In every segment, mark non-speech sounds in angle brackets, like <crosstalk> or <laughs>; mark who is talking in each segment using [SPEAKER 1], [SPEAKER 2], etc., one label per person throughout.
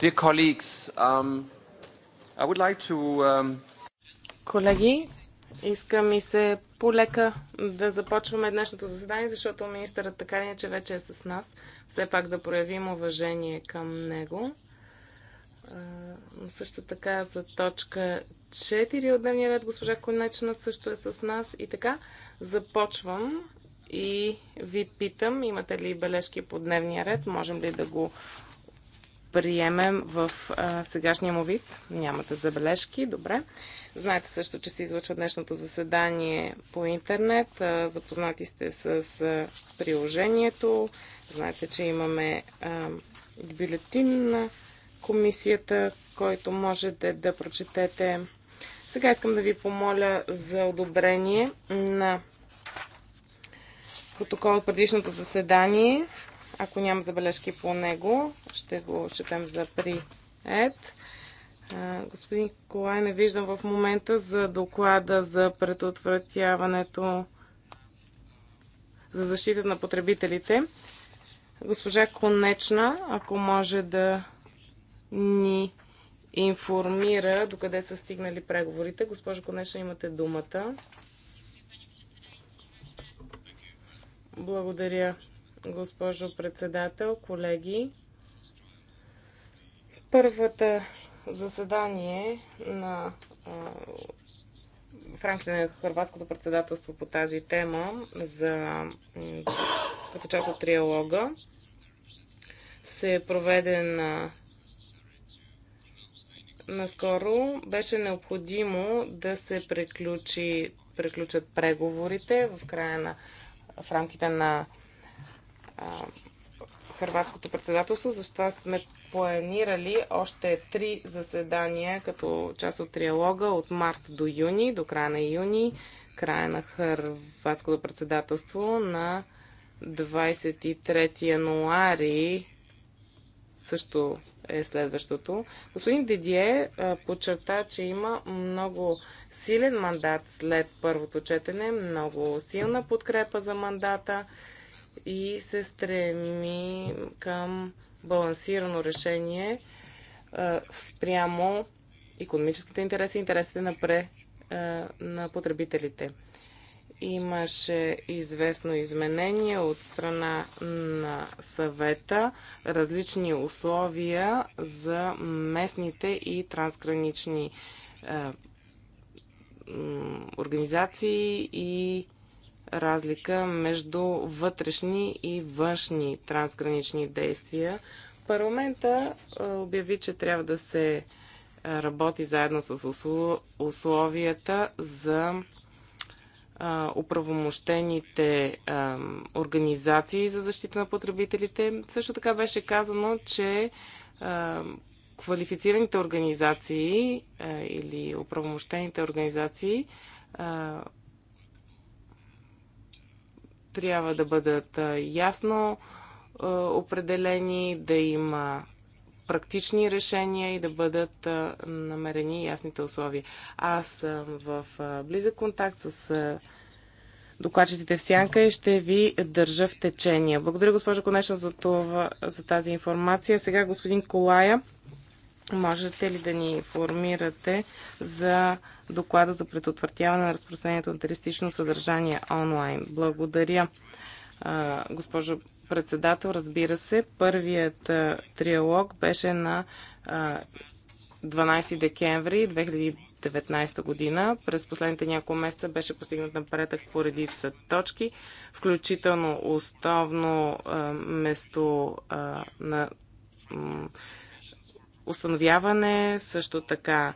[SPEAKER 1] Dear colleagues, um, I would like to, um... Колеги, иска ми се полека да започваме днешното заседание, защото министърът така ли че вече е с нас. Все пак да проявим уважение към него. Uh, също така за точка 4 от дневния ред госпожа Конечна също е с нас. И така, започвам и ви питам, имате ли бележки по дневния ред, можем ли да го приемем в а, сегашния му вид. Нямате забележки, добре. Знаете също, че се излъчва днешното заседание по интернет. А, запознати сте с а, приложението. Знаете, че имаме а, бюлетин на комисията, който можете да прочетете. Сега искам да ви помоля за одобрение на протокол от предишното заседание. Ако няма забележки по него, ще го четем за прият. Господин Колай, не виждам в момента за доклада за предотвратяването за защита на потребителите. Госпожа Конечна, ако може да ни информира докъде са стигнали преговорите. Госпожо Конечна, имате думата. Благодаря, госпожо председател, колеги. Първата заседание на в рамките на Хрватското председателство по тази тема за, като част от триалога се е проведен наскоро. Беше необходимо да се приключи, приключат преговорите в края на в рамките на хрватското председателство, защото сме планирали още три заседания като част от триалога от март до юни, до края на юни, края на хрватското председателство на 23 януари също е следващото. Господин Дидие подчерта, че има много силен мандат след първото четене, много силна подкрепа за мандата и се стреми към балансирано решение спрямо економическите интереси и интересите на, пре, на потребителите. Имаше известно изменение от страна на съвета, различни условия за местните и трансгранични организации и разлика между вътрешни и външни трансгранични действия. Парламента обяви, че трябва да се работи заедно с условията за управомощените организации за защита на потребителите. Също така беше казано, че квалифицираните организации или оправомощените организации трябва да бъдат ясно определени, да има практични решения и да бъдат намерени ясните условия. Аз съм в близък контакт с докладчиците в сянка и ще ви държа в течение. Благодаря, госпожо Конешна, за, това, за тази информация. Сега господин Колая Можете ли да ни информирате за доклада за предотвратяване на разпространението на терористично съдържание онлайн? Благодаря, госпожо председател. Разбира се, първият триалог беше на 12 декември 2019 година. През последните няколко месеца беше постигнат напредък по редица точки, включително основно место на установяване, също така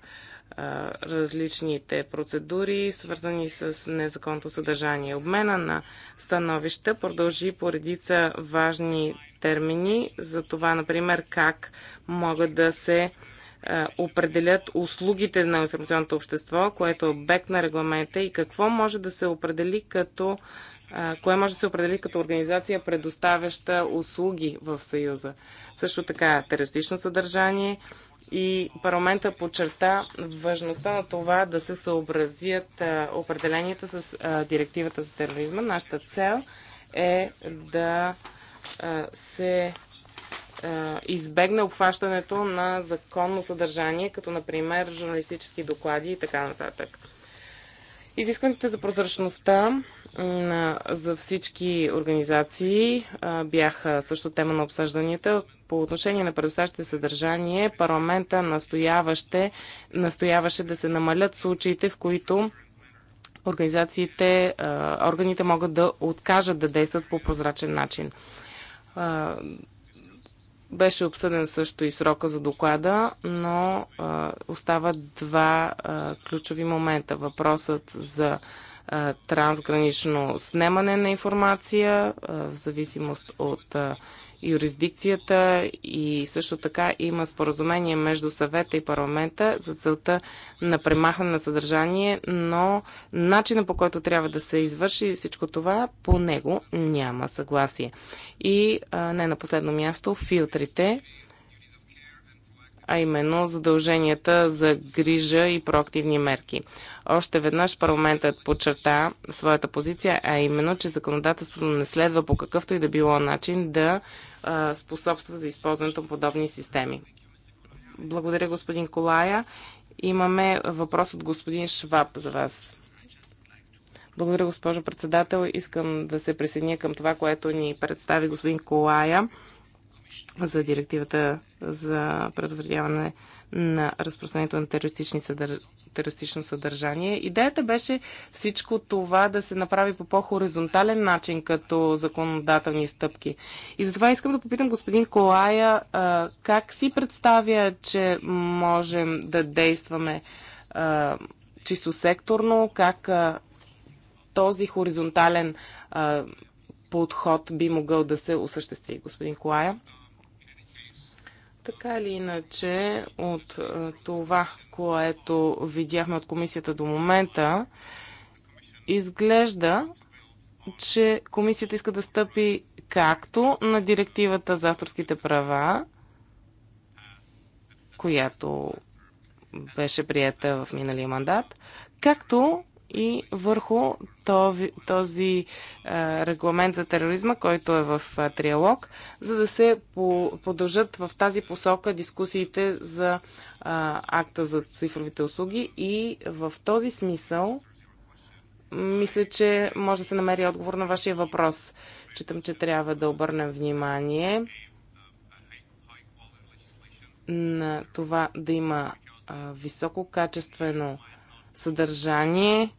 [SPEAKER 1] различните процедури, свързани с незаконното съдържание. Обмена на становища продължи по редица важни термини за това, например, как могат да се определят услугите на информационното общество, което е обект на регламента и какво може да се определи като кое може да се определи като организация, предоставяща услуги в Съюза. Също така терористично съдържание и парламента подчерта важността на това да се съобразят определенията с директивата за тероризма. Нашата цел е да се избегне обхващането на законно съдържание, като например журналистически доклади и така нататък. Изискването за прозрачността за всички организации бяха също тема на обсъжданията. По отношение на предоставящите съдържание, парламента настояваше, настояваше да се намалят случаите, в които организациите, органите могат да откажат да действат по прозрачен начин. Беше обсъден също и срока за доклада, но остават два ключови момента. Въпросът за трансгранично снемане на информация, в зависимост от юрисдикцията и също така има споразумение между съвета и парламента за целта на премахване на съдържание, но начина по който трябва да се извърши всичко това, по него няма съгласие. И не на последно място, филтрите а именно задълженията за грижа и проактивни мерки. Още веднъж парламентът подчерта своята позиция, а именно, че законодателството не следва по какъвто и да било начин да а, способства за използването на подобни системи. Благодаря, господин Колая. Имаме въпрос от господин Шваб за вас. Благодаря, госпожо председател. Искам да се присъединя към това, което ни представи господин Колая за директивата за предотвратяване на разпространението на терористични съдържания терористично съдържание. Идеята беше всичко това да се направи по по-хоризонтален начин като законодателни стъпки. И затова искам да попитам господин Колая как си представя, че можем да действаме чисто секторно, как този хоризонтален подход би могъл да се осъществи, господин Колая. Така или иначе, от това, което видяхме от комисията до момента, изглежда, че комисията иска да стъпи както на директивата за авторските права, която беше приета в миналия мандат, както и върху този, този а, регламент за тероризма, който е в а, триалог, за да се по, продължат в тази посока дискусиите за а, акта за цифровите услуги и в този смисъл мисля, че може да се намери отговор на вашия въпрос. Читам, че трябва да обърнем внимание на това да има висококачествено съдържание,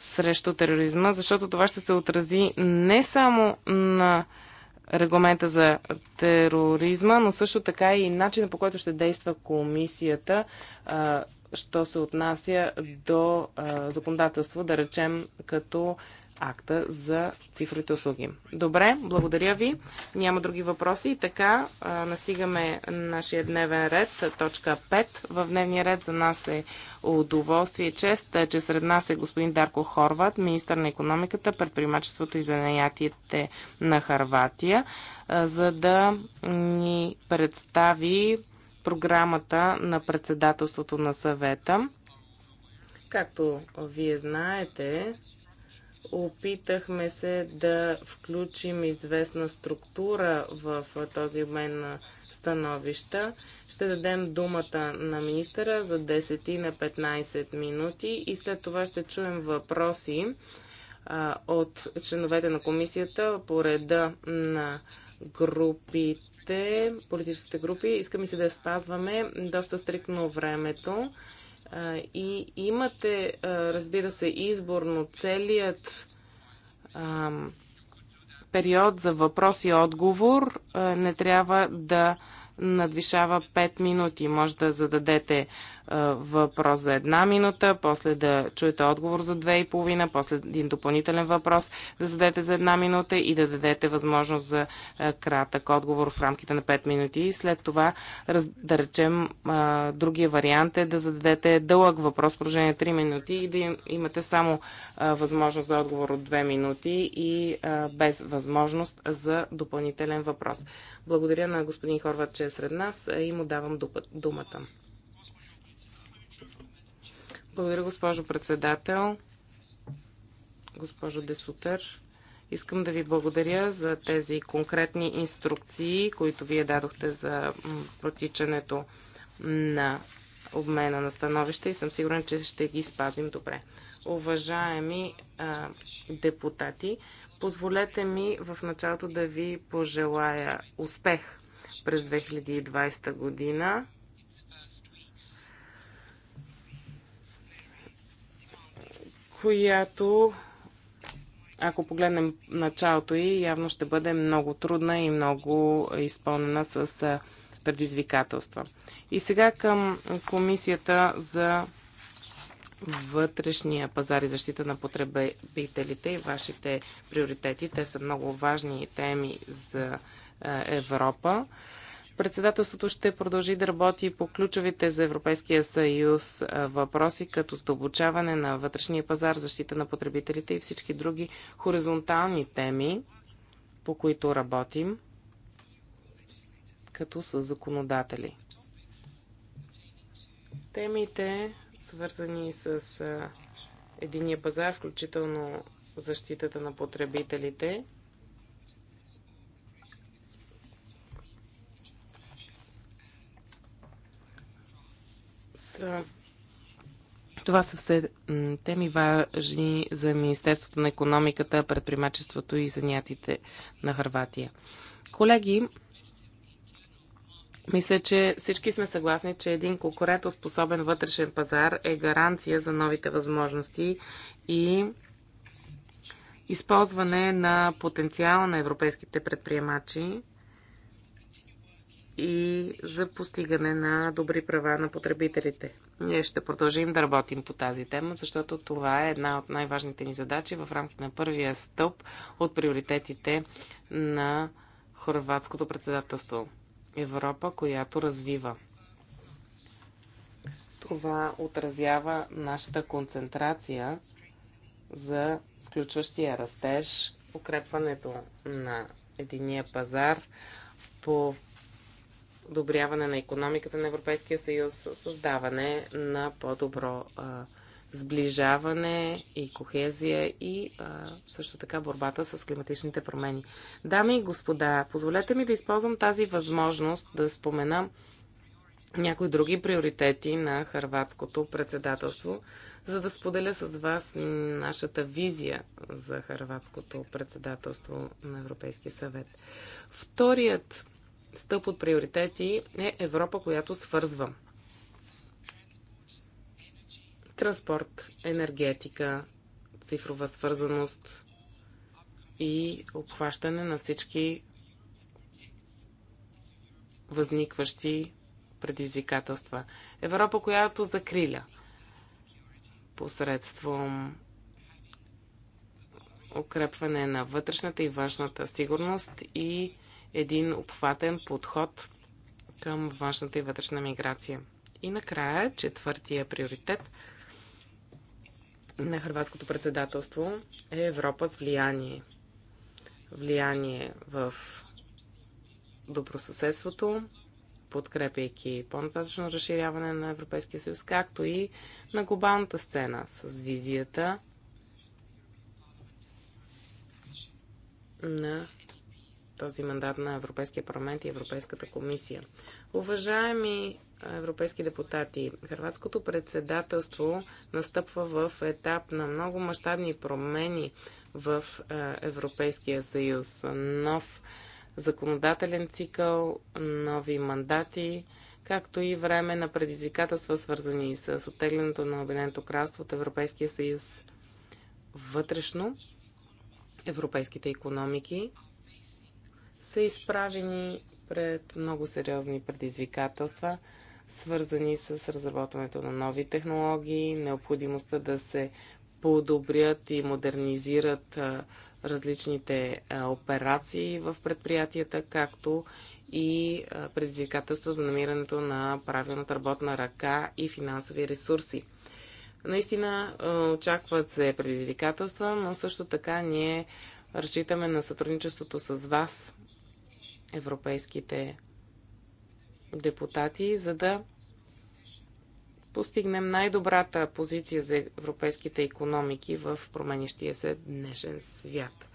[SPEAKER 1] срещу тероризма, защото това ще се отрази не само на регламента за тероризма, но също така и начина по който ще действа комисията, а, що се отнася до а, законодателство, да речем като акта за цифровите услуги. Добре, благодаря ви. Няма други въпроси. И така, а, настигаме нашия дневен ред, точка 5. В дневния ред за нас е удоволствие и чест, че сред нас е господин Дарко Хорват, министър на економиката, предприемачеството и занаятите на Харватия, а, за да ни представи програмата на председателството на съвета. Както вие знаете, Опитахме се да включим известна структура в този обмен на становища. Ще дадем думата на министъра за 10 на 15 минути и след това ще чуем въпроси от членовете на комисията по реда на групите, политическите групи. Искаме се да спазваме доста стрикно времето. И имате, разбира се, изборно целият период за въпрос и отговор не трябва да надвишава 5 минути. Може да зададете въпрос за една минута, после да чуете отговор за две и половина, после един допълнителен въпрос да зададете за една минута и да дадете възможност за кратък отговор в рамките на 5 минути. И след това, да речем, другия вариант е да зададете дълъг въпрос, продължение 3 минути и да имате само възможност за отговор от 2 минути и без възможност за допълнителен въпрос. Благодаря на господин Хорват, че е сред нас е, и му давам думата. Благодаря, госпожо председател. Госпожо Десутър, искам да ви благодаря за тези конкретни инструкции, които вие дадохте за протичането на обмена на становища и съм сигурен, че ще ги спазим добре. Уважаеми а, депутати, позволете ми в началото да ви пожелая успех през 2020 година която, ако погледнем началото и явно ще бъде много трудна и много изпълнена с предизвикателства. И сега към Комисията за вътрешния пазар и защита на потребителите и вашите приоритети. Те са много важни теми за Европа. Председателството ще продължи да работи по ключовите за Европейския съюз въпроси, като стълбочаване на вътрешния пазар, защита на потребителите и всички други хоризонтални теми, по които работим като са законодатели. Темите, свързани с единия пазар, включително защитата на потребителите, Това са все теми важни за Министерството на економиката, предприемачеството и занятите на Харватия. Колеги, мисля, че всички сме съгласни, че един конкурентоспособен вътрешен пазар е гаранция за новите възможности и използване на потенциала на европейските предприемачи и за постигане на добри права на потребителите. Ние ще продължим да работим по тази тема, защото това е една от най-важните ни задачи в рамките на първия стълб от приоритетите на хорватското председателство. Европа, която развива. Това отразява нашата концентрация за включващия растеж, укрепването на единия пазар по подобряване на економиката на Европейския съюз, създаване на по-добро сближаване и кохезия и а, също така борбата с климатичните промени. Дами и господа, позволете ми да използвам тази възможност да спомена някои други приоритети на хърватското председателство, за да споделя с вас нашата визия за хърватското председателство на Европейския съвет. Вторият стъп от приоритети е Европа, която свързва. Транспорт, енергетика, цифрова свързаност и обхващане на всички възникващи предизвикателства. Европа, която закриля посредством укрепване на вътрешната и външната сигурност и един обхватен подход към външната и вътрешна миграция. И накрая, четвъртия приоритет на Хрватското председателство е Европа с влияние. Влияние в добросъседството, подкрепяйки по-нататъчно разширяване на Европейския съюз, както и на глобалната сцена с визията на този мандат на Европейския парламент и Европейската комисия. Уважаеми европейски депутати, Хрватското председателство настъпва в етап на много мащабни промени в Европейския съюз. Нов законодателен цикъл, нови мандати, както и време на предизвикателства, свързани с оттеглянето на Обединеното кралство от Европейския съюз вътрешно, европейските економики са изправени пред много сериозни предизвикателства, свързани с разработването на нови технологии, необходимостта да се подобрят и модернизират различните операции в предприятията, както и предизвикателства за намирането на правилната работна ръка и финансови ресурси. Наистина очакват се предизвикателства, но също така ние разчитаме на сътрудничеството с вас европейските депутати, за да постигнем най-добрата позиция за европейските економики в променящия се днешен свят.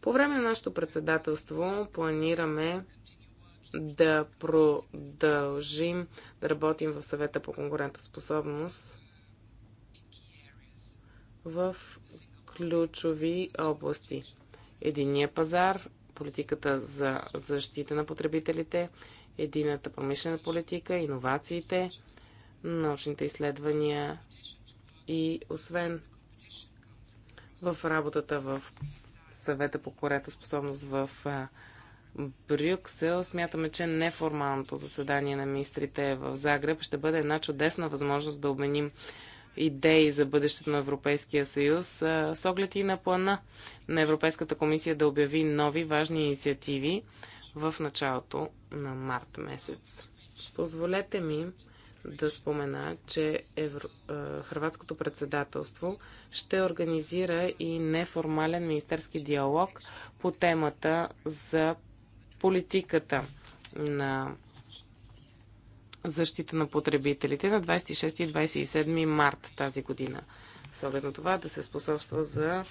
[SPEAKER 1] По време на нашето председателство планираме да продължим да работим в съвета по конкурентоспособност в ключови области. Единия пазар, политиката за защита на потребителите, едината промишлена политика, иновациите, научните изследвания и освен в работата в съвета по способност в Брюксел, смятаме, че неформалното заседание на министрите в Загреб ще бъде една чудесна възможност да обменим идеи за бъдещето на Европейския съюз, с оглед и на плана на Европейската комисия да обяви нови важни инициативи в началото на март месец. Позволете ми да спомена, че Евро... Хрватското председателство ще организира и неформален министерски диалог по темата за политиката на защита на потребителите на 26 и 27 март тази година. Съобедно това да се способства за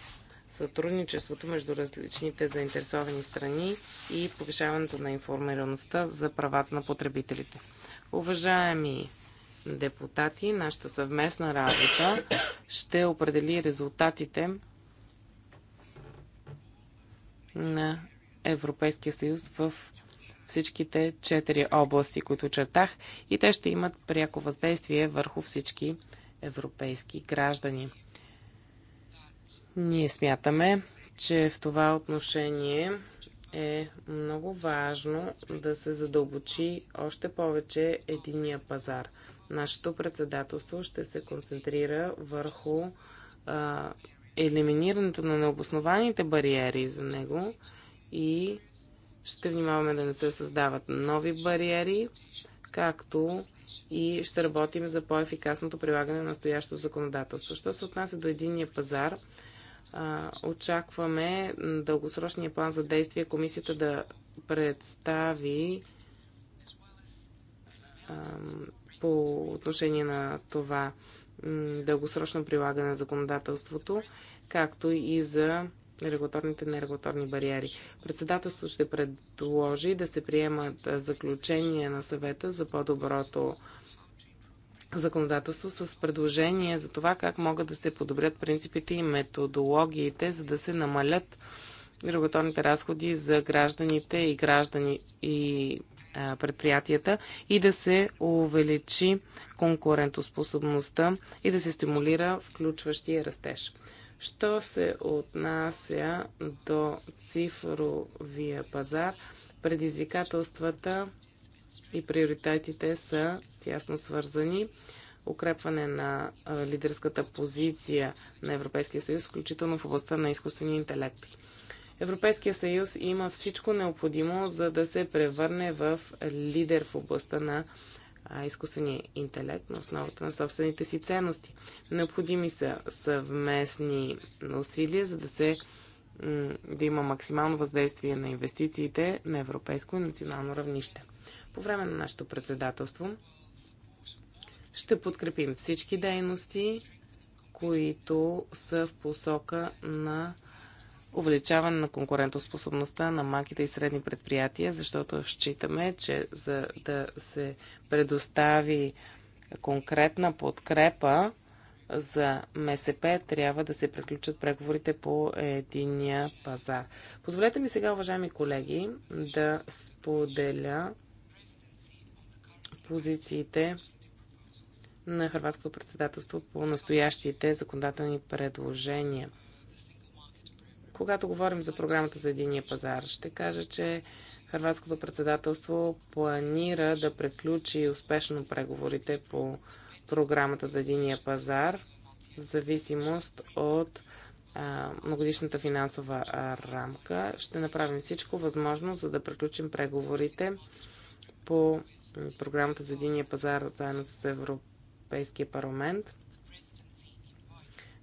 [SPEAKER 1] сътрудничеството между различните заинтересовани страни и повишаването на информираността за правата на потребителите. Уважаеми депутати, нашата съвместна работа ще определи резултатите на Европейския съюз в всичките четири области, които чертах, и те ще имат пряко въздействие върху всички европейски граждани. Ние смятаме, че в това отношение е много важно да се задълбочи още повече единия пазар. Нашето председателство ще се концентрира върху а, елиминирането на необоснованите бариери за него и ще внимаваме да не се създават нови бариери, както и ще работим за по-ефикасното прилагане на настоящото законодателство. Що се отнася до единния пазар, очакваме дългосрочния план за действие комисията да представи по отношение на това дългосрочно прилагане на законодателството, както и за регулаторните и нерегулаторни бариери. Председателство ще предложи да се приемат заключения на съвета за по-доброто законодателство с предложение за това как могат да се подобрят принципите и методологиите, за да се намалят регулаторните разходи за гражданите и граждани и предприятията и да се увеличи конкурентоспособността и да се стимулира включващия растеж. Що се отнася до цифровия пазар, предизвикателствата и приоритетите са тясно свързани. Укрепване на лидерската позиция на Европейския съюз, включително в областта на изкуствения интелект. Европейския съюз има всичко необходимо, за да се превърне в лидер в областта на изкуствения интелект на основата на собствените си ценности. Необходими са съвместни усилия, за да се да има максимално въздействие на инвестициите на европейско и национално равнище. По време на нашето председателство ще подкрепим всички дейности, които са в посока на увеличаване на конкурентоспособността на малките и средни предприятия, защото считаме, че за да се предостави конкретна подкрепа за МСП, трябва да се приключат преговорите по единия пазар. Позволете ми сега, уважаеми колеги, да споделя позициите на Хрватското председателство по настоящите законодателни предложения – когато говорим за програмата за единия пазар, ще кажа, че Хрватското председателство планира да приключи успешно преговорите по програмата за единия пазар в зависимост от многодишната финансова рамка. Ще направим всичко възможно, за да приключим преговорите по програмата за единия пазар заедно с Европейския парламент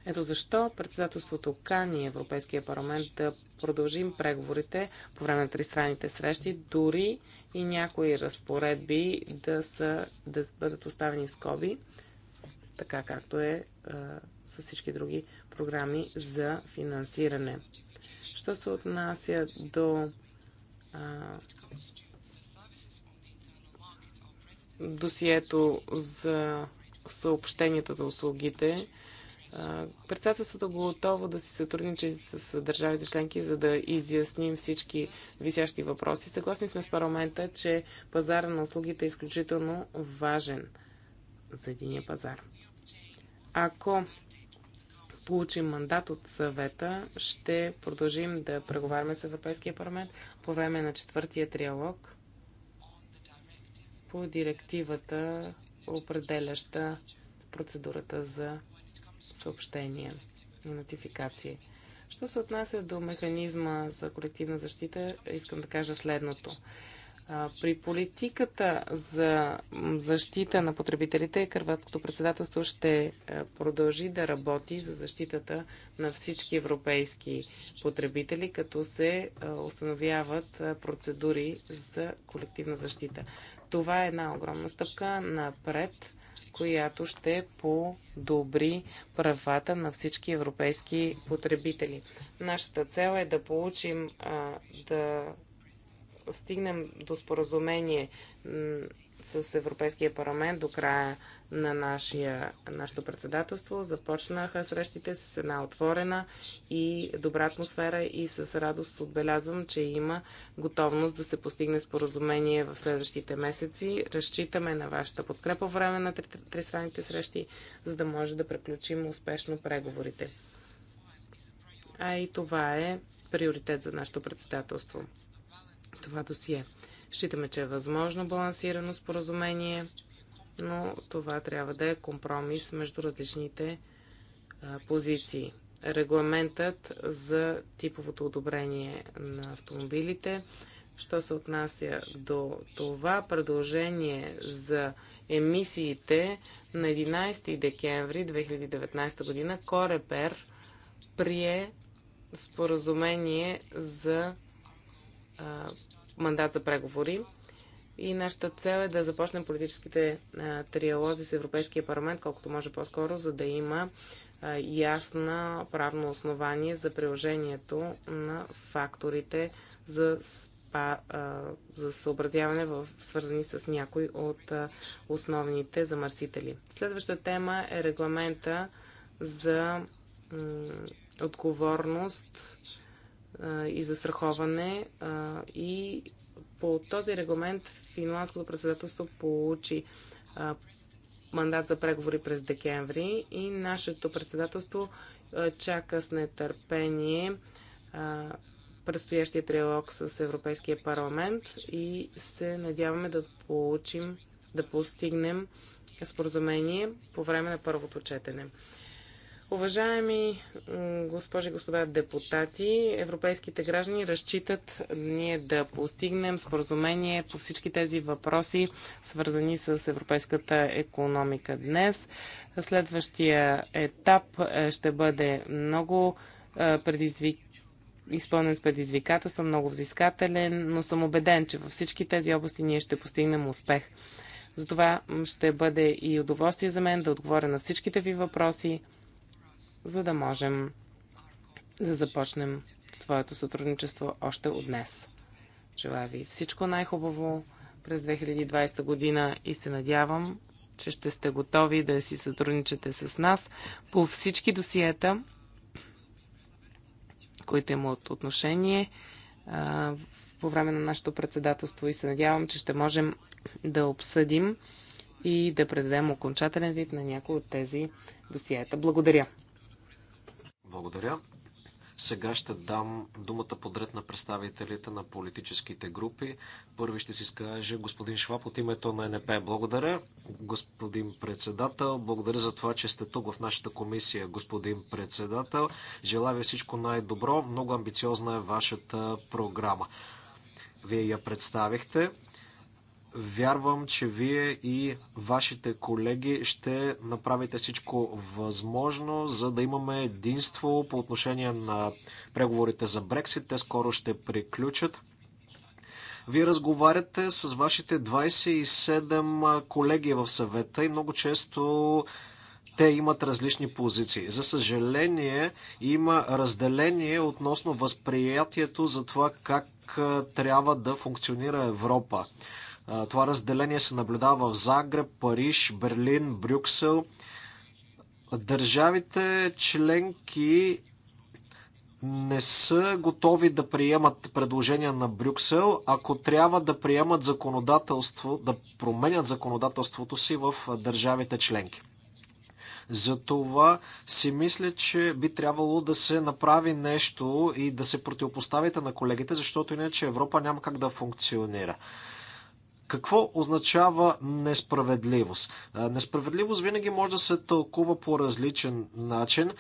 [SPEAKER 1] ето защо председателството кани Европейския парламент да продължим преговорите по време на тристранните срещи, дори и някои разпоредби да, са, да бъдат оставени в скоби, така както е, е с всички други програми за финансиране. Що се отнася до е, досието за съобщенията за услугите, Председателството е готово да си сътрудничи с държавите членки, за да изясним всички висящи въпроси. Съгласни сме с парламента, че пазара на услугите е изключително важен за единия пазар. Ако получим мандат от съвета, ще продължим да преговаряме с Европейския парламент по време на четвъртия триалог по директивата, определяща процедурата за съобщения и нотификации. Що се отнася до механизма за колективна защита, искам да кажа следното. При политиката за защита на потребителите, Кърватското председателство ще продължи да работи за защитата на всички европейски потребители, като се установяват процедури за колективна защита. Това е една огромна стъпка напред която ще подобри правата на всички европейски потребители. Нашата цел е да получим, да стигнем до споразумение с Европейския парламент до края на нашия, нашето председателство. Започнаха срещите с една отворена и добра атмосфера и с радост отбелязвам, че има готовност да се постигне споразумение в следващите месеци. Разчитаме на вашата подкрепа време на тристранните срещи, за да може да приключим успешно преговорите. А и това е приоритет за нашето председателство. Това досие. Считаме, че е възможно балансирано споразумение но това трябва да е компромис между различните а, позиции. Регламентът за типовото одобрение на автомобилите. Що се отнася до това предложение за емисиите на 11 декември 2019 година, Корепер прие споразумение за а, мандат за преговори и нашата цел е да започнем политическите а, триалози с Европейския парламент колкото може по-скоро, за да има а, ясна правно основание за приложението на факторите за, спа, а, за съобразяване в, свързани с някой от а, основните замърсители. Следваща тема е регламента за отговорност и застраховане и по този регламент финландското председателство получи а, мандат за преговори през декември и нашето председателство а, чака с нетърпение а, предстоящия триалог с Европейския парламент и се надяваме да получим, да постигнем споразумение по време на първото четене. Уважаеми госпожи и господа депутати, европейските граждани разчитат ние да постигнем споразумение по всички тези въпроси, свързани с европейската економика днес. Следващия етап е, ще бъде много е, предизвик... изпълнен с съм много взискателен, но съм убеден, че във всички тези области ние ще постигнем успех. Затова ще бъде и удоволствие за мен да отговоря на всичките ви въпроси за да можем да започнем своето сътрудничество още от днес. Желая ви всичко най-хубаво през 2020 година и се надявам, че ще сте готови да си сътрудничате с нас по всички досиета, които имат отношение по време на нашето председателство и се надявам, че ще можем да обсъдим и да предадем окончателен вид на някои от тези досиета. Благодаря!
[SPEAKER 2] Благодаря. Сега ще дам думата подред на представителите на политическите групи. Първи ще си скаже господин Шваб от името на НП. Благодаря, господин председател. Благодаря за това, че сте тук в нашата комисия, господин председател. Желая ви всичко най-добро. Много амбициозна е вашата програма. Вие я представихте. Вярвам, че вие и вашите колеги ще направите всичко възможно, за да имаме единство по отношение на преговорите за Брексит. Те скоро ще приключат. Вие разговаряте с вашите 27 колеги в съвета и много често те имат различни позиции. За съжаление, има разделение относно възприятието за това как трябва да функционира Европа. Това разделение се наблюдава в Загреб, Париж, Берлин, Брюксел. Държавите членки не са готови да приемат предложения на Брюксел, ако трябва да приемат законодателство, да променят законодателството си в държавите членки. Затова си мисля, че би трябвало да се направи нещо и да се противопоставите на колегите, защото иначе Европа няма как да функционира. Какво означава несправедливост? Несправедливост винаги може да се тълкува по различен начин.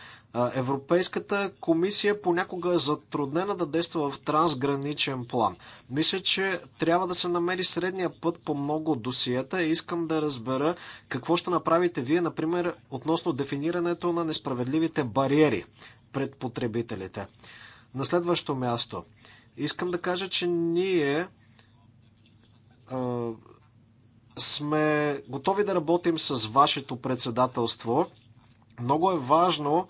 [SPEAKER 2] Европейската комисия понякога е затруднена да действа в трансграничен план. Мисля, че трябва да се намери средния път по много досиета и искам да разбера какво ще направите вие, например, относно дефинирането на несправедливите бариери пред потребителите. На следващо място, искам да кажа, че ние сме готови да работим с вашето председателство. Много е важно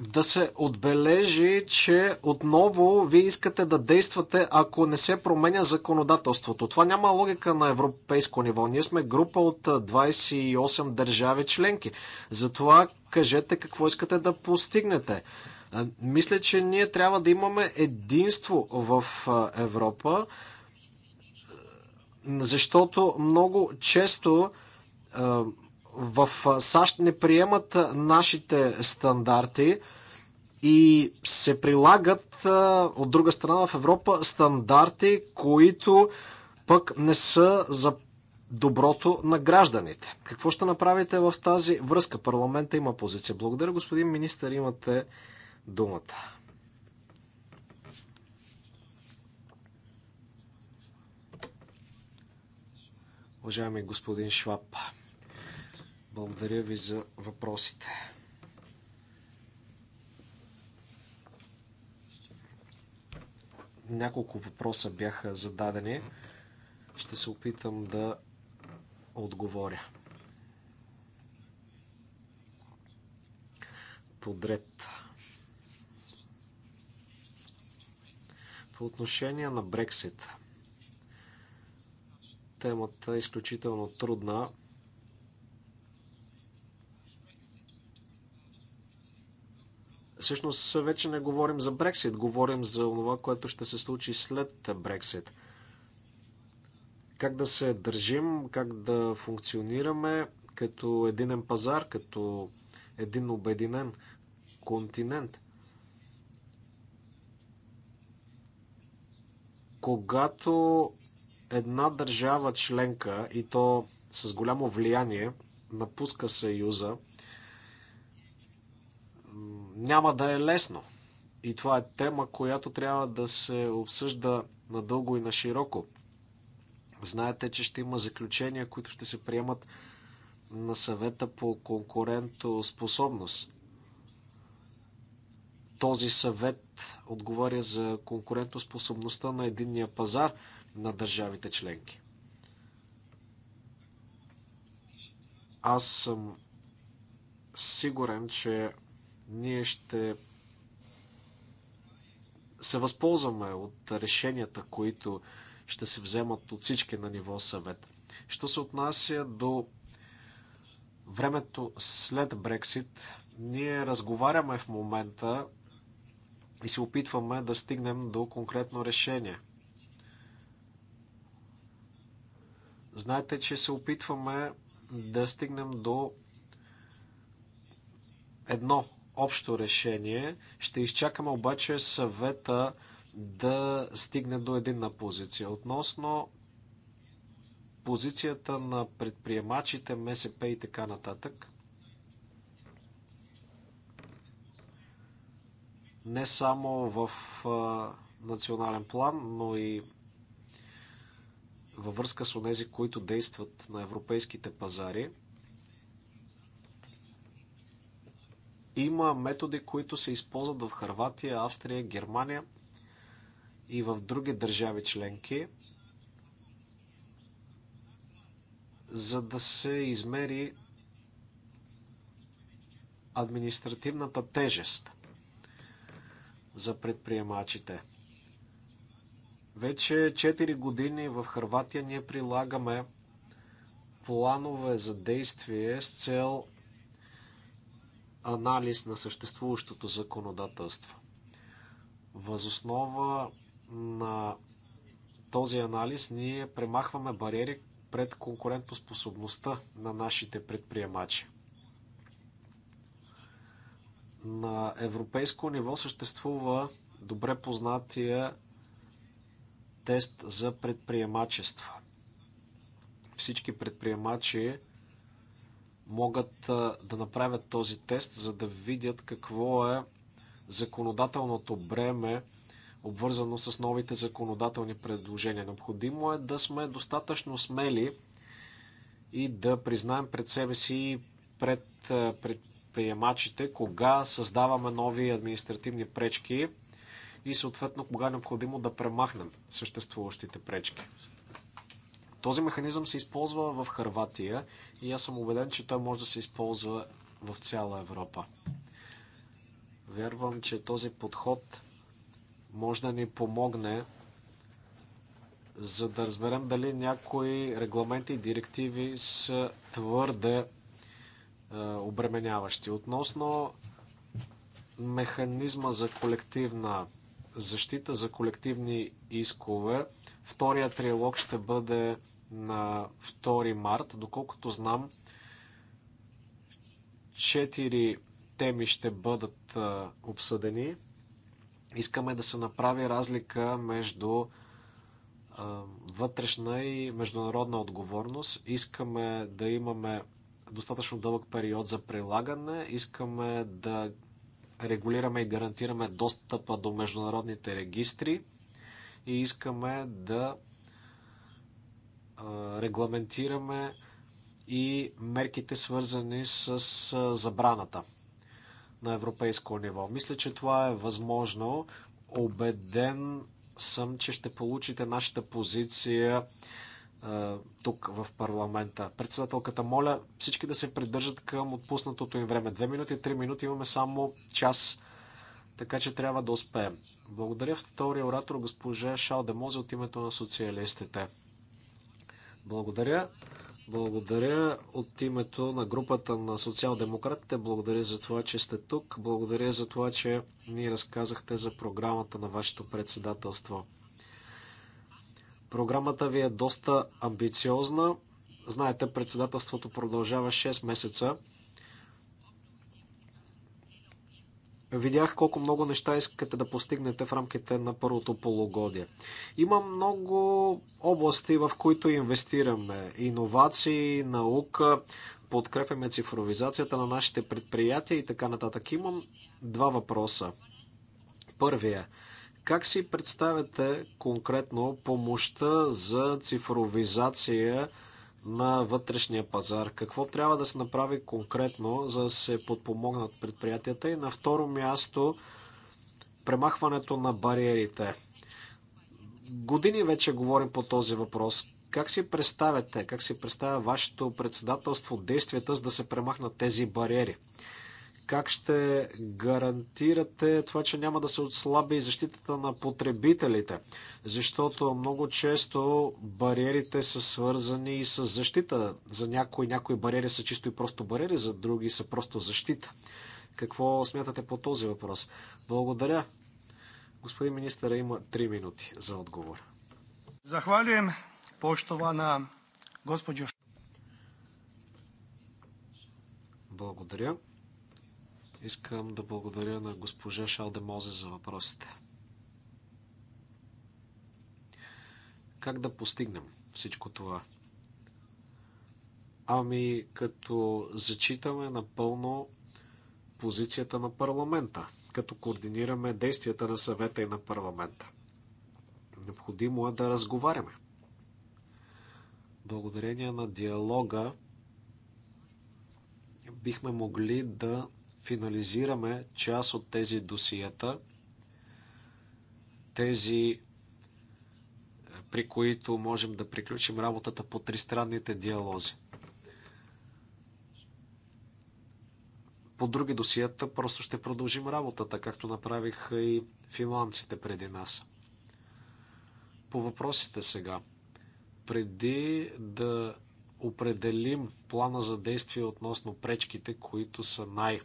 [SPEAKER 2] да се отбележи, че отново вие искате да действате, ако не се променя законодателството. Това няма логика на европейско ниво. Ние сме група от 28 държави членки. Затова кажете какво искате да постигнете. Мисля, че ние трябва да имаме единство в Европа. Защото много често е, в САЩ не приемат нашите стандарти и се прилагат е, от друга страна в Европа стандарти, които пък не са за доброто на гражданите. Какво ще направите в тази връзка? Парламента има позиция. Благодаря, господин министър, имате думата. Уважаеми господин Шваб, благодаря ви за въпросите. Няколко въпроса бяха зададени. Ще се опитам да отговоря. Подред. По отношение на Брексит – Темата е изключително трудна. Всъщност вече не говорим за Брексит, говорим за това, което ще се случи след Брексит. Как да се държим, как да функционираме като единен пазар, като един обединен континент. Когато една държава членка и то с голямо влияние напуска Съюза, няма да е лесно. И това е тема, която трябва да се обсъжда надълго и на широко. Знаете, че ще има заключения, които ще се приемат на съвета по конкурентоспособност. Този съвет отговаря за конкурентоспособността на единния пазар – на държавите членки. Аз съм сигурен, че ние ще се възползваме от решенията, които ще се вземат от всички на ниво съвет. Що се отнася до времето след Брексит, ние разговаряме в момента и се опитваме да стигнем до конкретно решение. Знаете, че се опитваме да стигнем до едно общо решение. Ще изчакаме обаче съвета да стигне до единна позиция. Относно позицията на предприемачите, МСП и така нататък, не само в национален план, но и във връзка с онези, които действат на европейските пазари. Има методи, които се използват в Харватия, Австрия, Германия и в други държави членки, за да се измери административната тежест за предприемачите. Вече 4 години в Харватия ние прилагаме планове за действие с цел анализ на съществуващото законодателство. Възоснова на този анализ ние премахваме бариери пред конкурентоспособността на нашите предприемачи. На европейско ниво съществува добре познатия тест за предприемачество. Всички предприемачи могат да направят този тест, за да видят какво е законодателното бреме, обвързано с новите законодателни предложения. Необходимо е да сме достатъчно смели и да признаем пред себе си пред предприемачите, кога създаваме нови административни пречки – и съответно кога е необходимо да премахнем съществуващите пречки. Този механизъм се използва в Харватия и аз съм убеден, че той може да се използва в цяла Европа. Вярвам, че този подход може да ни помогне за да разберем дали някои регламенти и директиви са твърде е, обременяващи. Относно механизма за колективна защита за колективни искове. Втория триалог ще бъде на 2 март. Доколкото знам, четири теми ще бъдат обсъдени. Искаме да се направи разлика между вътрешна и международна отговорност. Искаме да имаме достатъчно дълъг период за прилагане. Искаме да регулираме и гарантираме достъпа до международните регистри и искаме да регламентираме и мерките свързани с забраната на европейско ниво. Мисля, че това е възможно. Обеден съм, че ще получите нашата позиция тук в парламента. Председателката, моля всички да се придържат към отпуснатото им време. Две минути, три минути, имаме само час, така че трябва да успеем. Благодаря втория оратор, госпожа Шал Демозе от името на социалистите. Благодаря. Благодаря от името на групата на социал-демократите. Благодаря за това, че сте тук. Благодаря за това, че ни разказахте за програмата на вашето председателство. Програмата ви е доста амбициозна. Знаете, председателството продължава 6 месеца. Видях колко много неща искате да постигнете в рамките на първото полугодие. Има много области, в които инвестираме. Иновации, наука, подкрепяме цифровизацията на нашите предприятия и така нататък. Имам два въпроса. Първия е, – как си представяте конкретно помощта за цифровизация на вътрешния пазар? Какво трябва да се направи конкретно, за да се подпомогнат предприятията? И на второ място, премахването на бариерите. Години вече говорим по този въпрос. Как си представяте, как си представя вашето председателство действията, за да се премахнат тези бариери? Как ще гарантирате това, че няма да се отслаби и защитата на потребителите? Защото много често бариерите са свързани и с защита. За някои, някои бариери са чисто и просто бариери, за други са просто защита. Какво смятате по този въпрос? Благодаря. Господин министър има 3 минути за отговор. Захвалюем на господин. Благодаря. Искам да благодаря на госпожа Шалдемозе за въпросите. Как да постигнем всичко това? Ами, като зачитаме напълно позицията на парламента, като координираме действията на съвета и на парламента. Необходимо е да разговаряме. Благодарение на диалога бихме могли да финализираме част от тези досията, тези е, при които можем да приключим работата по тристранните диалози. По други досията просто ще продължим работата, както направиха и финландците преди нас. По въпросите сега. Преди да определим плана за действие относно пречките, които са най-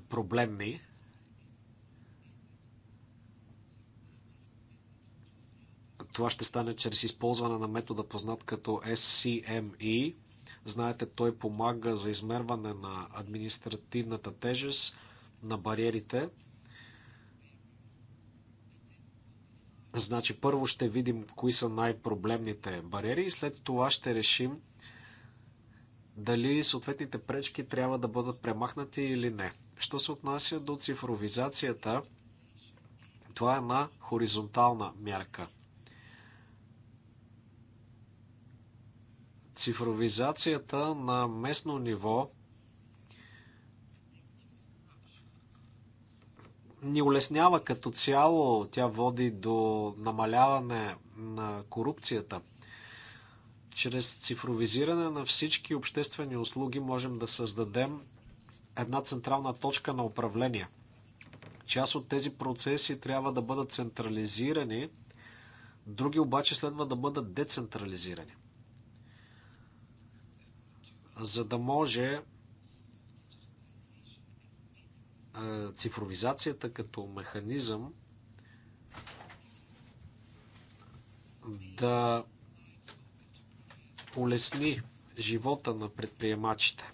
[SPEAKER 2] проблемни. Това ще стане чрез използване на метода познат като SCME. Знаете, той помага за измерване на административната тежест на бариерите. Значи първо ще видим кои са най-проблемните бариери и след това ще решим дали съответните пречки трябва да бъдат премахнати или не. Що се отнася до цифровизацията, това е една хоризонтална мярка. Цифровизацията на местно ниво ни улеснява като цяло. Тя води до намаляване на корупцията. Чрез цифровизиране на всички обществени услуги можем да създадем една централна точка на управление. Част от тези процеси трябва да бъдат централизирани, други обаче следва да бъдат децентрализирани. За да може е, цифровизацията като механизъм да улесни живота на предприемачите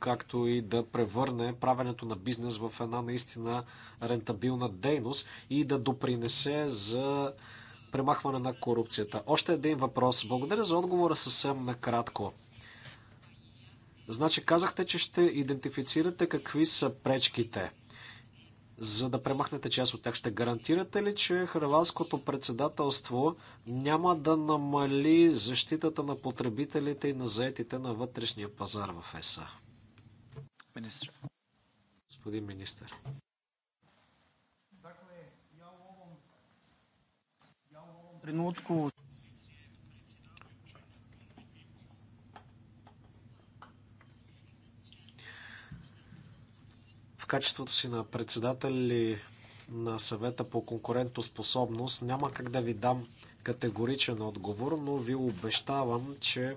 [SPEAKER 2] както и да превърне правенето на бизнес в една наистина рентабилна дейност и да допринесе за премахване на корупцията. Още един въпрос. Благодаря за отговора съвсем накратко. Значи казахте, че ще идентифицирате какви са пречките. За да премахнете част от тях, ще гарантирате ли, че хрватското председателство няма да намали защитата на потребителите и на заетите на вътрешния пазар в ЕСА? министър. Господин министър. в качеството си на председатели на съвета по конкурентоспособност няма как да ви дам категоричен отговор, но ви обещавам, че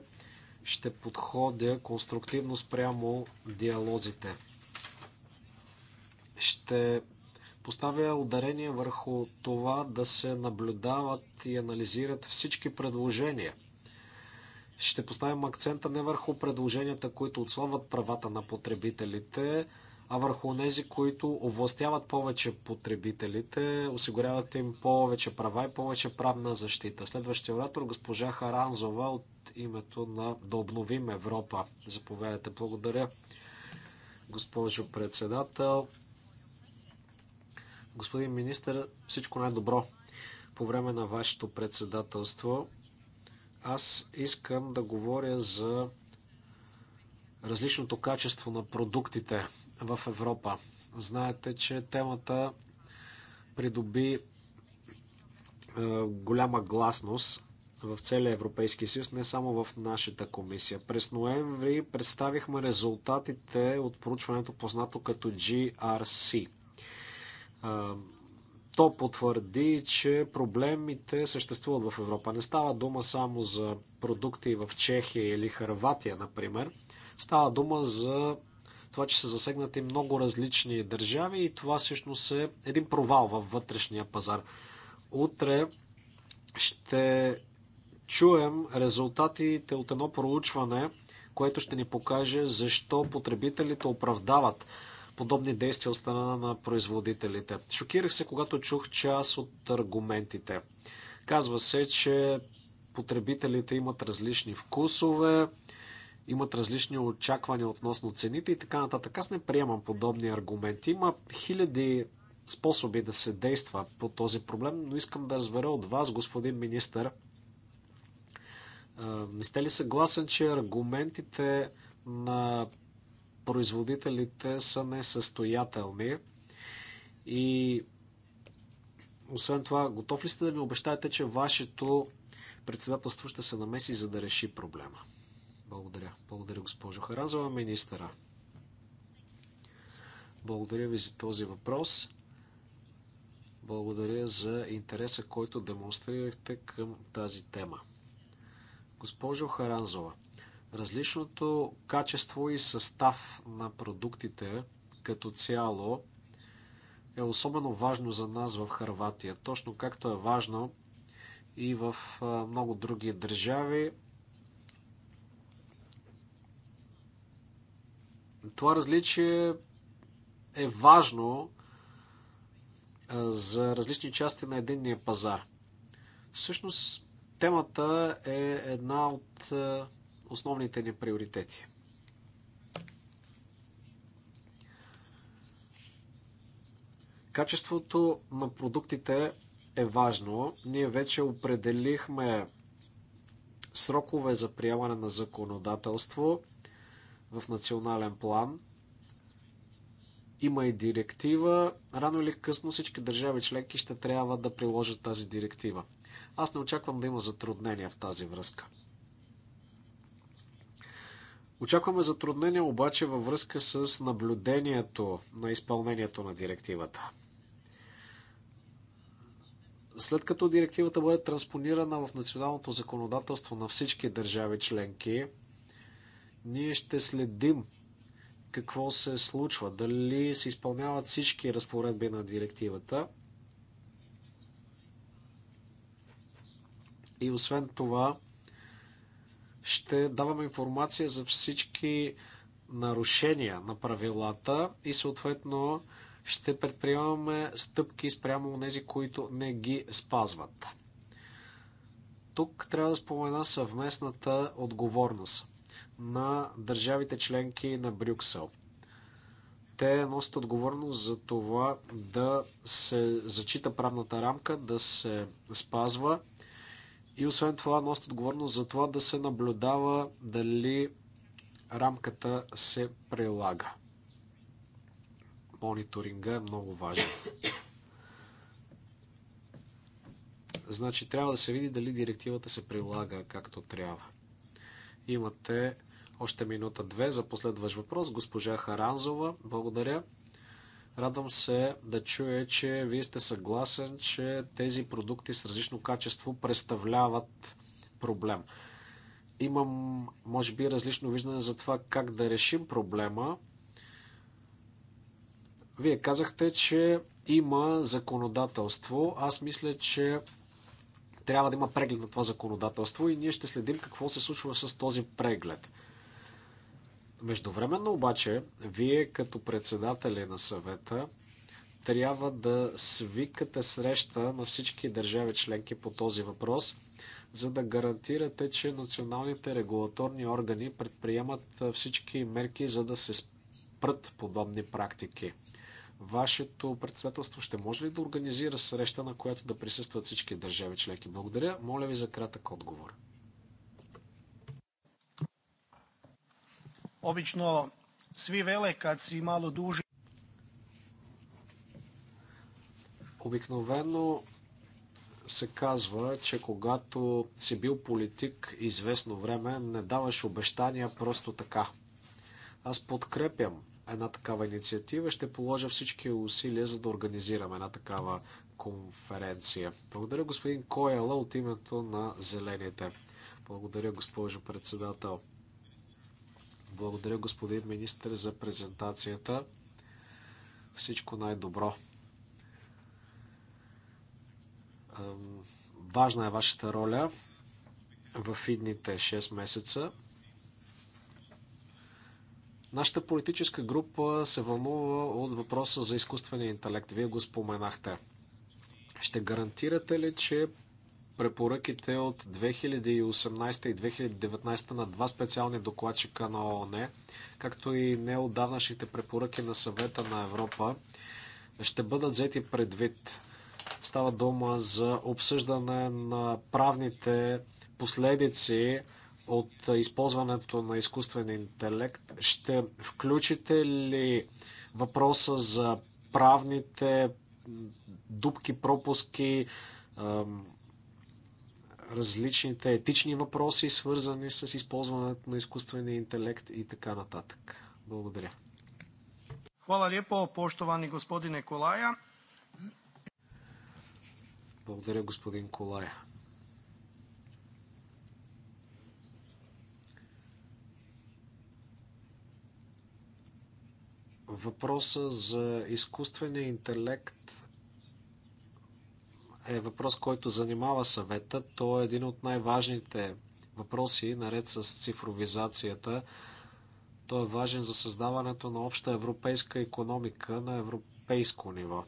[SPEAKER 2] ще подходя конструктивно спрямо диалозите. Ще поставя ударение върху това да се наблюдават и анализират всички предложения – ще поставим акцента не върху предложенията, които отслабват правата на потребителите, а върху тези, които овластяват повече потребителите, осигуряват им повече права и повече правна защита. Следващия оратор, госпожа Харанзова от името на Да обновим Европа. Заповядайте. Благодаря, госпожо председател. Господин министър, всичко най-добро по време на вашето председателство. Аз искам да говоря за различното качество на продуктите в Европа. Знаете, че темата придоби е, голяма гласност в целия Европейски съюз, не само в нашата комисия. През ноември представихме резултатите от проучването познато като GRC. Е, то потвърди, че проблемите съществуват в Европа. Не става дума само за продукти в Чехия или Харватия, например. Става дума за това, че са засегнати много различни държави и това всъщност е един провал във вътрешния пазар. Утре ще чуем резултатите от едно проучване, което ще ни покаже защо потребителите оправдават подобни действия от страна на производителите. Шокирах се, когато чух част от аргументите. Казва се, че потребителите имат различни вкусове, имат различни очаквания относно цените и така нататък. Аз не приемам подобни аргументи. Има хиляди способи да се действа по този проблем, но искам да разбера от вас, господин министър, не сте ли съгласен, че аргументите на производителите са несъстоятелни и освен това, готов ли сте да ми обещаете, че вашето председателство ще се намеси, за да реши проблема? Благодаря. Благодаря, госпожо Харазова, министъра. Благодаря ви за този въпрос. Благодаря за интереса, който демонстрирахте към тази тема. Госпожо Харанзова, Различното качество и състав на продуктите като цяло е особено важно за нас в Харватия, точно както е важно и в много други държави. Това различие е важно за различни части на единния пазар. Всъщност, темата е една от основните ни приоритети. Качеството на продуктите е важно. Ние вече определихме срокове за приемане на законодателство в национален план. Има и директива. Рано или късно всички държави членки ще трябва да приложат тази директива. Аз не очаквам да има затруднения в тази връзка. Очакваме затруднения обаче във връзка с наблюдението на изпълнението на директивата. След като директивата бъде транспонирана в националното законодателство на всички държави членки, ние ще следим какво се случва, дали се изпълняват всички разпоредби на директивата. И освен това, ще даваме информация за всички нарушения на правилата и съответно ще предприемаме стъпки спрямо тези, които не ги спазват. Тук трябва да спомена съвместната отговорност на държавите членки на Брюксел. Те носят отговорност за това да се зачита правната рамка, да се спазва и освен това носят отговорност за това да се наблюдава дали рамката се прилага. Мониторинга е много важен. Значи трябва да се види дали директивата се прилага както трябва. Имате още минута-две за последващ въпрос. Госпожа Харанзова, благодаря. Радвам се да чуя, че вие сте съгласен, че тези продукти с различно качество представляват проблем. Имам, може би, различно виждане за това как да решим проблема. Вие казахте, че има законодателство. Аз мисля, че трябва да има преглед на това законодателство и ние ще следим какво се случва с този преглед. Междувременно обаче, вие като председатели на съвета трябва да свикате среща на всички държави членки по този въпрос, за да гарантирате, че националните регулаторни органи предприемат всички мерки, за да се спрат подобни практики. Вашето председателство ще може ли да организира среща, на която да присъстват всички държави членки? Благодаря. Моля ви за кратък отговор. Obično svi vele kad si malo duži. Обикновено се казва, че когато си бил политик известно време, не даваш обещания просто така. Аз подкрепям една такава инициатива. Ще положа всички усилия, за да организирам една такава конференция. Благодаря господин Коела от името на Зелените. Благодаря, госпожо председател. Благодаря, господин министр, за презентацията. Всичко най-добро. Важна е вашата роля в идните 6 месеца. Нашата политическа група се вълнува от въпроса за изкуствения интелект. Вие го споменахте. Ще гарантирате ли, че препоръките от 2018 и 2019 на два специални докладчика на ООН, както и неодавнашните препоръки на съвета на Европа, ще бъдат взети предвид. Става дума за обсъждане на правните последици от използването на изкуствен интелект. Ще включите ли въпроса за правните дупки, пропуски, различните етични въпроси, свързани с използването на изкуствения интелект и така нататък. Благодаря. Хвала лепо, поштовани господине Колая. Благодаря, господин Колая. Въпроса за изкуствения интелект е въпрос, който занимава съвета. Той е един от най-важните въпроси, наред с цифровизацията. Той е важен за създаването на обща европейска економика на европейско ниво.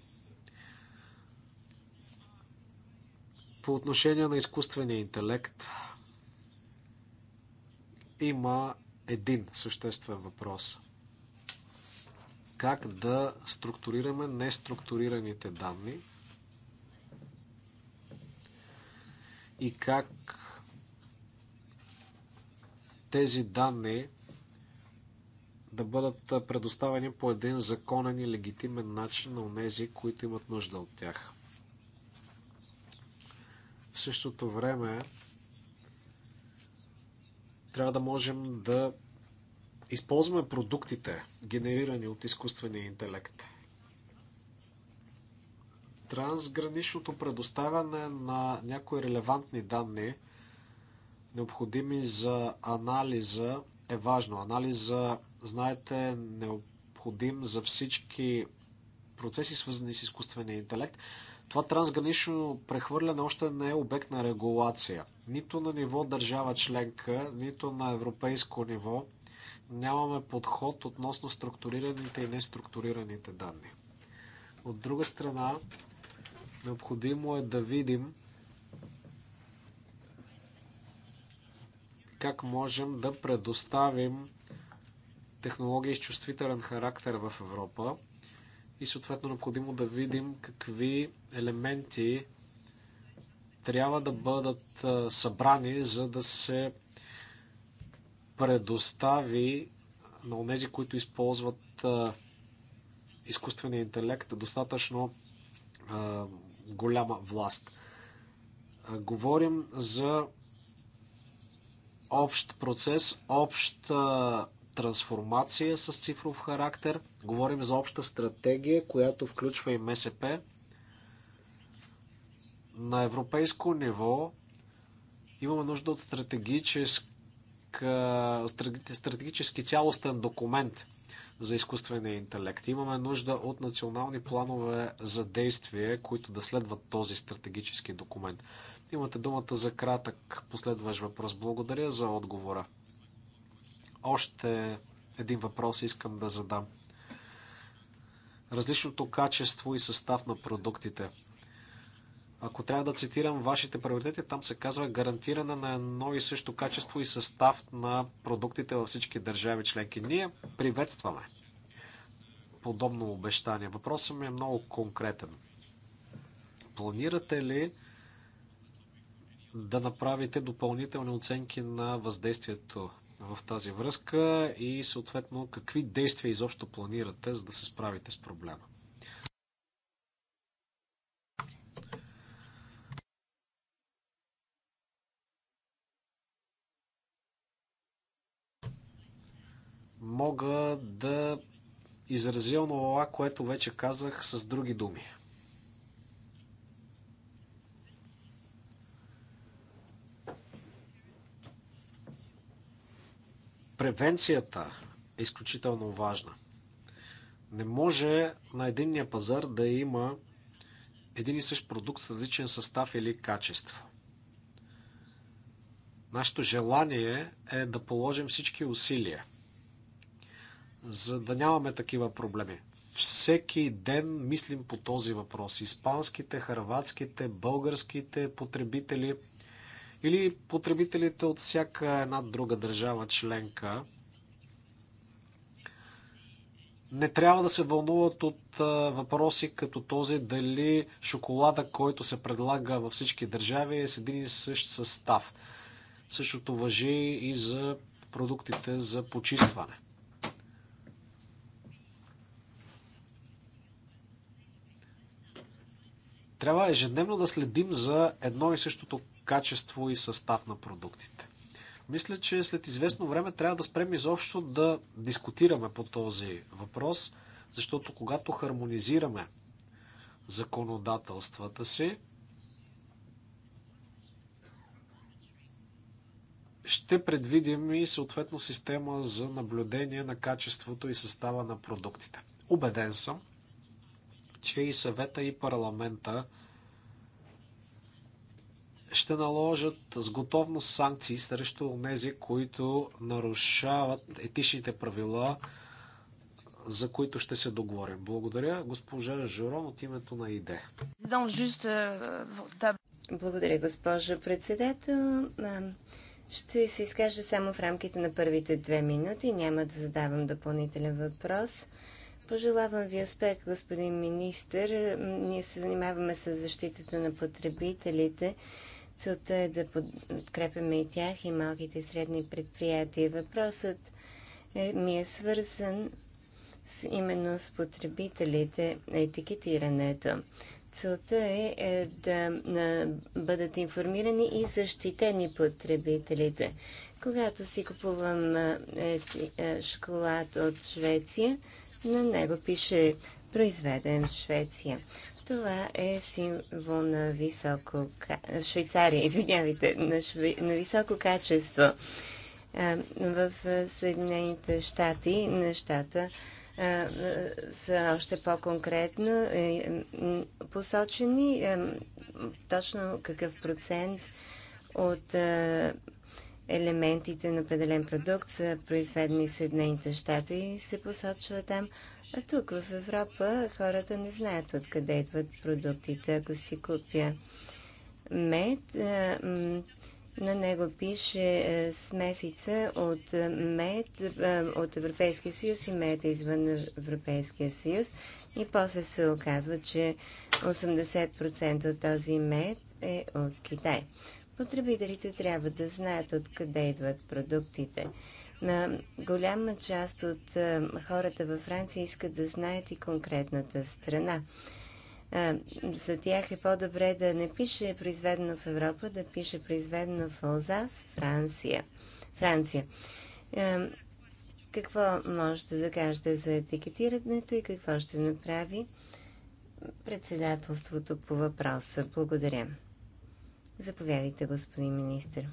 [SPEAKER 2] По отношение на изкуствения интелект, има един съществен въпрос. Как да структурираме неструктурираните данни – и как тези данни да бъдат предоставени по един законен и легитимен начин на тези, които имат нужда от тях. В същото време трябва да можем да използваме продуктите, генерирани от изкуствения интелект трансграничното предоставяне на някои релевантни данни, необходими за анализа, е важно. Анализа, знаете, е необходим за всички процеси, свързани с изкуствения интелект. Това трансгранично прехвърляне още не е обект на регулация. Нито на ниво държава членка, нито на европейско ниво нямаме подход относно структурираните и неструктурираните данни. От друга страна, Необходимо е да видим как можем да предоставим технологии с чувствителен характер в Европа и съответно необходимо да видим какви елементи трябва да бъдат събрани, за да се предостави на тези, които използват изкуствения интелект, достатъчно голяма власт. Говорим за общ процес, обща трансформация с цифров характер. Говорим за обща стратегия, която включва и МСП. На европейско ниво имаме нужда от стратегически стратегически цялостен документ за изкуствения интелект. Имаме нужда от национални планове за действие, които да следват този стратегически документ. Имате думата за кратък последващ въпрос. Благодаря за отговора. Още един въпрос искам да задам. Различното качество и състав на продуктите. Ако трябва да цитирам вашите приоритети, там се казва гарантиране на едно и също качество и състав на продуктите във всички държави членки. Ние приветстваме подобно обещание. Въпросът ми е много конкретен. Планирате ли да направите допълнителни оценки на въздействието в тази връзка и съответно какви действия изобщо планирате, за да се справите с проблема? мога да изразя онова, което вече казах с други думи. Превенцията е изключително важна. Не може на единния пазар да има един и същ продукт с различен състав или качество. Нашето желание е да положим всички усилия – за да нямаме такива проблеми. Всеки ден мислим по този въпрос. Испанските, хърватските, българските потребители или потребителите от всяка една друга държава членка не трябва да се вълнуват от въпроси като този дали шоколада, който се предлага във всички държави е с един и същ състав. Същото въжи и за продуктите за почистване. Трябва ежедневно да следим за едно и същото качество и състав на продуктите. Мисля, че след известно време трябва да спрем изобщо да дискутираме по този въпрос, защото когато хармонизираме законодателствата си, ще предвидим и съответно система за наблюдение на качеството и състава на продуктите. Убеден съм, че и съвета и парламента ще наложат с готовност санкции срещу тези, които нарушават етичните правила, за които ще се договорим. Благодаря, госпожа Жорон, от името на ИДЕ.
[SPEAKER 3] Благодаря, госпожа председател. Ще се изкажа само в рамките на първите две минути. Няма да задавам допълнителен въпрос. Пожелавам ви успех, господин министр. Ние се занимаваме с защитата на потребителите. Целта е да подкрепяме и тях, и малките и средни предприятия. Въпросът е, ми е свързан с, именно с потребителите на етикетирането. Целта е, е да на, бъдат информирани и защитени потребителите. Когато си купувам е, е, шоколад от Швеция, на него пише произведен в Швеция. Това е символ на високо... Швейцария, <laughs> извинявайте, на, шве... на високо качество. В Съединените щати нещата са още по-конкретно е, посочени точно какъв процент от елементите на определен продукт са произведени в Съединените щати и се посочва там. А тук в Европа хората не знаят откъде идват продуктите. Ако си купя мед, на него пише смесица от мед от Европейския съюз и мед извън Европейския съюз. И после се оказва, че 80% от този мед е от Китай. Потребителите трябва да знаят откъде идват продуктите. На голяма част от хората във Франция искат да знаят и конкретната страна. За тях е по-добре да не пише произведено в Европа, да пише произведено в Алзас, Франция. Франция. Какво можете да кажете за етикетирането и какво ще направи председателството по въпроса? Благодаря. Заповядайте, господин министр.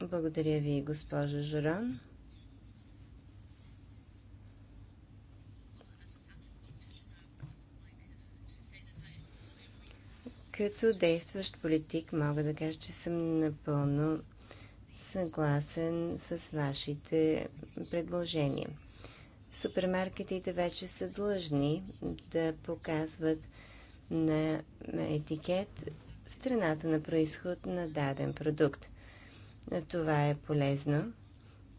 [SPEAKER 3] Благодаря ви, госпожа Журан. Като действащ политик мога да кажа, че съм напълно съгласен с вашите предложения супермаркетите вече са длъжни да показват на етикет страната на происход на даден продукт. Това е полезно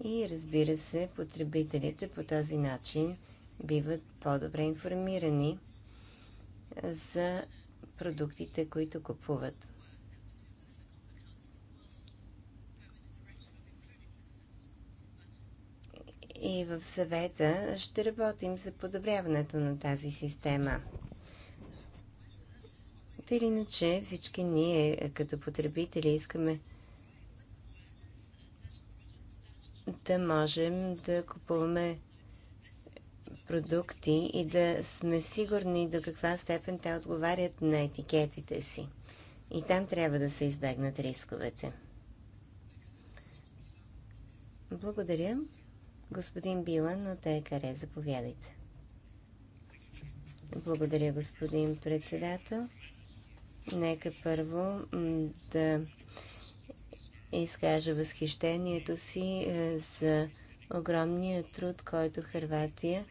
[SPEAKER 3] и разбира се, потребителите по този начин биват по-добре информирани за продуктите, които купуват. и в съвета ще работим за подобряването на тази система. Тъй или иначе всички ние като потребители искаме да можем да купуваме продукти и да сме сигурни до каква степен те отговарят на етикетите си. И там трябва да се избегнат рисковете. Благодаря. Господин Билан от ЕКАРЕ, заповядайте. Благодаря, господин председател. Нека първо да изкажа възхищението си е, за огромния труд, който Харватия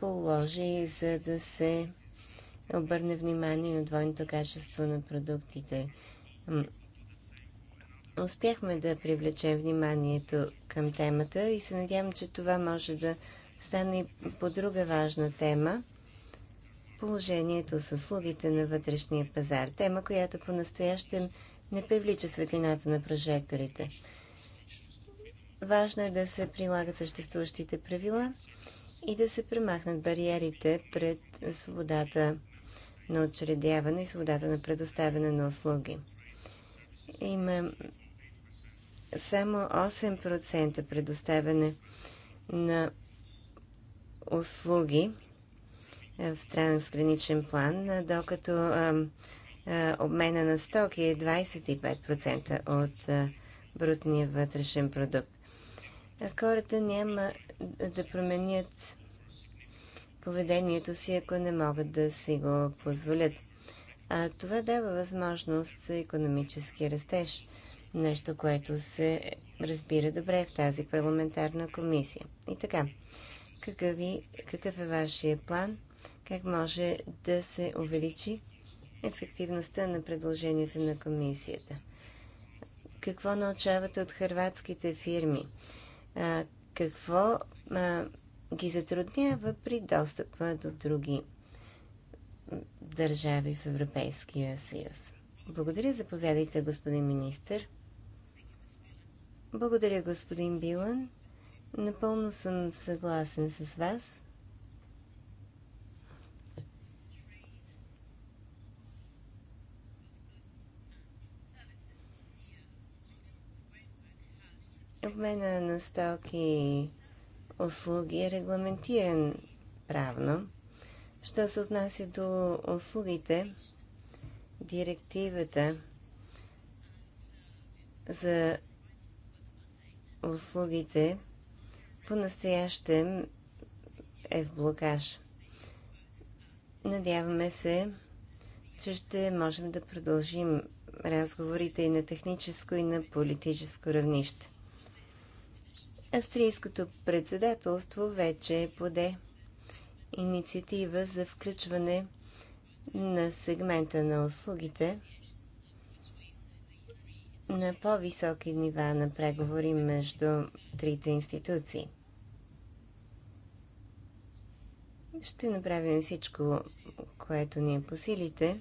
[SPEAKER 3] положи, за да се обърне внимание на двойното качество на продуктите успяхме да привлечем вниманието към темата и се надявам, че това може да стане и по друга важна тема положението с услугите на вътрешния пазар. Тема, която по-настоящем не привлича светлината на прожекторите. Важно е да се прилагат съществуващите правила и да се премахнат бариерите пред свободата на учредяване и свободата на предоставяне на услуги. Има само 8% предоставяне на услуги е, в трансграничен план, е, докато е, обмена на стоки е 25% от брутния вътрешен продукт. Хората няма да променят поведението си, ако не могат да си го позволят. А това дава възможност за економически растеж. Нещо, което се разбира добре в тази парламентарна комисия. И така, какъв, ви, какъв е вашия план? Как може да се увеличи ефективността на предложенията на комисията? Какво научавате от хрватските фирми? А, какво а, ги затруднява при достъпа до други държави в Европейския съюз? Благодаря, заповядайте, господин министър. Благодаря, господин Билан. Напълно съм съгласен с вас. Обмена на стоки и услуги е регламентиран правно. Що се отнася до услугите, директивата за услугите по-настоящем е в блокаж. Надяваме се, че ще можем да продължим разговорите и на техническо, и на политическо равнище. Австрийското председателство вече поде инициатива за включване на сегмента на услугите – на по-високи нива на преговори между трите институции. Ще направим всичко, което ни е по силите,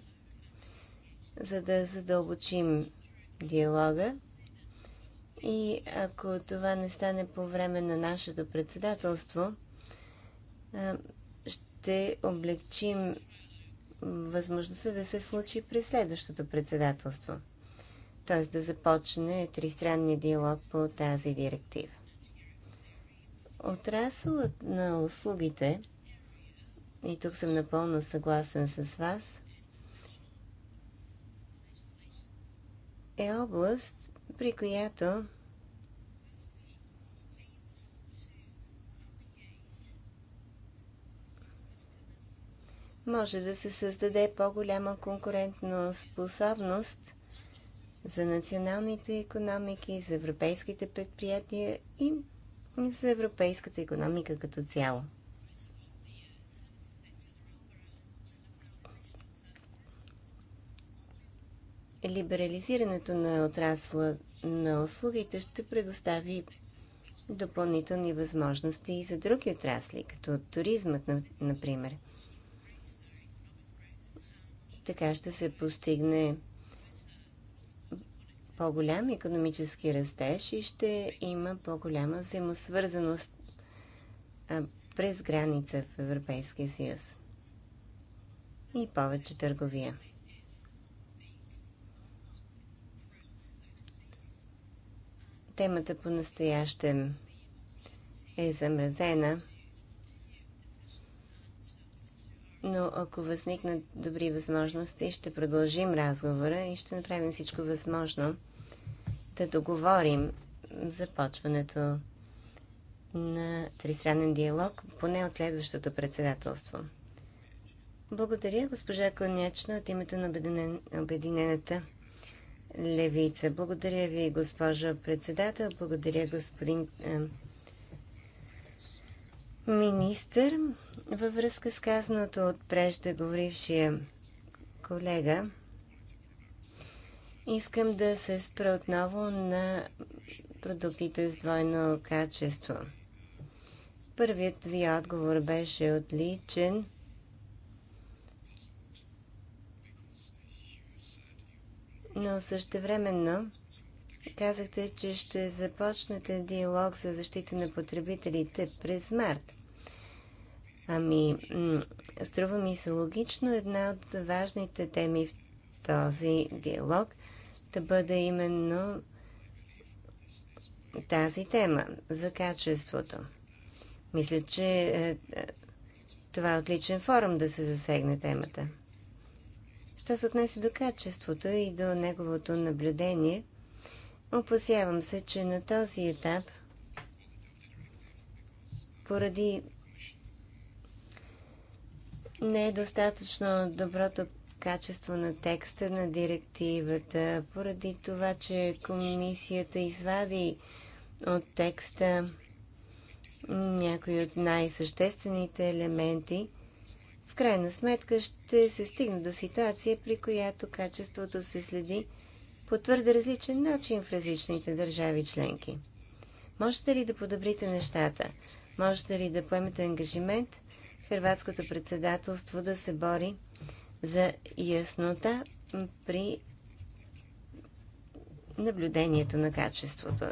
[SPEAKER 3] за да задълбочим диалога и ако това не стане по време на нашето председателство, ще облегчим възможността да се случи през следващото председателство т.е. да започне тристранния диалог по тази директива. Отрасълът на услугите, и тук съм напълно съгласен с вас, е област, при която може да се създаде по-голяма конкурентна способност за националните економики, за европейските предприятия и за европейската економика като цяло. Либерализирането на отрасла на услугите ще предостави допълнителни възможности и за други отрасли, като туризмът, например. Така ще се постигне по-голям економически растеж и ще има по-голяма взаимосвързаност през граница в Европейския съюз. И повече търговия. Темата по настоящем е замразена, но ако възникнат добри възможности, ще продължим разговора и ще направим всичко възможно – да договорим започването на тристранен диалог, поне от следващото председателство. Благодаря, госпожа Конечна, от името на Обединената левица. Благодаря ви, госпожа председател. Благодаря, господин е, министър. Във връзка с казаното от преждеговорившия колега, Искам да се спра отново на продуктите с двойно качество. Първият ви отговор беше отличен. Но същевременно казахте, че ще започнете диалог за защита на потребителите през март. Ами, струва ми се логично една от важните теми в този диалог да бъде именно тази тема за качеството. Мисля, че е, е, това е отличен форум да се засегне темата. Що се отнесе до качеството и до неговото наблюдение, опасявам се, че на този етап, поради не е достатъчно доброто качество на текста на директивата, поради това, че комисията извади от текста някои от най-съществените елементи, в крайна сметка ще се стигне до ситуация, при която качеството се следи по твърде различен начин в различните държави членки. Можете ли да подобрите нещата? Можете ли да поемете ангажимент Хрватското председателство да се бори за яснота при наблюдението на качеството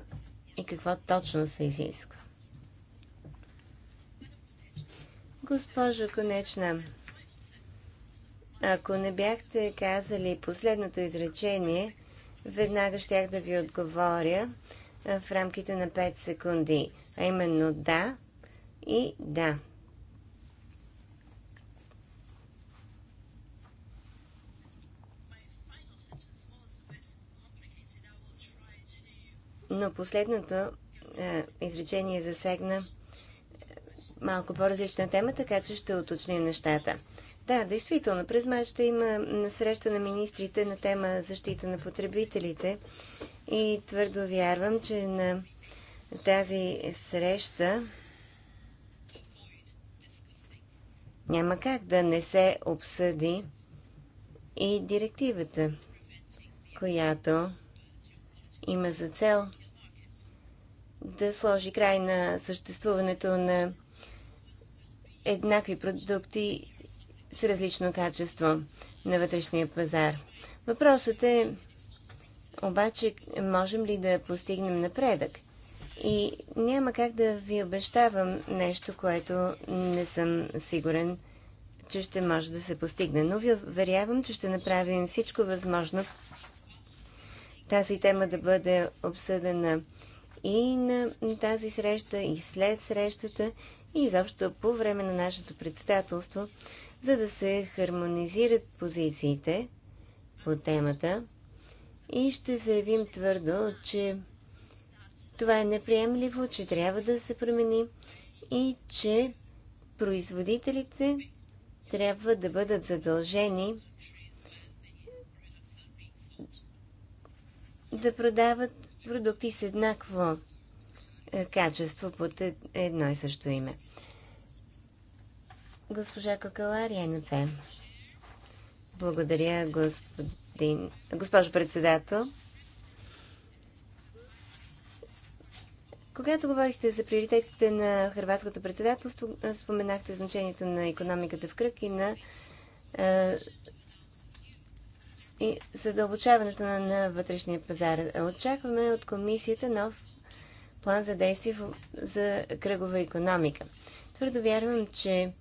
[SPEAKER 3] и какво точно се изисква. Госпожо Конечна, ако не бяхте казали последното изречение, веднага щях да ви отговоря в рамките на 5 секунди. А именно да и да. но последното е, изречение засегна е, малко по-различна тема, така че ще уточня нещата. Да, действително, през май ще има среща на министрите на тема защита на потребителите и твърдо вярвам, че на тази среща няма как да не се обсъди и директивата, която има за цел да сложи край на съществуването на еднакви продукти с различно качество на вътрешния пазар. Въпросът е обаче можем ли да постигнем напредък? И няма как да ви обещавам нещо, което не съм сигурен, че ще може да се постигне. Но ви уверявам, че ще направим всичко възможно тази тема да бъде обсъдена и на тази среща, и след срещата, и изобщо по време на нашето председателство, за да се хармонизират позициите по темата и ще заявим твърдо, че това е неприемливо, че трябва да се промени и че производителите трябва да бъдат задължени да продават продукти с еднакво е, качество под е, едно и също име. Госпожа Кокалария ПЕМ. Благодаря, господин... госпожо председател. Когато говорихте за приоритетите на хрватското председателство, споменахте значението на економиката в кръг и на е, и задълбочаването на, на вътрешния пазар. Очакваме от комисията нов план за действие в, за кръгова економика. Твърдо вярвам, че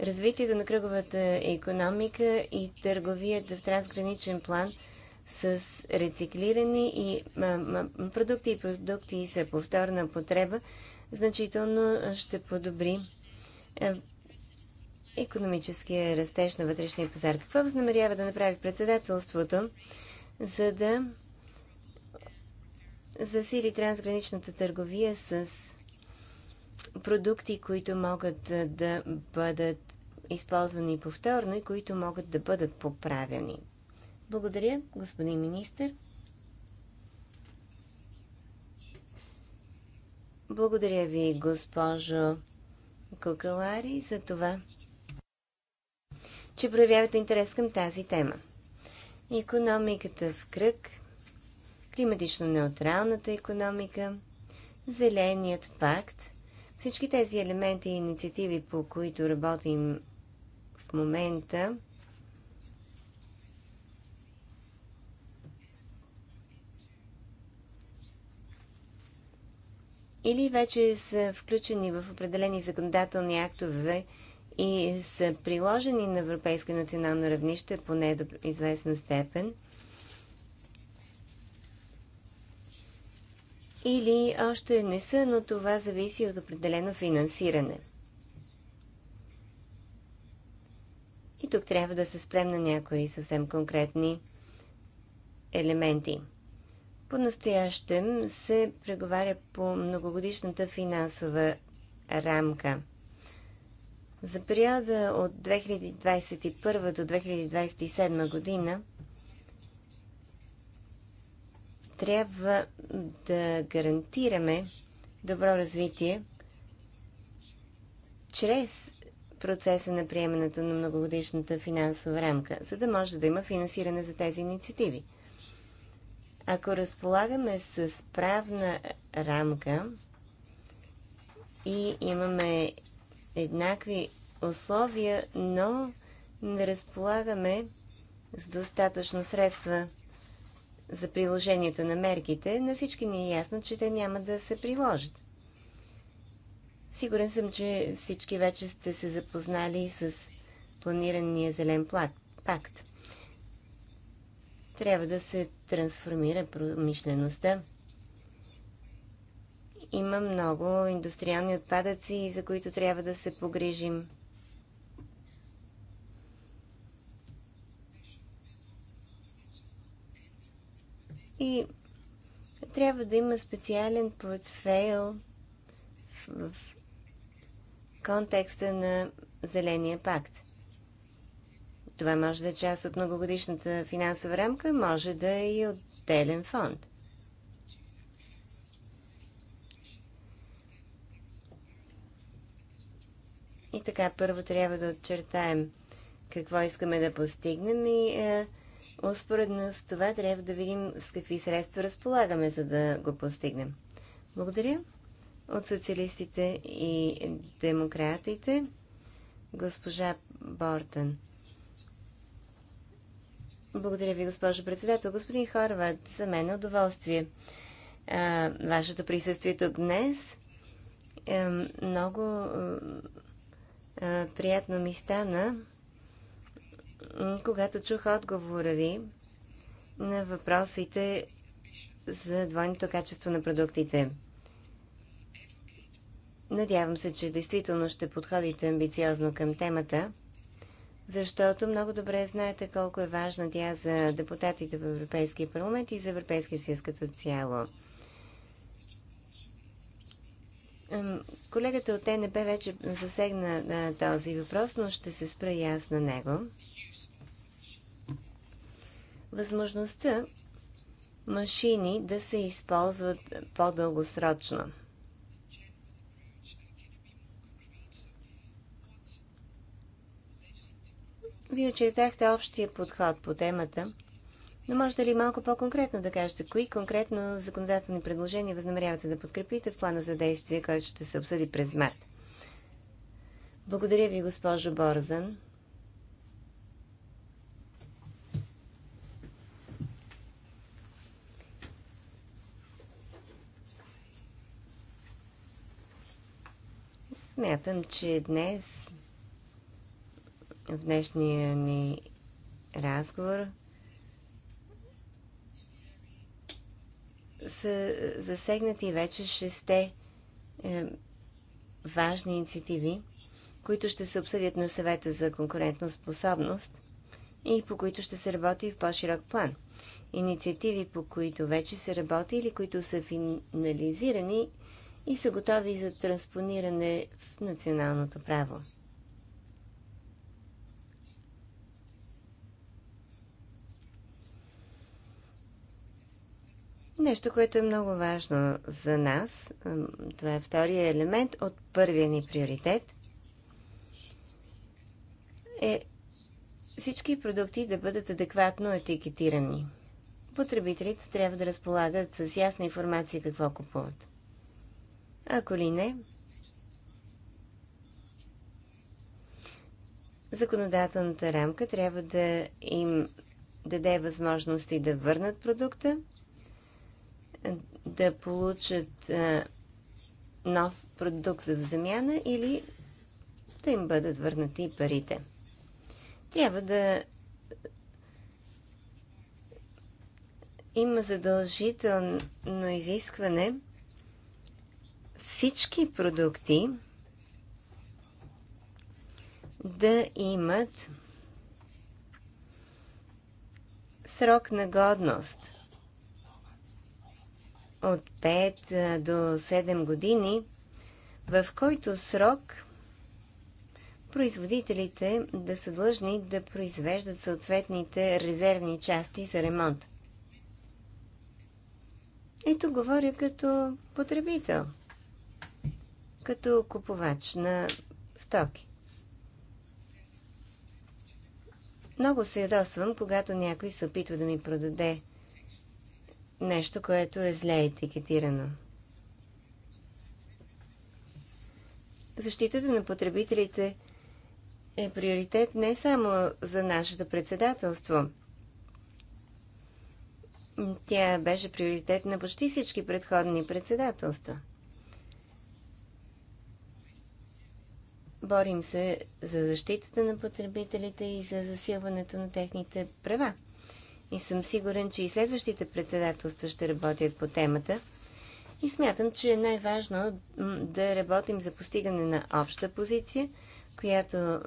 [SPEAKER 3] развитието на кръговата економика и търговията в трансграничен план с рециклирани и продукти и продукти за повторна потреба значително ще подобри е, економическия растеж на вътрешния пазар. Какво възнамерява да направи председателството, за да засили трансграничната търговия с продукти, които могат да бъдат използвани повторно и които могат да бъдат поправени. Благодаря, господин министр. Благодаря ви, госпожо Кокалари, за това, че проявявате интерес към тази тема. Економиката в кръг, климатично неутралната економика, зеленият пакт, всички тези елементи и инициативи, по които работим в момента, или вече са включени в определени законодателни актове, и са приложени на европейско и национално равнище, поне до известна степен. Или още не са, но това зависи от определено финансиране. И тук трябва да се спрем на някои съвсем конкретни елементи. По-настоящем се преговаря по многогодишната финансова рамка – за периода от 2021 до 2027 година трябва да гарантираме добро развитие чрез процеса на приемането на многогодишната финансова рамка, за да може да има финансиране за тези инициативи. Ако разполагаме с правна рамка и имаме еднакви условия, но не разполагаме с достатъчно средства за приложението на мерките. На всички ни е ясно, че те няма да се приложат. Сигурен съм, че всички вече сте се запознали с планирания зелен пакт. Трябва да се трансформира промишлеността има много индустриални отпадъци, за които трябва да се погрижим. И трябва да има специален портфейл в, контекста на Зеления пакт. Това може да е част от многогодишната финансова рамка, може да е и отделен фонд. И така, първо трябва да отчертаем какво искаме да постигнем и е, успоредно с това трябва да видим с какви средства разполагаме, за да го постигнем. Благодаря. От социалистите и демократите, госпожа Бортън. Благодаря ви, госпожо председател. Господин Хорват, за мен е удоволствие е, вашето присъствие тук днес. Е, много е, приятно ми стана, когато чух отговора ви на въпросите за двойното качество на продуктите. Надявам се, че действително ще подходите амбициозно към темата, защото много добре знаете колко е важна тя за депутатите в Европейския парламент и за Европейския съюз като цяло. Колегата от ТНП вече засегна на този въпрос, но ще се спра и аз на него. Възможността машини да се използват по-дългосрочно. Вие очертахте общия подход по темата – но можете ли малко по-конкретно да кажете, кои конкретно законодателни предложения възнамерявате да подкрепите в плана за действие, който ще се обсъди през март? Благодаря ви, госпожо Борзан. Смятам, че днес, в днешния ни разговор, са засегнати вече шесте е, важни инициативи, които ще се обсъдят на съвета за конкурентна способност и по които ще се работи в по-широк план. Инициативи, по които вече се работи или които са финализирани и са готови за транспониране в националното право. Нещо, което е много важно за нас, това е втория елемент от първия ни приоритет, е всички продукти да бъдат адекватно етикетирани. Потребителите трябва да разполагат с ясна информация какво купуват. Ако ли не, законодателната рамка трябва да им даде възможности да върнат продукта – да получат а, нов продукт в замяна или да им бъдат върнати парите. Трябва да има задължително изискване всички продукти да имат срок на годност – от 5 до 7 години, в който срок производителите да са длъжни да произвеждат съответните резервни части за ремонт. Ето говоря като потребител, като купувач на стоки. Много се ядосвам, когато някой се опитва да ми продаде нещо, което е зле етикетирано. Защитата на потребителите е приоритет не само за нашето председателство. Тя беше приоритет на почти всички предходни председателства. Борим се за защитата на потребителите и за засилването на техните права и съм сигурен, че и следващите председателства ще работят по темата. И смятам, че е най-важно да работим за постигане на обща позиция, която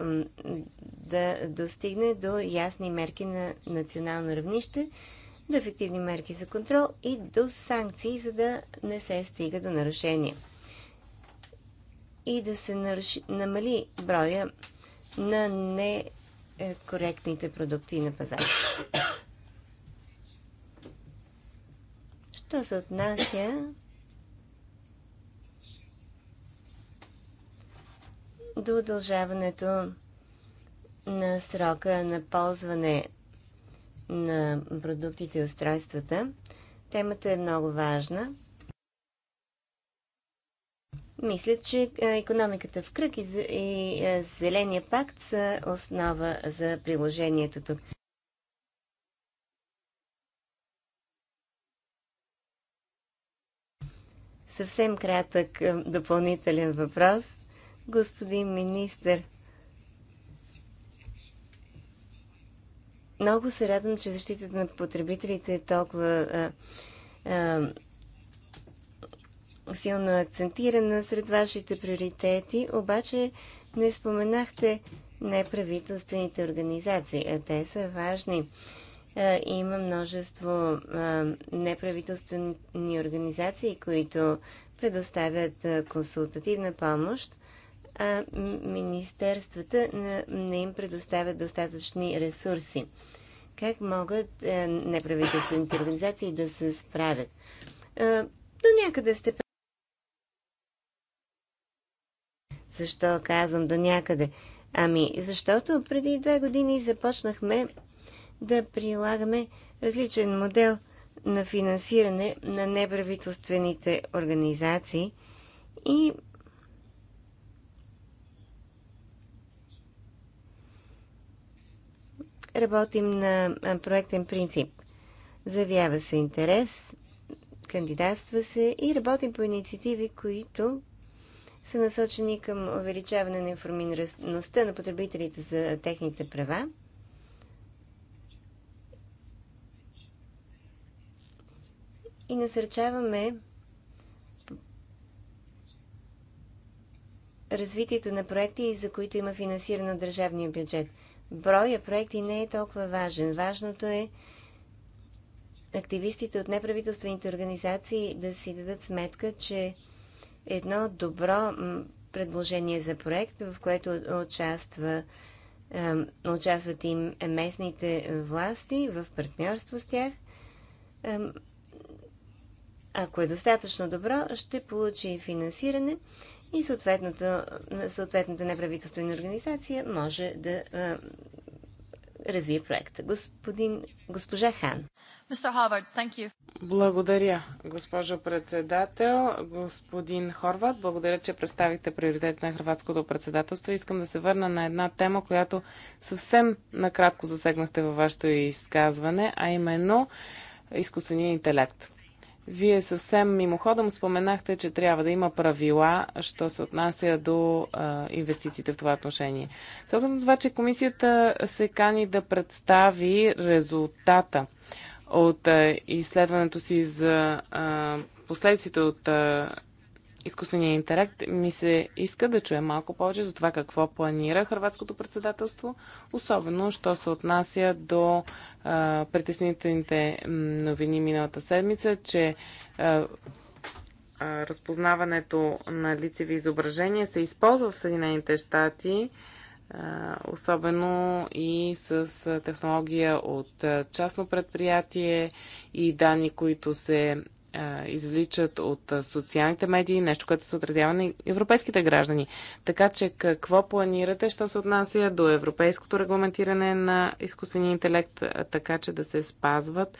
[SPEAKER 3] да достигне до ясни мерки на национално равнище, до ефективни мерки за контрол и до санкции, за да не се стига до нарушения. И да се наруши, намали броя на некоректните продукти на пазара. що се отнася до удължаването на срока на ползване на продуктите и устройствата. Темата е много важна. Мисля, че е, економиката в кръг и е, зеления пакт са основа за приложението тук. Съвсем кратък е, допълнителен въпрос. Господин министр, много се радвам, че защитата на потребителите е толкова а, е, а, е, силно акцентирана сред вашите приоритети, обаче не споменахте неправителствените организации, а те са важни. Е, има множество е, неправителствени организации, които предоставят е, консултативна помощ, а министерствата не им предоставят достатъчни ресурси. Как могат неправителствените организации да се справят? До някъде сте. Защо казвам до някъде? Ами, защото преди две години започнахме да прилагаме различен модел на финансиране на неправителствените организации и работим на проектен принцип. Завява се интерес, кандидатства се и работим по инициативи, които са насочени към увеличаване на информираността на потребителите за техните права и насърчаваме развитието на проекти, за които има финансиране от държавния бюджет. Броя проекти не е толкова важен. Важното е активистите от неправителствените организации да си дадат сметка, че едно добро предложение за проект, в което участва, участват и местните власти в партньорство с тях, ако е достатъчно добро, ще получи финансиране и съответната неправителствена организация може да а, развие проекта. Господин,
[SPEAKER 1] госпожа Хан. Harvard, благодаря, госпожо председател. Господин Хорват, благодаря, че представихте приоритет на хрватското председателство. Искам да се върна на една тема, която съвсем накратко засегнахте във вашето изказване, а именно изкуствения интелект. Вие съвсем мимоходом споменахте, че трябва да има правила, що се отнася до а, инвестициите в това отношение. Особено това, че комисията се кани да представи резултата от а, изследването си за а, последиците от а, изкуствения интелект, ми се иска да чуя малко повече за това какво планира хрватското председателство, особено, що се отнася до а, притеснителните новини миналата седмица, че а, а, разпознаването на лицеви изображения се използва в Съединените щати, особено и с технология от частно предприятие и данни, които се извличат от социалните медии, нещо, което се отразява на европейските граждани. Така че какво планирате, що се отнася до европейското регламентиране на изкуствения интелект, така че да се спазват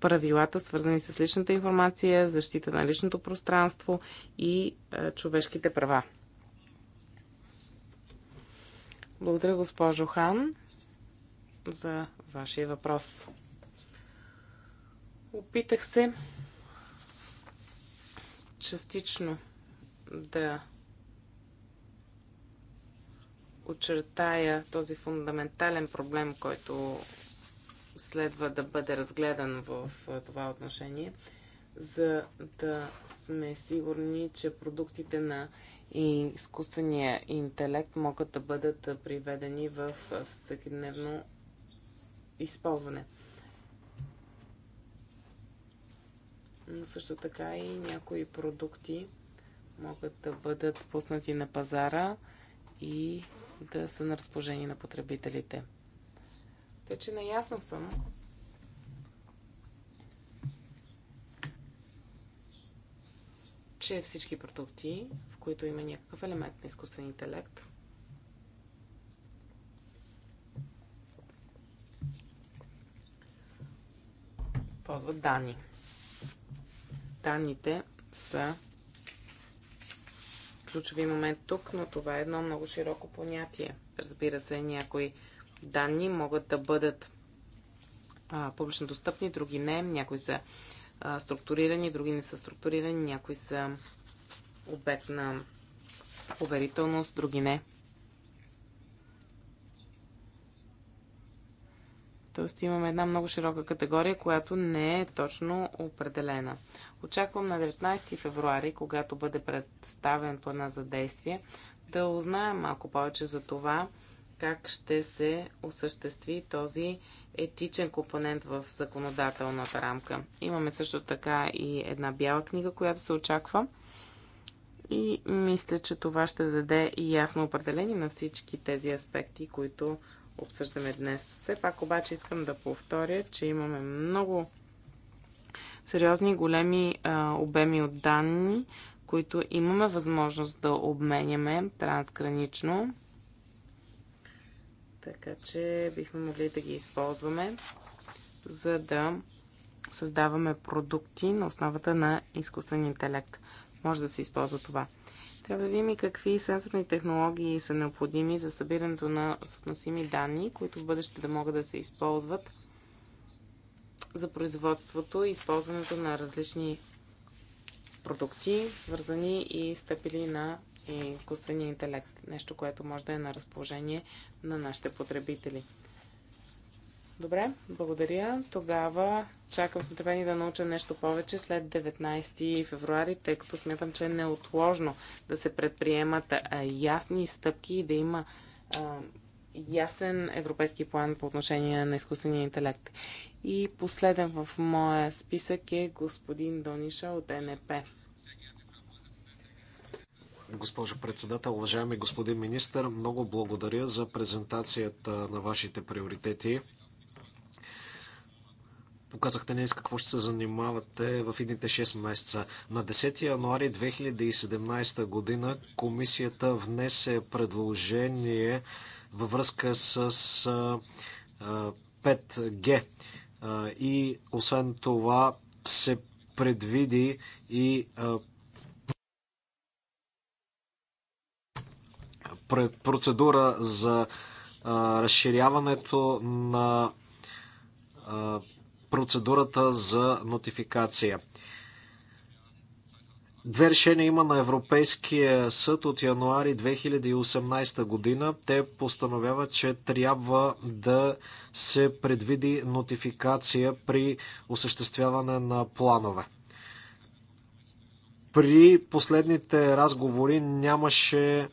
[SPEAKER 1] правилата, свързани с личната информация, защита на личното пространство и а, човешките права? Благодаря, госпожо Хан, за вашия въпрос. Опитах се частично да очертая този фундаментален проблем, който следва да бъде разгледан в това отношение, за да сме сигурни, че продуктите на изкуствения интелект могат да бъдат приведени в всекидневно използване. но също така и някои продукти могат да бъдат пуснати на пазара и да са на разположение на потребителите. Те че наясно съм, че всички продукти, в които има някакъв елемент на изкуствен интелект, ползват данни данните са ключови момент тук, но това е едно много широко понятие. Разбира се, някои данни могат да бъдат а, публично достъпни, други не, някои са а, структурирани, други не са структурирани, някои са обект на поверителност, други не. Тоест имаме една много широка категория, която не е точно определена. Очаквам на 19 февруари, когато бъде представен плана за действие, да узнаем малко повече за това, как ще се осъществи този етичен компонент в законодателната рамка. Имаме също така и една бяла книга, която се очаква. И мисля, че това ще даде и ясно определение на всички тези аспекти, които обсъждаме днес. Все пак обаче искам да повторя, че имаме много сериозни и големи а, обеми от данни, които имаме възможност да обменяме трансгранично. Така че бихме могли да ги използваме, за да създаваме продукти на основата на изкуствен интелект. Може да се използва това. Трябва да видим и какви сенсорни технологии са необходими за събирането на съотносими данни, които в бъдеще да могат да се използват за производството и използването на различни продукти, свързани и стъпили на изкуствения интелект. Нещо, което може да е на разположение на нашите потребители. Добре, благодаря. Тогава чакам с нетърпение да науча нещо повече след 19 февруари, тъй като смятам, че е неотложно да се предприемат ясни стъпки и да има ясен европейски план по отношение на изкуствения интелект. И последен в моя списък е господин Дониша от НП.
[SPEAKER 2] Госпожо председател, уважаеми господин министр, много благодаря за презентацията на вашите приоритети. Показахте днес какво ще се занимавате в едните 6 месеца. На 10 януари 2017 година комисията внесе предложение във връзка с 5G. И освен това се предвиди и процедура за разширяването на процедурата за нотификация. Две решения има на Европейския съд от януари 2018 година. Те постановяват, че трябва да се предвиди нотификация при осъществяване на планове. При последните разговори нямаше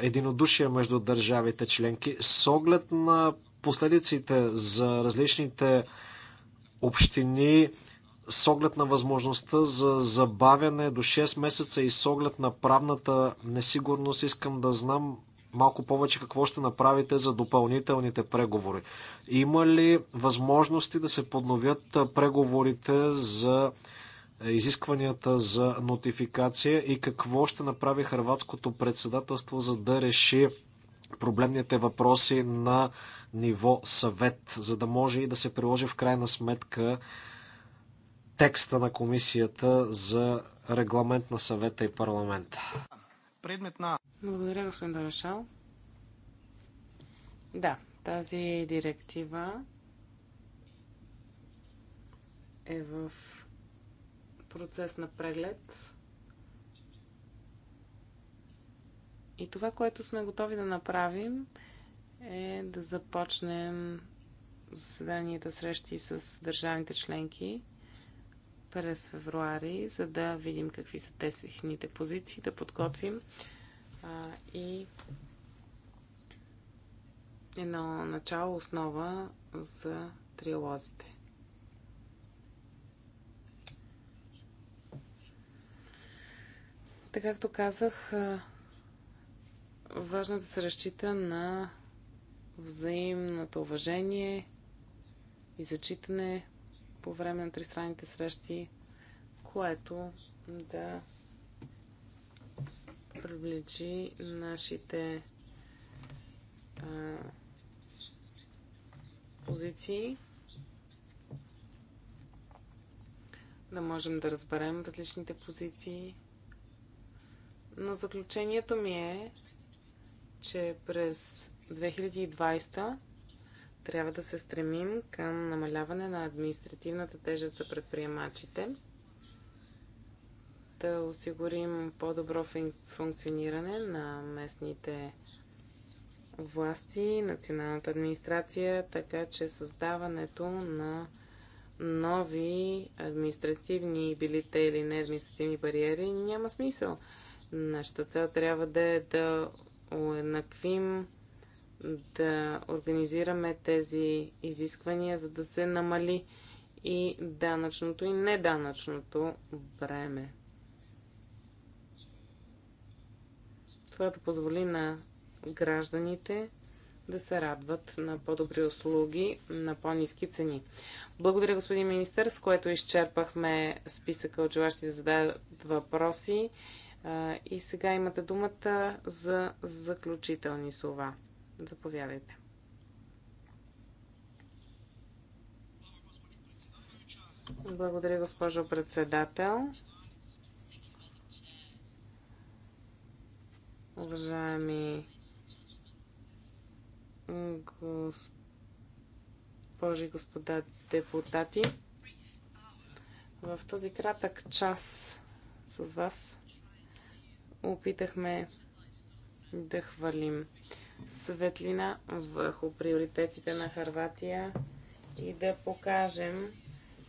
[SPEAKER 2] единодушие между държавите членки. С оглед на последиците за различните общини, с оглед на възможността за забавяне до 6 месеца и с оглед на правната несигурност, искам да знам малко повече какво ще направите за допълнителните преговори. Има ли възможности да се подновят преговорите за е, изискванията за нотификация и какво ще направи хрватското председателство, за да реши проблемните въпроси на ниво съвет, за да може и да се приложи в крайна сметка текста на комисията за регламент на съвета и парламента. Предмет на... Благодаря,
[SPEAKER 1] господин Дарашал. Да, тази директива е в процес на преглед. И това, което сме готови да направим, е да започнем заседанията срещи с държавните членки през февруари, за да видим какви са техните позиции, да подготвим а, и едно начало, основа за триолозите. Така както казах, важно е да се разчита на взаимното уважение и зачитане по време на тристранните срещи, което да привлечи нашите а, позиции, да можем да разберем различните позиции. Но заключението ми е, че през 2020 трябва да се стремим към намаляване на административната тежест за предприемачите, да осигурим по-добро функциониране на местните власти, националната администрация, така че създаването на нови административни билите или неадминистративни бариери няма смисъл. Нашата цел трябва да е да уеднаквим да организираме тези изисквания, за да се намали и данъчното и неданъчното бреме. Това да позволи на гражданите да се радват на по-добри услуги, на по-низки цени. Благодаря, господин министър, с което изчерпахме списъка от желащи да зададат въпроси. И сега имате думата за заключителни слова. Заповядайте. Благодаря, госпожо председател. Уважаеми госпожи и господа депутати, в този кратък час с вас опитахме да хвалим светлина върху приоритетите на Харватия и да покажем,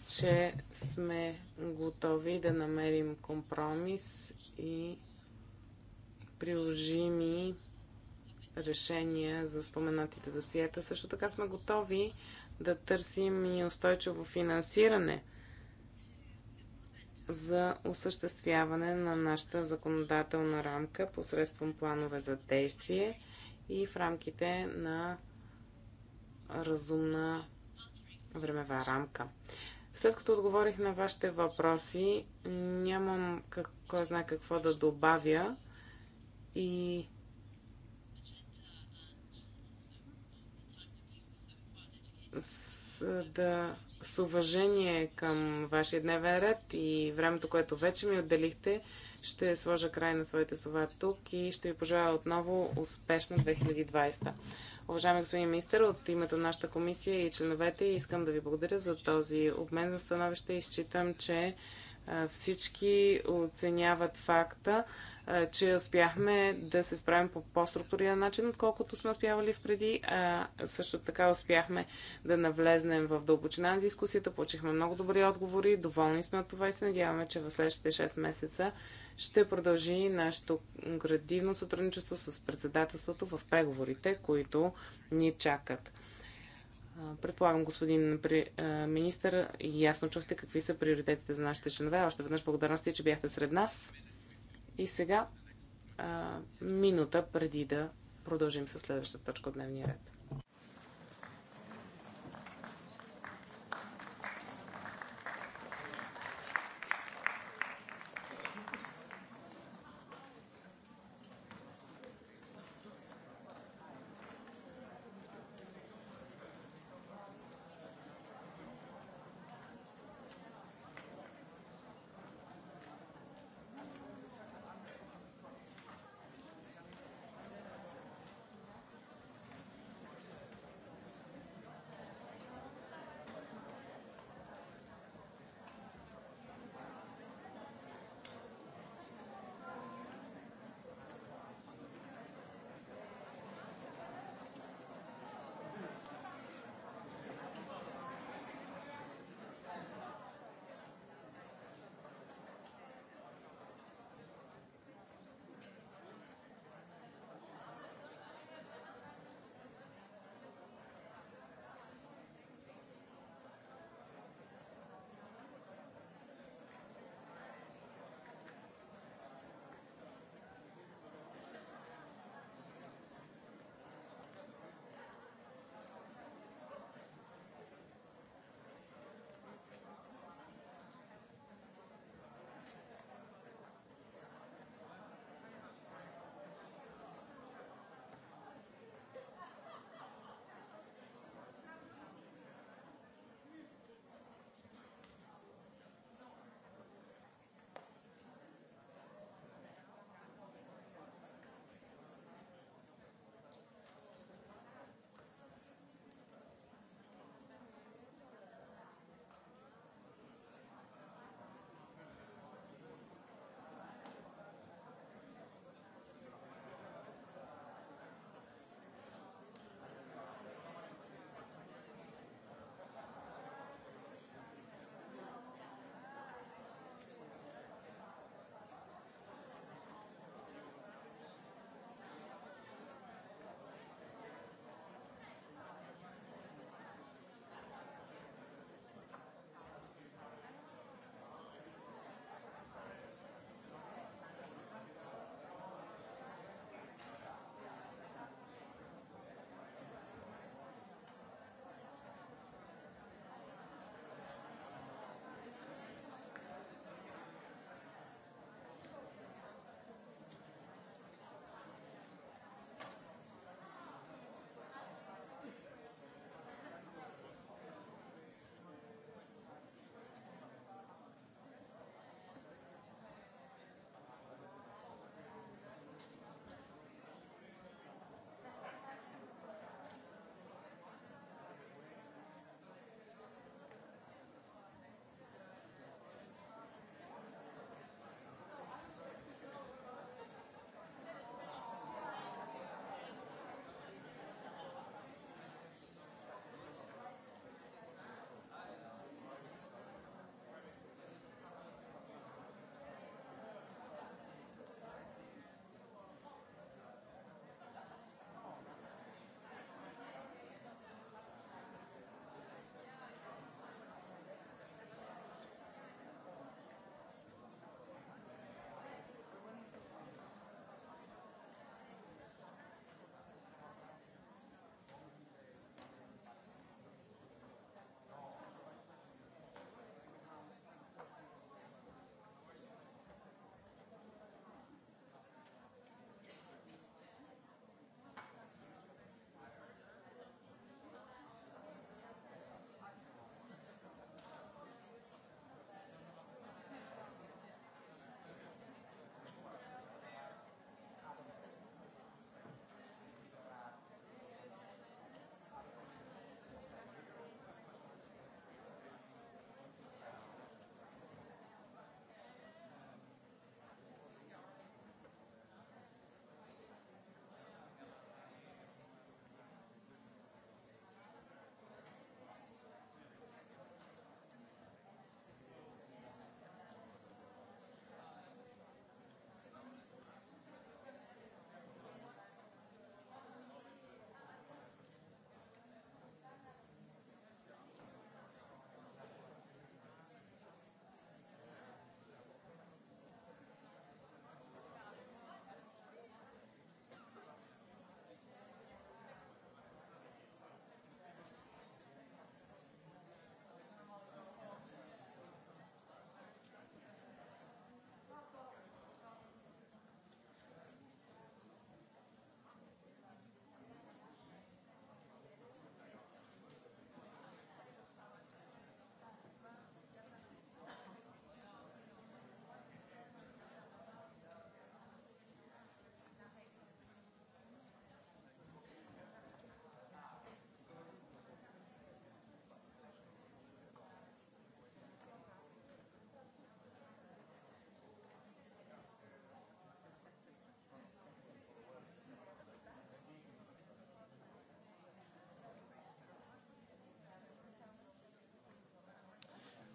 [SPEAKER 1] че сме готови да намерим компромис и приложими решения за споменатите досиета. Също така сме готови да търсим и устойчиво финансиране за осъществяване на нашата законодателна рамка посредством планове за действие и в рамките на разумна времева рамка. След като отговорих на вашите въпроси, нямам как, кой знае какво да добавя и да с уважение към вашия дневен ред и времето, което вече ми отделихте, ще сложа край на своите слова тук и ще ви пожелая отново успешна 2020. Уважаеми господин министър, от името на нашата комисия и членовете искам да ви благодаря за този обмен на становище и считам, че всички оценяват факта, че успяхме да се справим по по-структуриран начин, отколкото сме успявали впреди. А, също така успяхме да навлезнем в дълбочина на дискусията, получихме много добри отговори, доволни сме от това и се надяваме, че в следващите 6 месеца ще продължи нашето градивно сътрудничество с председателството в преговорите, които ни чакат. Предполагам, господин министър, ясно чухте какви са приоритетите за нашите членове. Още веднъж благодарности, че бяхте сред нас. И сега, минута преди да продължим с следващата точка от дневния ред.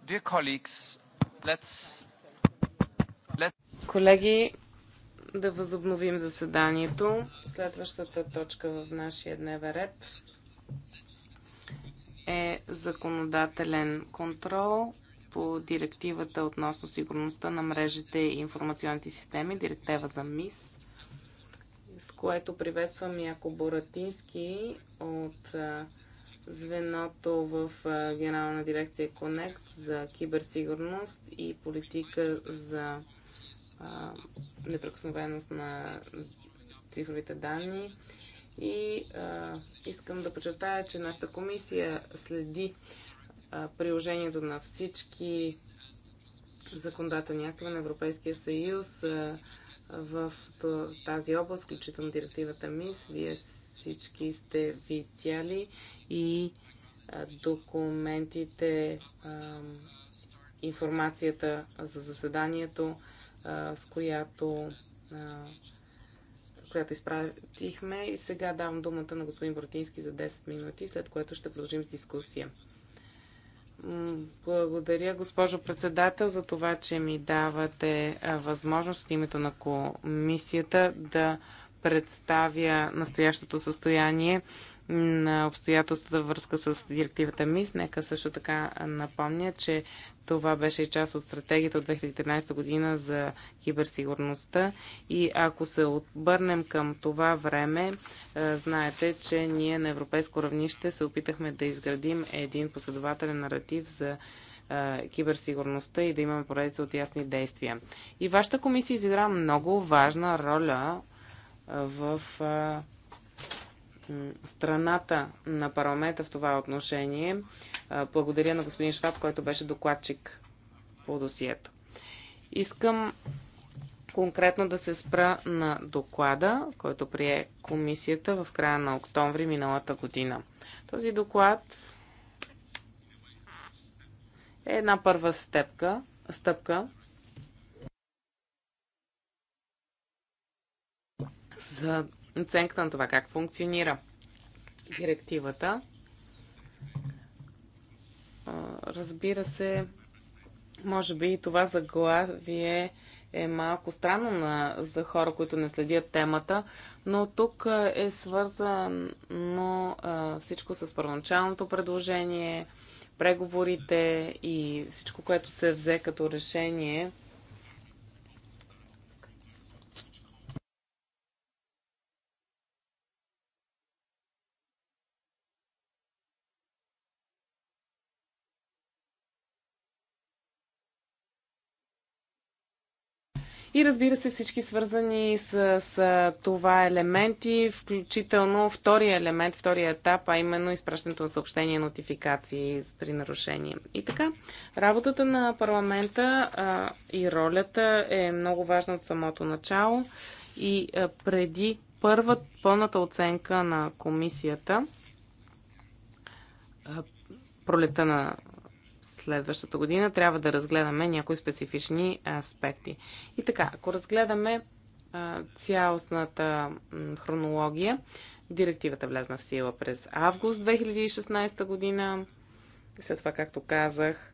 [SPEAKER 1] Dear colleagues, let's, Колеги, да възобновим заседанието. Следващата точка в нашия дневен ред е законодателен контрол по директивата относно сигурността на мрежите и информационните системи, директива за МИС, с което приветствам Яко Боратински от звеното в Генерална дирекция Connect за киберсигурност и политика за непрекосновеност на цифровите данни. И а, искам да подчертая, че нашата комисия следи а, приложението на всички законодателни актове на Европейския съюз а, в тази област, включително директивата МИС. Вие всички сте видяли и документите, информацията за заседанието, с която, която изпратихме. И сега давам думата на господин Бортински за 10 минути, след което ще продължим с дискусия. Благодаря, госпожо председател, за това, че ми давате възможност от името на комисията да представя настоящото състояние на обстоятелствата във връзка с директивата МИС. Нека също така напомня, че това беше и част от стратегията от 2013 година за киберсигурността. И ако се обърнем към това време, е, знаете, че ние на европейско равнище се опитахме да изградим един последователен наратив за е, киберсигурността и да имаме поредица от ясни действия. И вашата комисия изигра много важна роля в страната на парламента в това отношение. Благодаря на господин Шваб, който беше докладчик по досието. Искам конкретно да се спра на доклада, който прие комисията в края на октомври миналата година. Този доклад е една първа стъпка, стъпка за оценка на това как функционира директивата. Разбира се, може би и това заглавие е малко странно на, за хора, които не следят темата, но тук е свързано всичко с първоначалното предложение, преговорите и всичко, което се взе като решение И разбира се, всички свързани с, с това елементи, включително втория елемент, втория етап, а именно изпращането на съобщения, нотификации при нарушение. И така, работата на парламента а, и ролята е много важна от самото начало и а, преди първа пълната оценка на комисията, пролета на следващата година, трябва да разгледаме някои специфични аспекти. И така, ако разгледаме цялостната хронология, директивата влезна в сила през август 2016 година. След това, както казах,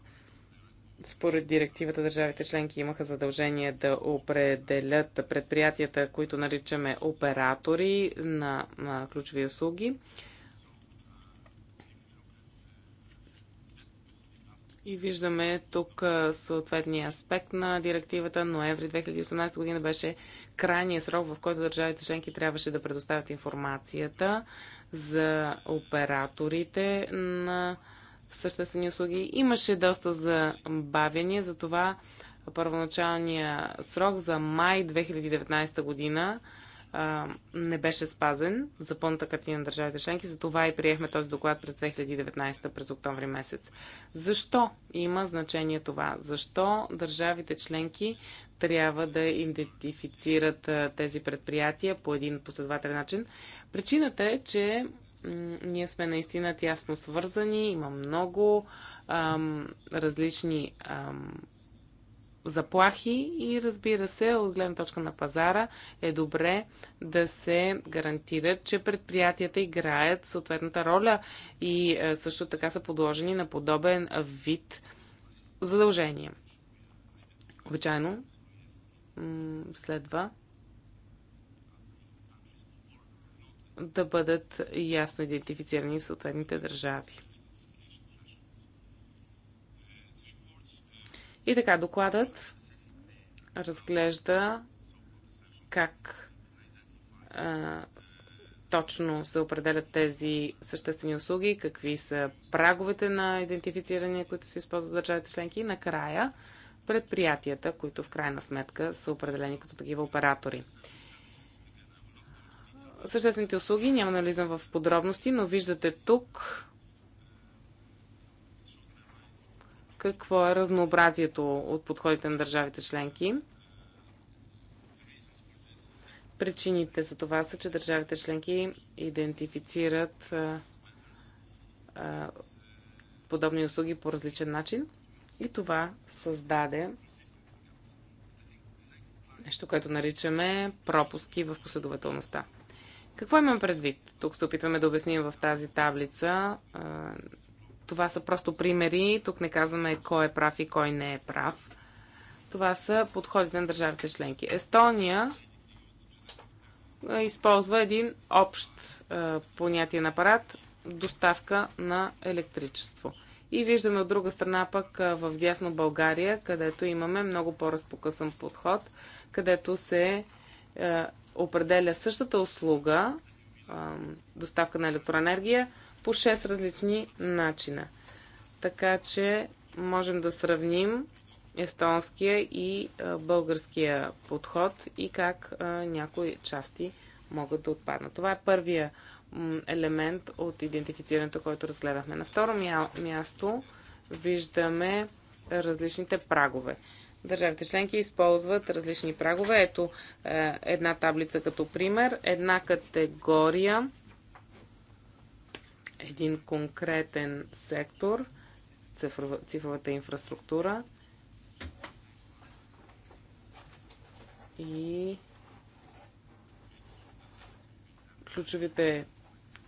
[SPEAKER 1] според директивата държавите членки имаха задължение да определят предприятията, които наричаме оператори на, на ключови услуги. И виждаме тук съответния аспект на директивата. Ноември 2018 година беше крайния срок, в който държавите членки трябваше да предоставят информацията за операторите на съществени услуги. Имаше доста забавяние, затова първоначалния срок за май 2019 година а, не беше спазен за пълната картина на държавите членки. Затова и приехме този доклад през 2019, през октомври месец. Защо има значение това? Защо държавите членки трябва да идентифицират а, тези предприятия по един последователен начин? Причината е, че ние сме наистина тясно свързани, има много ам, различни ам, заплахи и разбира се, от гледна точка на пазара е добре да се гарантира, че предприятията играят съответната роля и е, също така са подложени на подобен вид задължения. Обичайно следва да бъдат ясно идентифицирани в съответните държави. И така, докладът разглежда как а, точно се определят тези съществени услуги, какви са праговете на идентифициране, които се използват в държавите членки и накрая предприятията, които в крайна сметка са определени като такива оператори. Съществените услуги няма нализам в подробности, но виждате тук какво е разнообразието от подходите на държавите членки. Причините за това са, че държавите членки идентифицират подобни услуги по различен начин и това създаде нещо, което наричаме пропуски в последователността. Какво имам предвид? Тук се опитваме да обясним в тази таблица това са просто примери. Тук не казваме кой е прав и кой не е прав. Това са подходите на държавите членки. Естония е, използва един общ е, понятен апарат доставка на електричество. И виждаме от друга страна пък е, в дясно България, където имаме много по-разпокъсан подход, където се е, определя същата услуга, е, доставка на електроенергия, по 6 различни начина. Така че можем да сравним естонския и българския подход и как някои части могат да отпаднат. Това е първия елемент от идентифицирането, който разгледахме. На второ място виждаме различните прагове. Държавите членки използват различни прагове. Ето е, една таблица като пример, една категория един конкретен сектор, цифровата инфраструктура и ключовите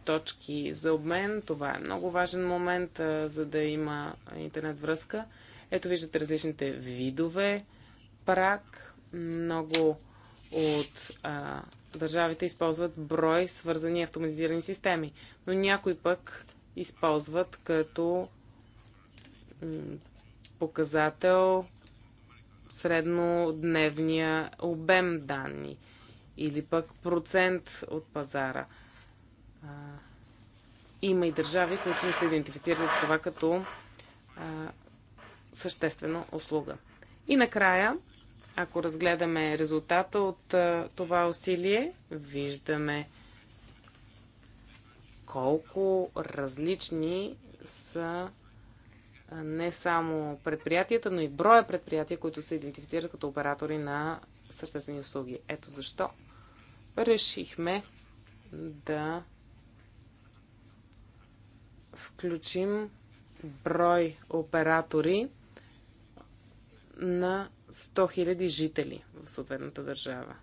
[SPEAKER 1] точки за обмен. Това е много важен момент, за да има интернет връзка. Ето виждате различните видове прак. Много от а, държавите използват брой свързани автоматизирани системи, но някои пък използват като показател среднодневния обем данни или пък процент от пазара. има и държави, които не са идентифицирали това като а, съществена услуга. И накрая ако разгледаме резултата от това усилие, виждаме колко различни са не само предприятията, но и броя предприятия, които се идентифицират като оператори на съществени услуги. Ето защо решихме да включим брой оператори на 100 000 жители в съответната държава.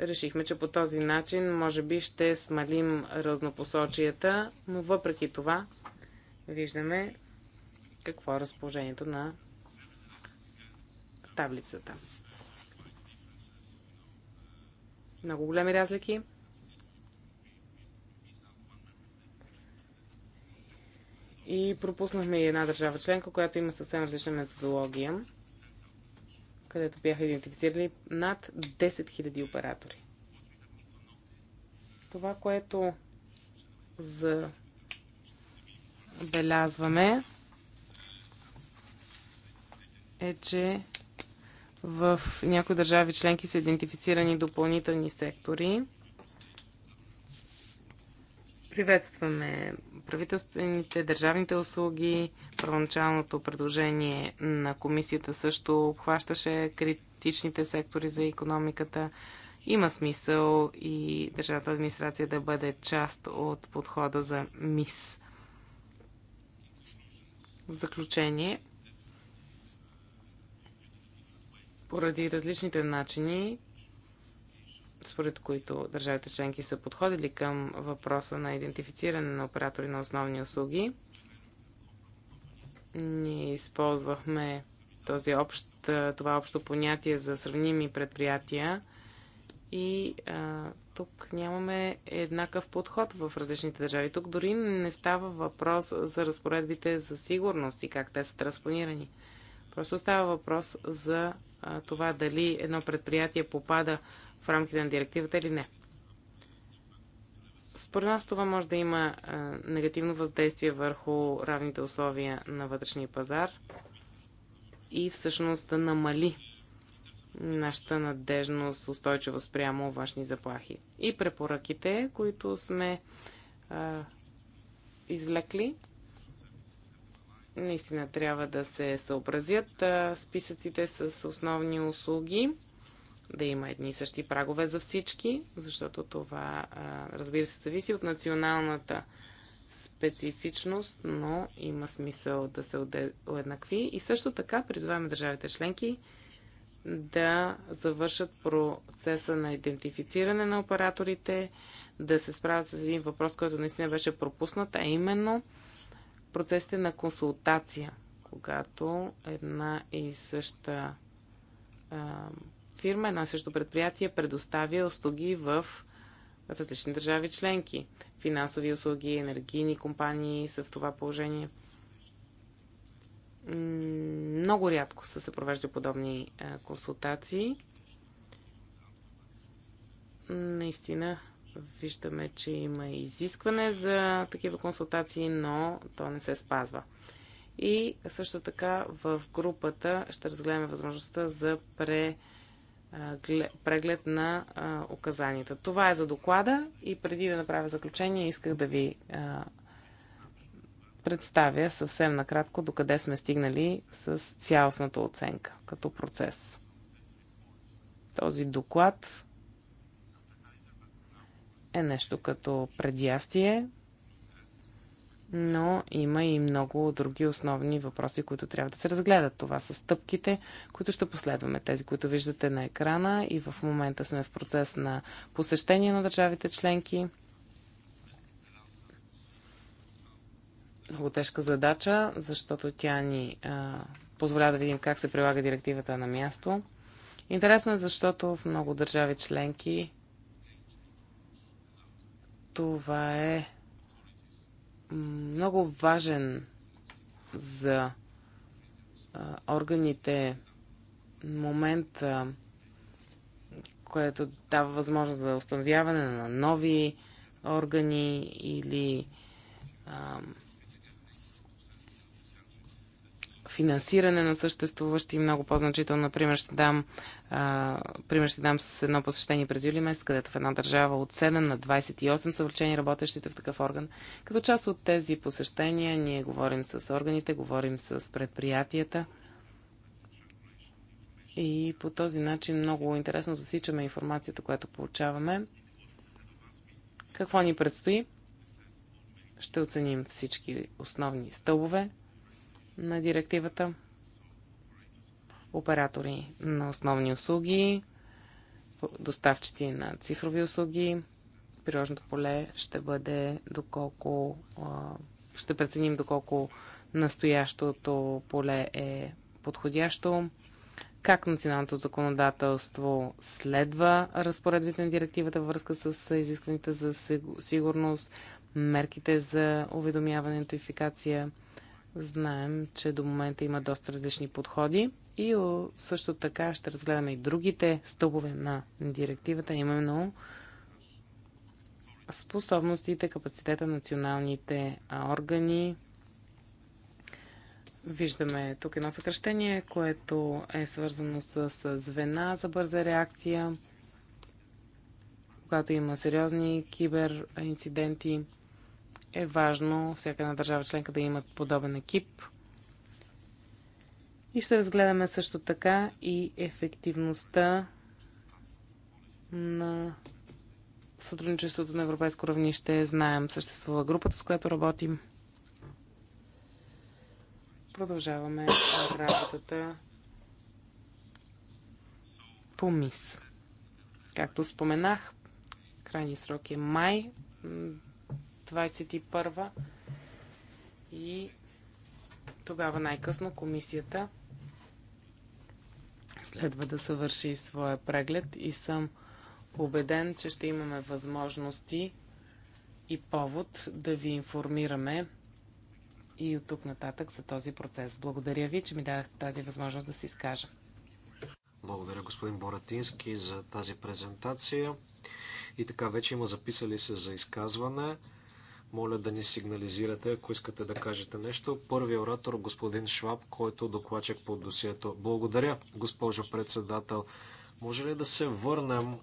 [SPEAKER 1] Решихме, че по този начин може би ще смалим разнопосочията, но въпреки това виждаме какво е разположението на таблицата. Много големи разлики. И пропуснахме и една държава членка, която има съвсем различна методология където бяха идентифицирали над 10 000 оператори. Това, което забелязваме е, че в някои държави членки са идентифицирани допълнителни сектори. Приветстваме правителствените, държавните услуги. Първоначалното предложение на комисията също обхващаше критичните сектори за економиката. Има смисъл и държавната администрация да бъде част от подхода за МИС. В заключение, поради различните начини, според които държавите членки са подходили към въпроса на идентифициране на оператори на основни услуги. Ние използвахме този общ, това общо понятие за сравними предприятия и а, тук нямаме еднакъв подход в различните държави. Тук дори не става въпрос за разпоредбите за сигурност и как те са транспонирани. Просто става въпрос за а, това дали едно предприятие попада в рамките на директивата или не. Според нас това може да има а, негативно въздействие върху равните условия на вътрешния пазар и всъщност да намали нашата надежност, устойчиво спрямо външни заплахи. И препоръките, които сме а, извлекли, наистина трябва да се съобразят списъците с основни услуги, да има едни и същи прагове за всички, защото това, разбира се, зависи от националната специфичност, но има смисъл да се уеднакви. И също така призваваме държавите членки да завършат процеса на идентифициране на операторите, да се справят с един въпрос, който наистина беше пропуснат, а именно – процесите на консултация, когато една и съща а, фирма, едно и също предприятие предоставя услуги в различни държави членки. Финансови услуги, енергийни компании са в това положение. Много рядко са се провежда подобни консултации. Наистина Виждаме, че има изискване за такива консултации, но то не се спазва. И също така в групата ще разгледаме възможността за пре, преглед на указанията. Това е за доклада и преди да направя заключение, исках да ви представя съвсем накратко докъде сме стигнали с цялостната оценка като процес. Този доклад е нещо като предястие, но има и много други основни въпроси, които трябва да се разгледат. Това са стъпките, които ще последваме. Тези, които виждате на екрана и в момента сме в процес на посещение на държавите членки. Много тежка задача, защото тя ни а, позволя да видим как се прилага директивата на място. Интересно е, защото в много държави членки това е много важен за а, органите момент, а, което дава възможност за установяване на нови органи или а, финансиране на съществуващи и много по-значително. Например, ще дам, а, пример ще дам с едно посещение през юли месец, където в една държава от 7 на 28 са влечени работещите в такъв орган. Като част от тези посещения ние говорим с органите, говорим с предприятията. И по този начин много интересно засичаме информацията, която получаваме. Какво ни предстои? Ще оценим всички основни стълбове, на директивата. Оператори на основни услуги, доставчици на цифрови услуги. Приложното поле ще бъде доколко. Ще преценим доколко настоящото поле е подходящо, как националното законодателство следва разпоредбите на директивата във връзка с изискваните за сигурност, мерките за уведомяване, и нотификация, Знаем, че до момента има доста различни подходи и също така ще разгледаме и другите стълбове на директивата, именно способностите, капацитета на националните органи. Виждаме тук едно съкръщение, което е свързано с звена за бърза реакция, когато има сериозни киберинциденти. инциденти е важно всяка една държава членка да имат подобен екип. И ще разгледаме също така и ефективността на сътрудничеството на европейско равнище. Знаем, съществува групата, с която работим. Продължаваме работата по МИС. Както споменах, крайният срок е май 2021 и тогава най-късно комисията следва да съвърши своя преглед и съм убеден, че ще имаме възможности и повод да ви информираме и от тук нататък за този процес. Благодаря ви, че ми дадахте тази възможност да се изкажа.
[SPEAKER 2] Благодаря, господин Боратински, за тази презентация. И така, вече има записали се за изказване. Моля да ни сигнализирате, ако искате да кажете нещо. Първият оратор, господин Шваб, който е докладчик по досието. Благодаря, госпожо председател. Може ли да се върнем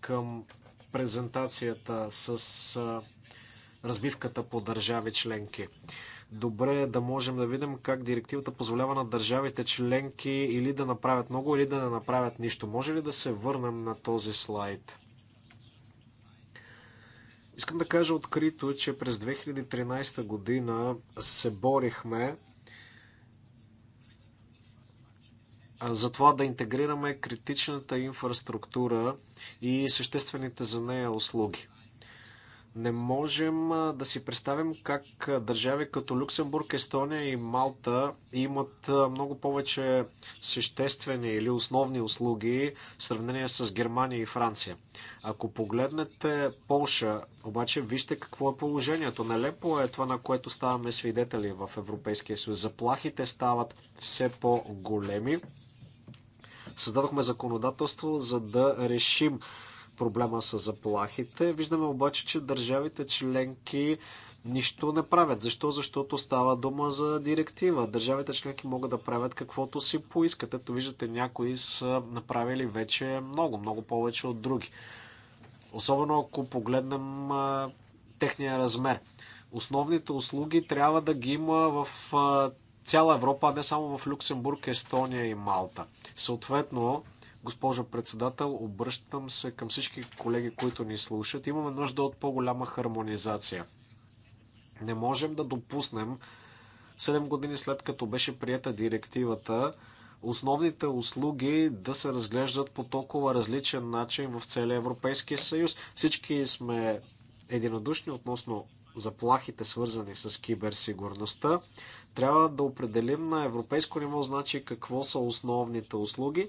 [SPEAKER 2] към презентацията с разбивката по държави членки? добре е да можем да видим как директивата позволява на държавите членки или да направят много, или да не направят нищо. Може ли да се върнем на този слайд? Искам да кажа открито, че през 2013 година се борихме за това да интегрираме критичната инфраструктура и съществените за нея услуги. Не можем да си представим как държави като Люксембург, Естония и Малта имат много повече съществени или основни услуги в сравнение с Германия и Франция. Ако погледнете Полша, обаче вижте какво е положението. Нелепо е това, на което ставаме свидетели в Европейския съюз. Заплахите стават все по-големи. Създадохме законодателство, за да решим проблема с заплахите. Виждаме обаче, че държавите членки нищо не правят. Защо? Защото става дума за директива. Държавите членки могат да правят каквото си поискат. Ето виждате, някои са направили вече много, много повече от други. Особено ако погледнем а, техния размер. Основните услуги трябва да ги има в а, цяла Европа, а не само в Люксембург, Естония и Малта. Съответно, Госпожо председател, обръщам се към всички колеги, които ни слушат. Имаме нужда от по-голяма хармонизация. Не можем да допуснем 7 години след като беше прията директивата, основните услуги да се разглеждат по толкова различен начин в целия Европейския съюз. Всички сме единодушни относно заплахите, свързани с киберсигурността. Трябва да определим на европейско ниво, значи какво са основните услуги.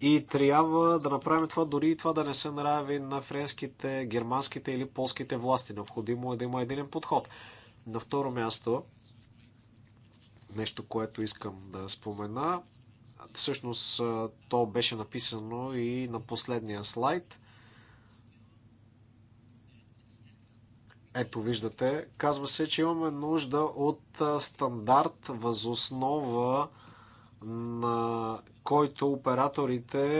[SPEAKER 2] И трябва да направим това, дори и това да не се нрави на френските, германските или полските власти. Необходимо е да има един подход. На второ място, нещо, което искам да спомена, всъщност то беше написано и на последния слайд. Ето виждате, казва се, че имаме нужда от стандарт възоснова основа на който операторите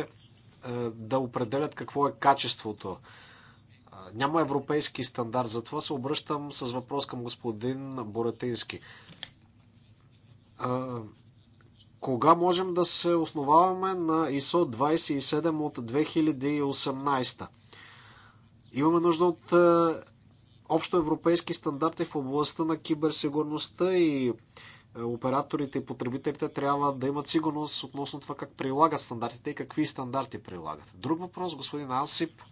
[SPEAKER 2] е, да определят какво е качеството. Няма европейски стандарт, затова се обръщам с въпрос към господин Боратински. Кога можем да се основаваме на ISO 27 от 2018? Имаме нужда от е, общо европейски стандарти в областта на киберсигурността и е, операторите и потребителите трябва да имат сигурност относно това как прилагат стандартите и какви стандарти прилагат. Друг въпрос, господин Ансип.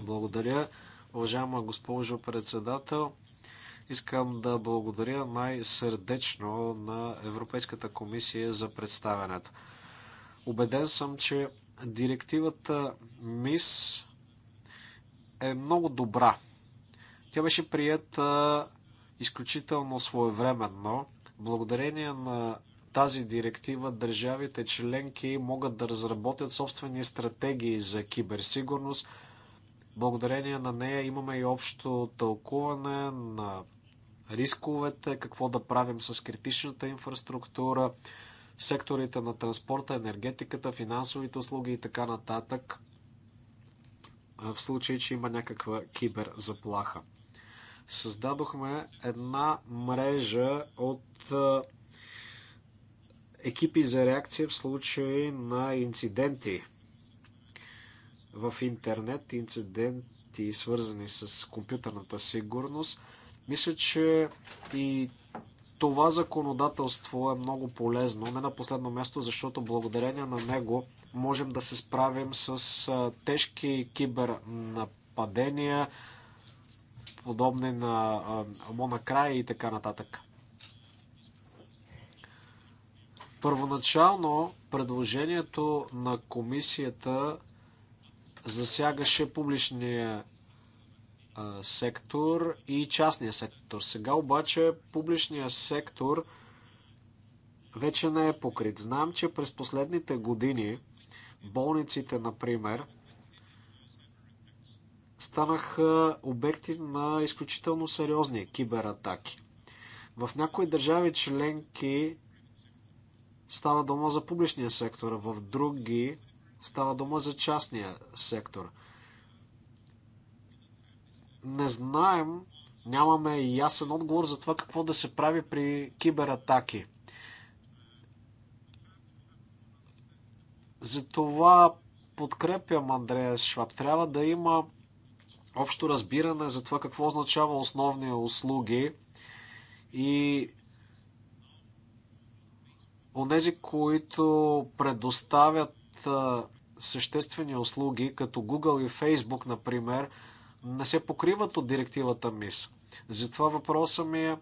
[SPEAKER 2] Благодаря, уважаема госпожо председател. Искам да благодаря най-сърдечно на Европейската комисия за представянето. Обеден съм, че директивата МИС е много добра. Тя беше прията изключително своевременно. Благодарение на тази директива държавите членки могат да разработят собствени стратегии за киберсигурност. Благодарение на нея имаме и общо тълкуване на рисковете, какво да правим с критичната инфраструктура, секторите на транспорта, енергетиката, финансовите услуги и така нататък, в случай, че има някаква киберзаплаха. Създадохме една мрежа от екипи за реакция в случай на инциденти в интернет, инциденти свързани с компютърната сигурност. Мисля, че и това законодателство е много полезно, не на последно място, защото благодарение на него можем да се справим с тежки кибернападения, подобни на Мона Края и така нататък. Първоначално предложението на комисията засягаше публичния сектор и частния сектор. Сега обаче публичния сектор вече не е покрит. Знам, че през последните години болниците, например, станаха обекти на изключително сериозни кибератаки. В някои държави членки става дума за публичния сектор, в други става дума за частния сектор. Не знаем, нямаме ясен отговор за това какво да се прави при кибератаки. Затова подкрепям Андрея Шваб. Трябва да има общо разбиране за това какво означава основни услуги и онези, които предоставят съществени услуги, като Google и Facebook, например, не се покриват от директивата МИС. Затова въпросът ми е,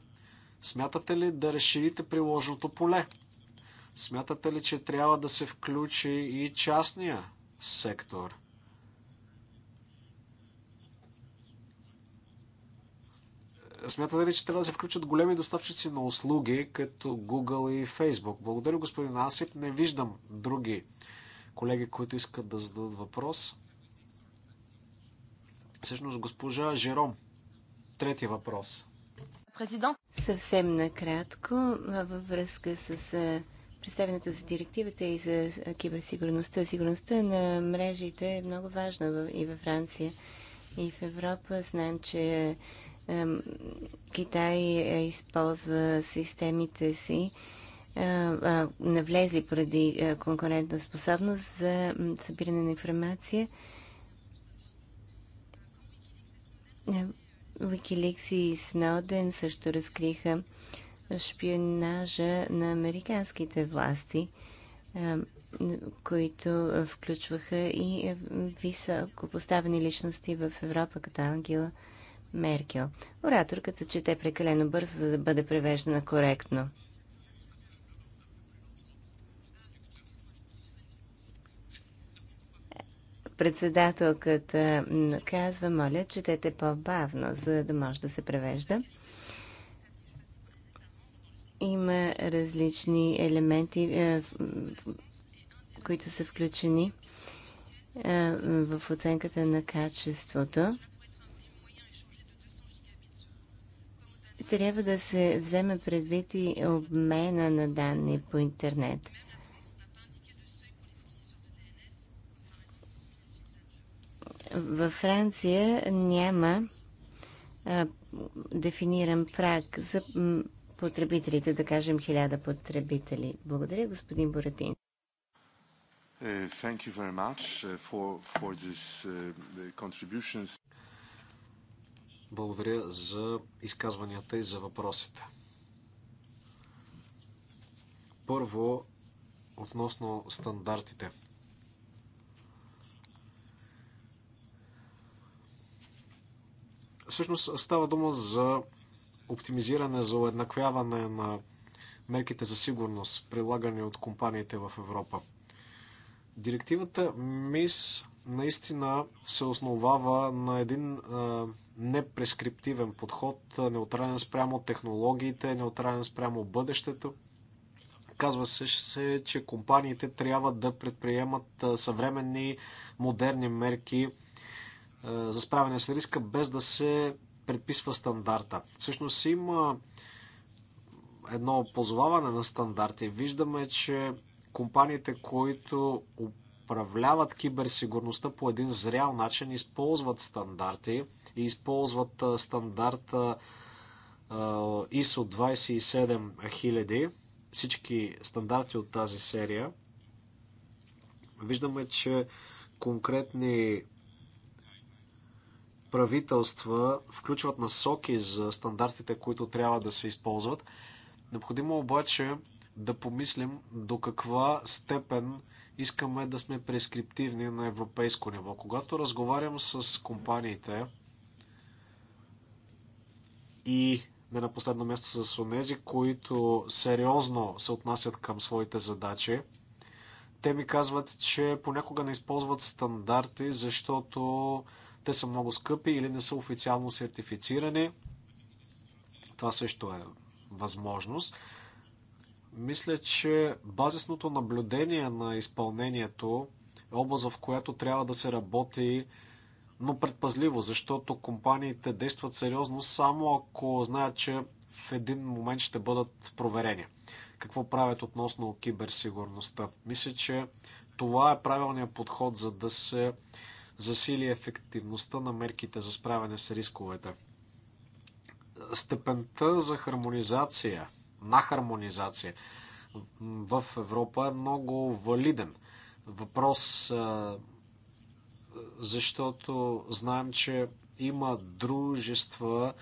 [SPEAKER 2] смятате ли да разширите приложното поле? Смятате ли, че трябва да се включи и частния сектор? Смятате ли, че трябва да се включат големи доставчици на услуги, като Google и Facebook? Благодаря, господин Асип. Не виждам други колеги, които искат да зададат въпрос. Всъщност, госпожа Жером, трети въпрос.
[SPEAKER 3] Президент. Съвсем накратко, във връзка с представената за директивата и за киберсигурността. Сигурността на мрежите е много важна и във Франция, и в Европа. Знаем, че Китай е, използва системите си, навлезли поради конкурентна способност за събиране на информация. Wikileaks и Сноуден също разкриха шпионажа на американските власти, които включваха и високо поставени личности в Европа, като Ангела Меркел. Ораторката чете прекалено бързо, за да бъде превеждана коректно. Председателката казва, моля, четете по-бавно, за да може да се превежда. Има различни елементи, е, които са включени е, в оценката на качеството. трябва да се вземе предвид и обмена на данни по интернет. Във Франция няма а, дефиниран праг за потребителите, да кажем 1000 потребители. Благодаря, господин Боратин.
[SPEAKER 1] Uh, thank you very much
[SPEAKER 2] uh, for, for this uh, contributions. Благодаря за изказванията и за въпросите. Първо, относно стандартите. Всъщност става дума за оптимизиране, за уеднаквяване на мерките за сигурност, прилагани от компаниите в Европа. Директивата МИС наистина се основава на един непрескриптивен подход, неутрален спрямо технологиите, неутрален спрямо бъдещето. Казва се, че компаниите трябва да предприемат съвременни, модерни мерки за справяне с риска, без да се предписва стандарта. Всъщност има едно позваване на стандарти. Виждаме, че компаниите, които управляват киберсигурността по един зрял начин, използват стандарти – и използват стандарта ISO 27000, всички стандарти от тази серия. Виждаме, че конкретни правителства включват насоки за стандартите, които трябва да се използват. Необходимо обаче да помислим до каква степен искаме да сме прескриптивни на европейско ниво. Когато разговарям с компаниите, и не на последно място с онези, които сериозно се отнасят към своите задачи. Те ми казват, че понякога не използват стандарти, защото те са много скъпи или не са официално сертифицирани. Това също е възможност. Мисля, че базисното наблюдение на изпълнението е област, в която трябва да се работи но предпазливо, защото компаниите действат сериозно само ако знаят, че в един момент ще бъдат проверени. Какво правят относно киберсигурността? Мисля, че това е правилният подход, за да се засили ефективността на мерките за справяне с рисковете. Степента за хармонизация, на хармонизация в Европа е много валиден въпрос защото знаем, че има дружества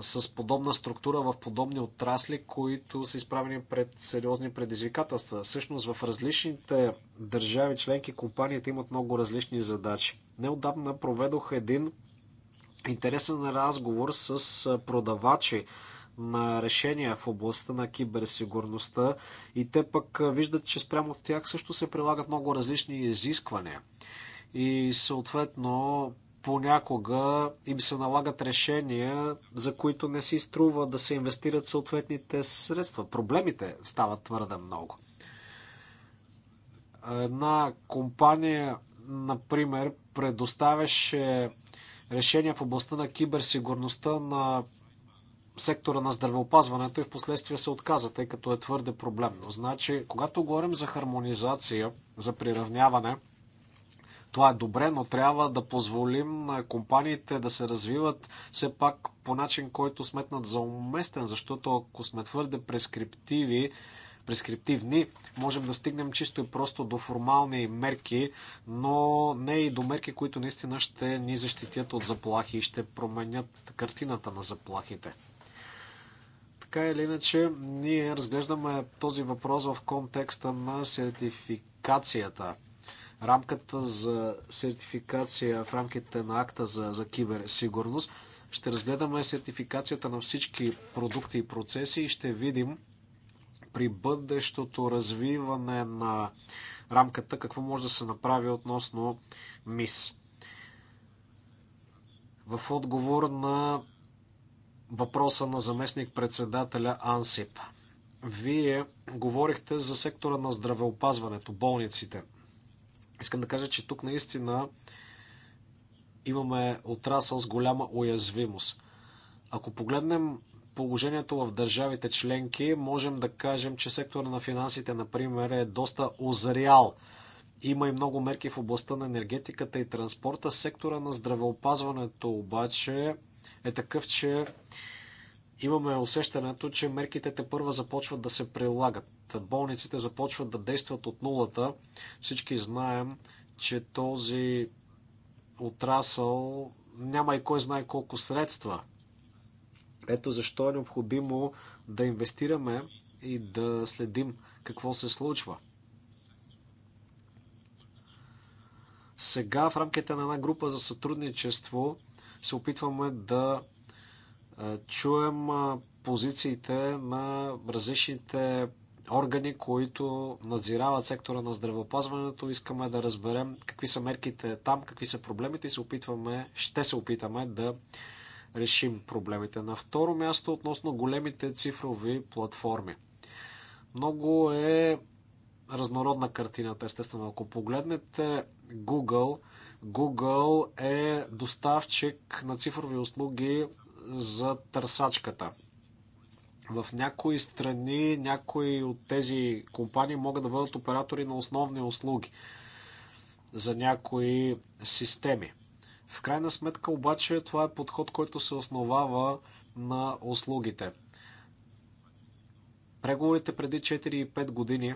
[SPEAKER 2] с подобна структура в подобни отрасли, които са изправени пред сериозни предизвикателства. Всъщност в различните държави членки компаниите имат много различни задачи. Неодавна проведох един интересен разговор с продавачи на решения в областта на киберсигурността и те пък виждат, че спрямо тях също се прилагат много различни изисквания и съответно понякога им се налагат решения, за които не си струва да се инвестират съответните средства. Проблемите стават твърде много. Една компания, например, предоставяше решения в областта на киберсигурността на сектора на здравеопазването и в последствие се отказа, тъй като е твърде проблемно. Значи, когато говорим за хармонизация, за приравняване – това е добре, но трябва да позволим компаниите да се развиват все пак по начин, който сметнат за уместен, защото ако сме твърде прескриптиви, прескриптивни, можем да стигнем чисто и просто до формални мерки, но не и до мерки, които наистина ще ни защитят от заплахи и ще променят картината на заплахите. Така или иначе, ние разглеждаме този въпрос в контекста на сертификацията рамката за сертификация в рамките на акта за, за киберсигурност. Ще разгледаме сертификацията на всички продукти и процеси и ще видим при бъдещото развиване на рамката какво може да се направи относно МИС. В отговор на въпроса на заместник-председателя Ансип. Вие говорихте за сектора на здравеопазването, болниците – Искам да кажа, че тук наистина имаме отрасъл с голяма уязвимост. Ако погледнем положението в държавите членки, можем да кажем, че сектора на финансите, например, е доста озрял. Има и много мерки в областта на енергетиката и транспорта. Сектора на здравеопазването обаче е такъв, че имаме усещането, че мерките те първа започват да се прилагат. Болниците започват да действат от нулата. Всички знаем, че този отрасъл няма и кой знае колко средства. Ето защо е необходимо да инвестираме и да следим какво се случва. Сега в рамките на една група за сътрудничество се опитваме да е, чуем е, позициите на различните органи, които надзирават сектора на здравеопазването. Искаме да разберем какви са мерките там, какви са проблемите и се опитваме, ще се опитаме да решим проблемите. На второ място относно големите цифрови платформи. Много е разнородна картината, естествено. Ако погледнете Google, Google е доставчик на цифрови услуги за търсачката. В някои страни, някои от тези компании могат да бъдат оператори на основни услуги за някои системи. В крайна сметка обаче това е подход, който се основава на услугите. Преговорите преди 4 и 5 години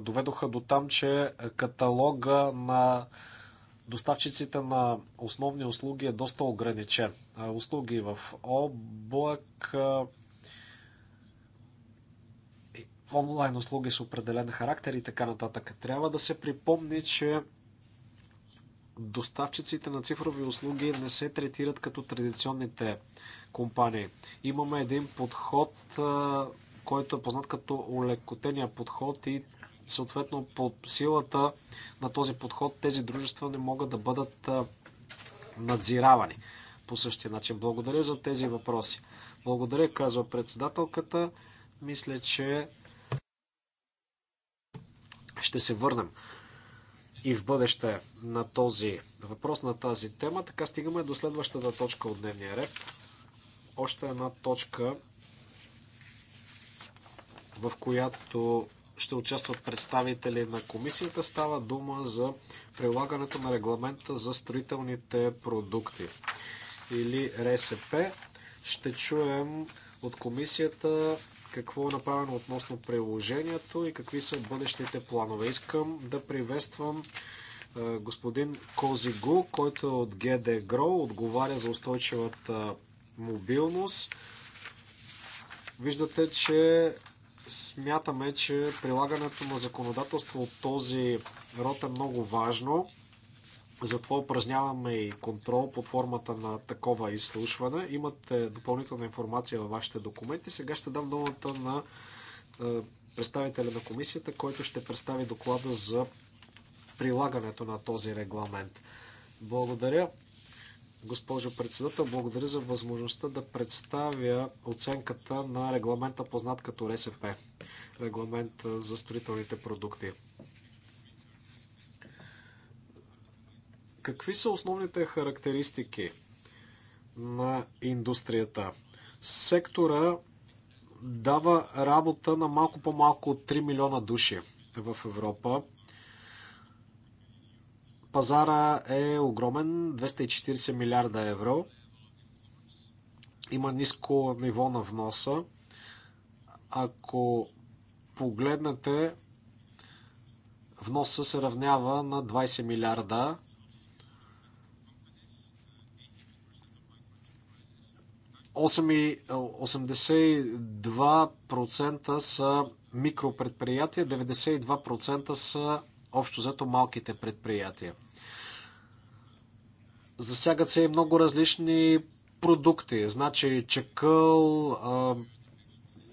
[SPEAKER 2] доведоха до там, че каталога на доставчиците на основни услуги е доста ограничен. Услуги в облак, онлайн услуги с определен характер и така нататък. Трябва да се припомни, че доставчиците на цифрови услуги не се третират като традиционните компании. Имаме един подход, който е познат като улекотения подход и Съответно, по силата на този подход тези дружества не могат да бъдат надзиравани по същия начин. Благодаря за тези въпроси. Благодаря, казва председателката. Мисля, че ще се върнем и в бъдеще на този въпрос, на тази тема. Така стигаме до следващата точка от дневния ред. Още една точка, в която ще участват представители на комисията. Става дума за прилагането на регламента за строителните продукти или РСП. Ще чуем от комисията какво е направено относно приложението и какви са бъдещите планове. Искам да приветствам е, господин Козигу, който е от ГД ГРО, отговаря за устойчивата мобилност. Виждате, че Смятаме, че прилагането на законодателство от този род е много важно. Затова упражняваме и контрол под формата на такова изслушване. Имате допълнителна информация във вашите документи. Сега ще дам думата на е, представителя на комисията, който ще представи доклада за прилагането на този регламент. Благодаря госпожо председател. Благодаря за възможността да представя оценката на регламента, познат като РСП, регламент за строителните продукти. Какви са основните характеристики на индустрията? Сектора дава работа на малко по-малко от 3 милиона души в Европа. Пазара е огромен 240 милиарда евро. Има ниско ниво на вноса. Ако погледнете, вноса се равнява на 20 милиарда. и 82% са микропредприятия, 92% са общо взето малките предприятия. Засягат се и много различни продукти, значи чакъл,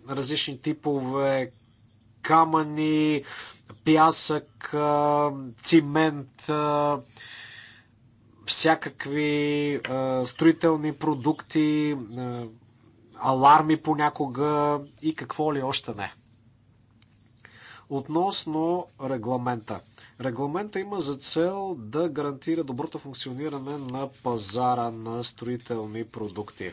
[SPEAKER 2] различни типове камъни, пясък, цимент, всякакви строителни продукти, аларми понякога и какво ли още не. Относно регламента. Регламента има за цел да гарантира доброто функциониране на пазара на строителни продукти.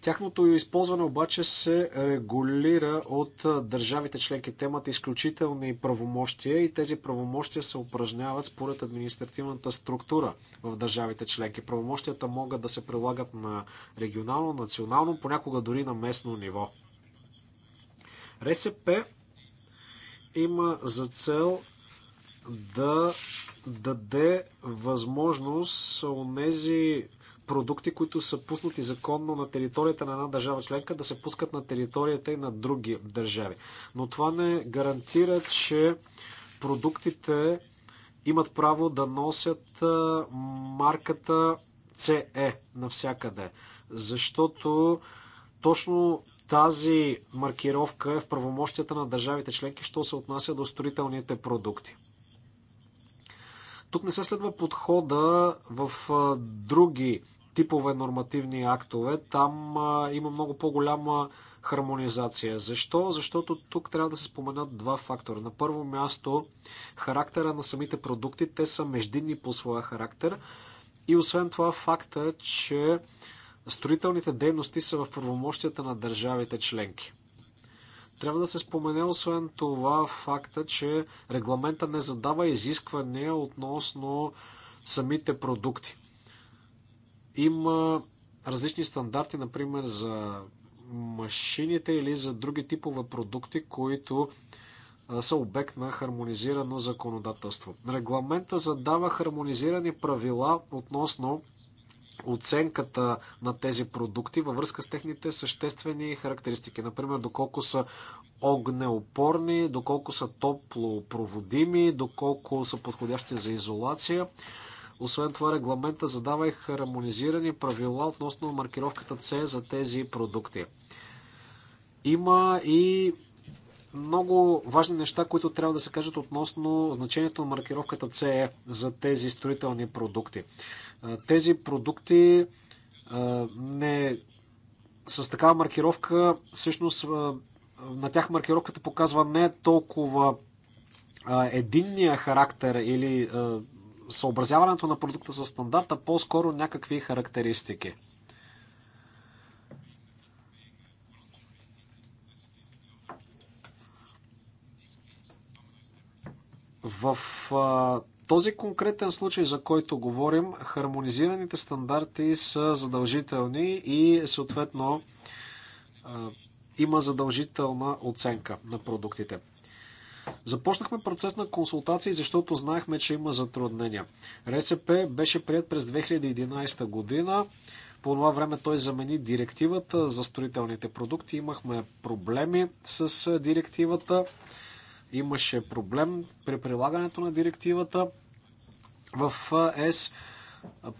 [SPEAKER 2] Тяхното използване обаче се регулира от държавите членки. Темата е изключителни правомощия и тези правомощия се упражняват според административната структура в държавите членки. Правомощията могат да се прилагат на регионално, национално, понякога дори на местно ниво. РСП има за цел да даде възможност у нези продукти, които са пуснати законно на територията на една държава членка, да се пускат на територията и на други държави. Но това не гарантира, че продуктите имат право да носят марката CE навсякъде. Защото точно тази маркировка е в правомощията на държавите членки, що се отнася до строителните продукти. Тук не се следва подхода в други типове нормативни актове. Там има много по-голяма хармонизация. Защо? Защото тук трябва да се споменат два фактора. На първо място, характера на самите продукти. Те са междинни по своя характер. И освен това, факта, че Строителните дейности са в правомощията на държавите членки. Трябва да се спомене освен това факта, че регламента не задава изисквания относно самите продукти. Има различни стандарти, например за машините или за други типове продукти, които са обект на хармонизирано законодателство. Регламента задава хармонизирани правила относно оценката на тези продукти във връзка с техните съществени характеристики. Например, доколко са огнеопорни, доколко са топлопроводими, доколко са подходящи за изолация. Освен това, регламента задава и хармонизирани правила относно маркировката С за тези продукти. Има и много важни неща, които трябва да се кажат относно значението на маркировката CE за тези строителни продукти. Тези продукти не с такава маркировка, всъщност на тях маркировката показва не толкова единния характер или съобразяването на продукта с стандарта, по-скоро някакви характеристики. В този конкретен случай, за който говорим, хармонизираните стандарти са задължителни и съответно има задължителна оценка на продуктите. Започнахме процес на консултации, защото знаехме, че има затруднения. РСП беше прият през 2011 година. По това време той замени директивата за строителните продукти. Имахме проблеми с директивата. Имаше проблем при прилагането на директивата в ЕС.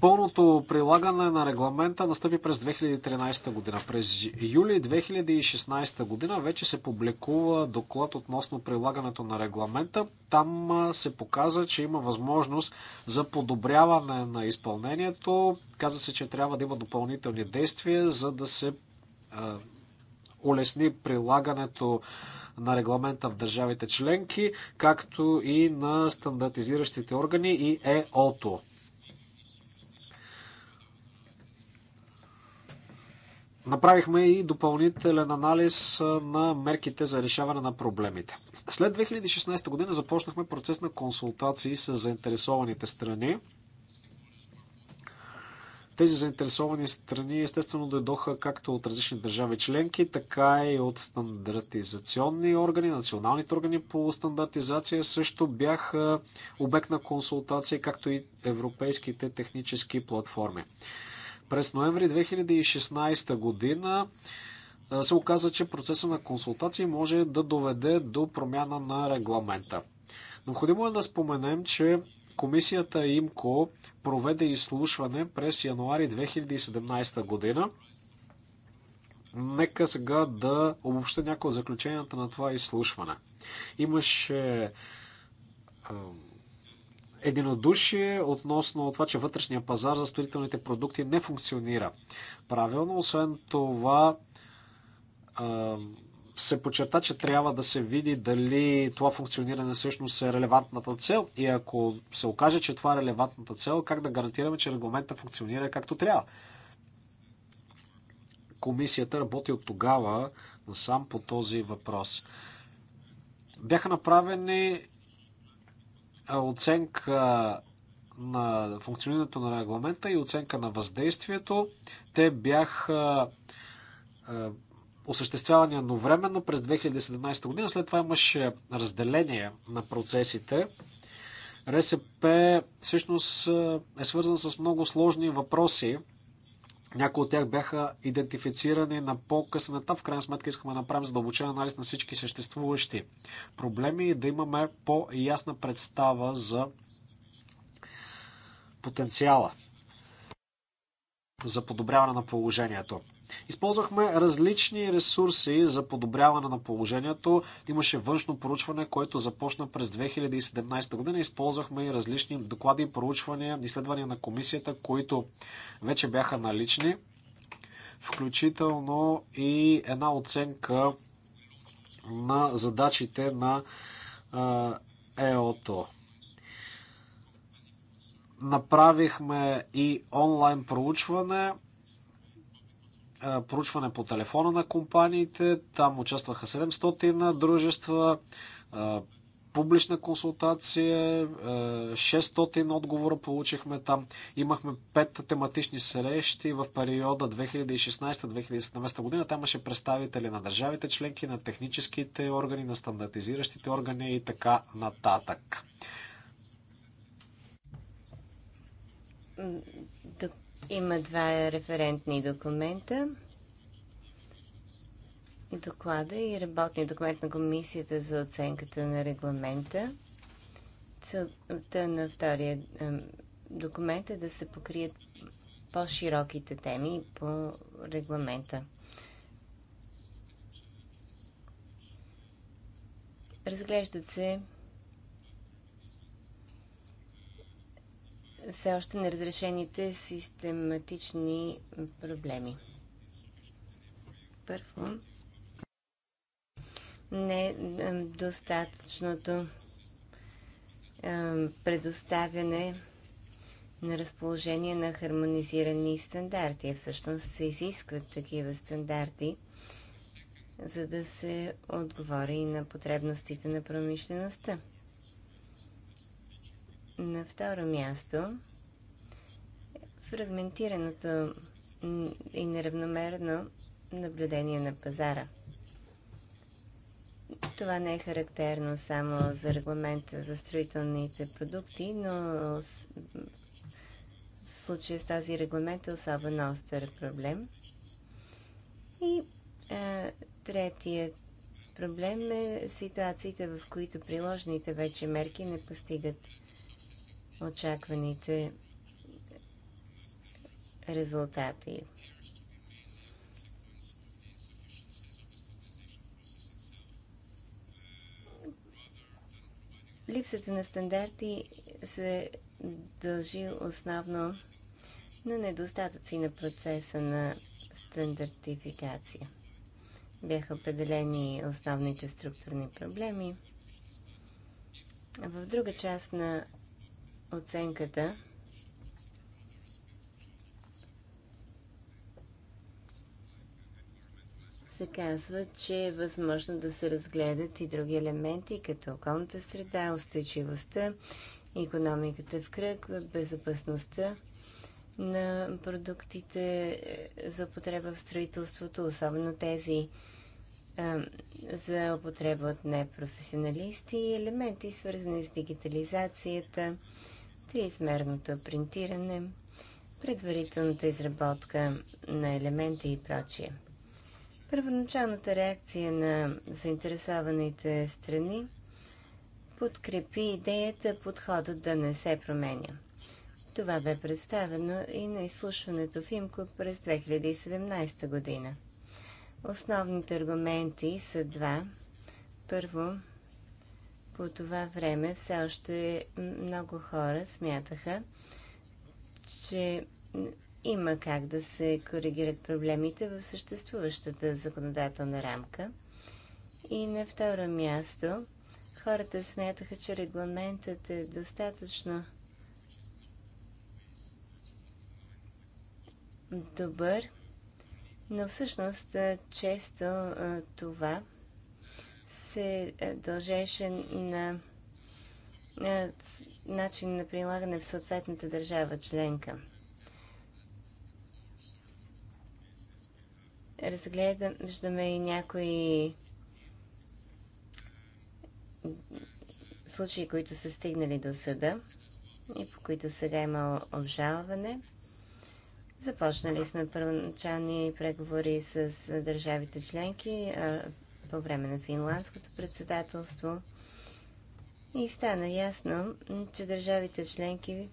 [SPEAKER 2] Пълното прилагане на регламента настъпи през 2013 година. През юли 2016 година вече се публикува доклад относно прилагането на регламента. Там се показа, че има възможност за подобряване на изпълнението. Каза се, че трябва да има допълнителни действия, за да се улесни прилагането на регламента в държавите членки, както и на стандартизиращите органи и ЕОТО. Направихме и допълнителен анализ на мерките за решаване на проблемите. След 2016 година започнахме процес на консултации с заинтересованите страни. Тези заинтересовани страни естествено дойдоха както от различни държави членки, така и от стандартизационни органи, националните органи по стандартизация също бяха обект на консултации, както и европейските технически платформи. През ноември 2016 година се оказа, че процеса на консултации може да доведе до промяна на регламента. Необходимо е да споменем, че Комисията ИМКО проведе изслушване през януари 2017 година. Нека сега да обобща някои от заключенията на това изслушване. Имаше единодушие относно това, че вътрешния пазар за строителните продукти не функционира правилно. Освен това, се почерта, че трябва да се види дали това функциониране всъщност е релевантната цел и ако се окаже, че това е релевантната цел, как да гарантираме, че регламента функционира както трябва. Комисията работи от тогава насам по този въпрос. Бяха направени оценка на функционирането на регламента и оценка на въздействието. Те бяха осъществявани едновременно през 2017 година. След това имаше разделение на процесите. РСП всъщност е свързан с много сложни въпроси. Някои от тях бяха идентифицирани на по-късен етап. В крайна сметка искаме да направим задълбочен анализ на всички съществуващи проблеми и да имаме по-ясна представа за потенциала за подобряване на положението. Използвахме различни ресурси за подобряване на положението. Имаше външно проучване, което започна през 2017 година. Използвахме и различни доклади, проучвания, изследвания на комисията, които вече бяха налични. Включително и една оценка на задачите на ЕОТО. Направихме и онлайн проучване проучване по телефона на компаниите. Там участваха 700 дружества, публична консултация, 600 отговора получихме там. Имахме 5 тематични срещи в периода 2016-2017 година. Там имаше представители на държавите членки, на техническите органи, на стандартизиращите органи и така нататък
[SPEAKER 3] има два референтни документа. Доклада и работния документ на Комисията за оценката на регламента. Целта на втория документ е да се покрият по-широките теми по регламента. Разглеждат се все още неразрешените систематични проблеми. Първо, недостатъчното предоставяне на разположение на хармонизирани стандарти. Всъщност се изискват такива стандарти, за да се отговори на потребностите на промишлеността. На второ място, фрагментираното и неравномерно наблюдение на пазара. Това не е характерно само за регламента за строителните продукти, но в случая с този регламент е особено остър проблем. И а, третият проблем е ситуациите, в които приложените вече мерки не постигат очакваните резултати. Липсата на стандарти се дължи основно на недостатъци на процеса на стандартификация. Бяха определени основните структурни проблеми. В друга част на оценката се казва, че е възможно да се разгледат и други елементи, като околната среда, устойчивостта, економиката в кръг, безопасността на продуктите е, за употреба в строителството, особено тези а, е, за употреба от непрофесионалисти и елементи, свързани с дигитализацията, триизмерното принтиране, предварителната изработка на елементи и прочие. Първоначалната реакция на заинтересованите страни подкрепи идеята подходът да не се променя. Това бе представено и на изслушването в Имко през 2017 година. Основните аргументи са два. Първо, по това време все още много хора смятаха, че има как да се коригират проблемите в съществуващата законодателна рамка. И на второ място, хората смятаха, че регламентът е достатъчно добър, но всъщност често това се е, дължеше на, е, начин на прилагане в съответната държава членка. Разглеждаме и някои случаи, които са стигнали до съда и по които сега има обжалване. Започнали сме първоначални преговори с държавите членки по време на финландското председателство и стана ясно, че държавите членки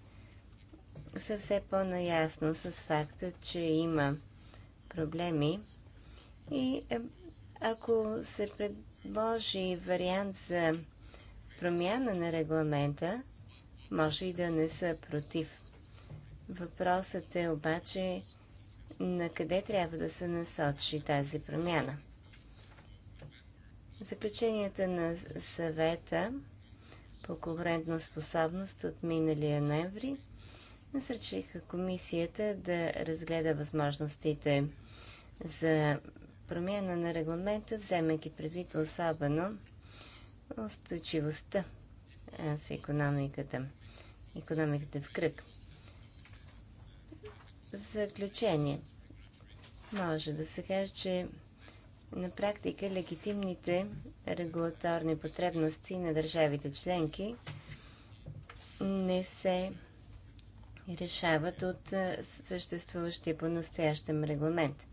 [SPEAKER 3] са все по-наясно с факта, че има проблеми и е, ако се предложи вариант за промяна на регламента, може и да не са против. Въпросът е обаче на къде трябва да се насочи тази промяна. Заключенията на съвета по конкурентна способност от миналия ноември насърчиха комисията да разгледа възможностите за промяна на регламента, вземайки предвид особено устойчивостта в економиката, економиката в кръг. В заключение, може да се каже, че на практика легитимните регулаторни потребности на държавите членки не се решават от съществуващия по настоящем регламент.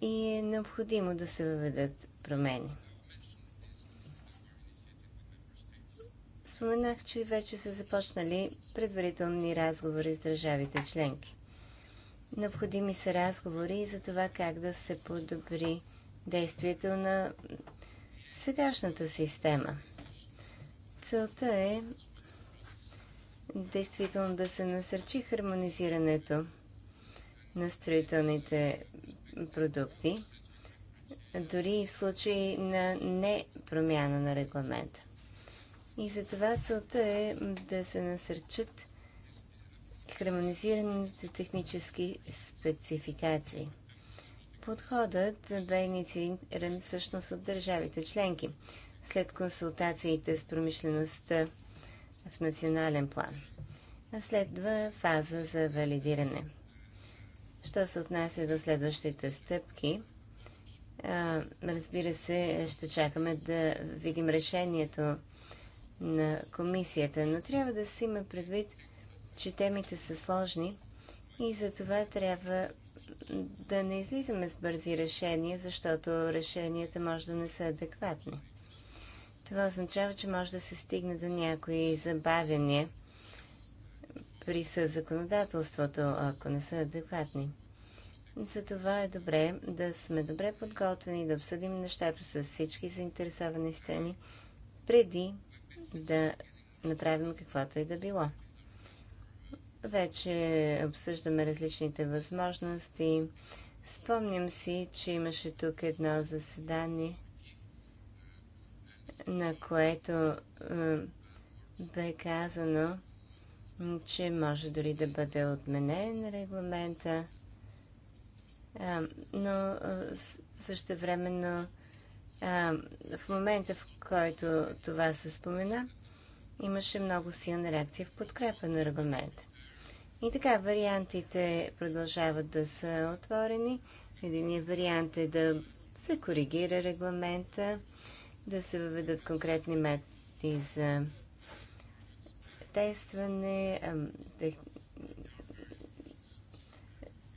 [SPEAKER 3] И е необходимо да се въведат промени. Споменах, че вече са започнали предварителни разговори с държавите членки. Необходими са разговори и за това как да се подобри действието на сегашната система. Целта е действително да се насърчи хармонизирането на строителните продукти, дори и в случай на не промяна на регламента. И за това целта е да се насърчат хармонизираните технически спецификации – Подходът бе иницииран всъщност от държавите членки след консултациите с промишлеността в национален план. А следва фаза за валидиране. Що се отнася до следващите стъпки, а, разбира се, ще чакаме да видим решението на комисията, но трябва да си има предвид, че темите са сложни и за това трябва да не излизаме с бързи решения, защото решенията може да не са адекватни. Това означава, че може да се стигне до някои забавяния при законодателството, ако не са адекватни. Затова е добре да сме добре подготвени, да обсъдим нещата с всички заинтересовани страни, преди да направим каквото и да било. Вече обсъждаме различните възможности. Спомням си, че имаше тук едно заседание, на което е, бе казано, че може дори да бъде отменен регламента, е, но е, също времено в момента, в който това се спомена, имаше много силна реакция в подкрепа на регламента. И така, вариантите продължават да са отворени. Единият вариант е да се коригира регламента, да се въведат конкретни методи за тестване,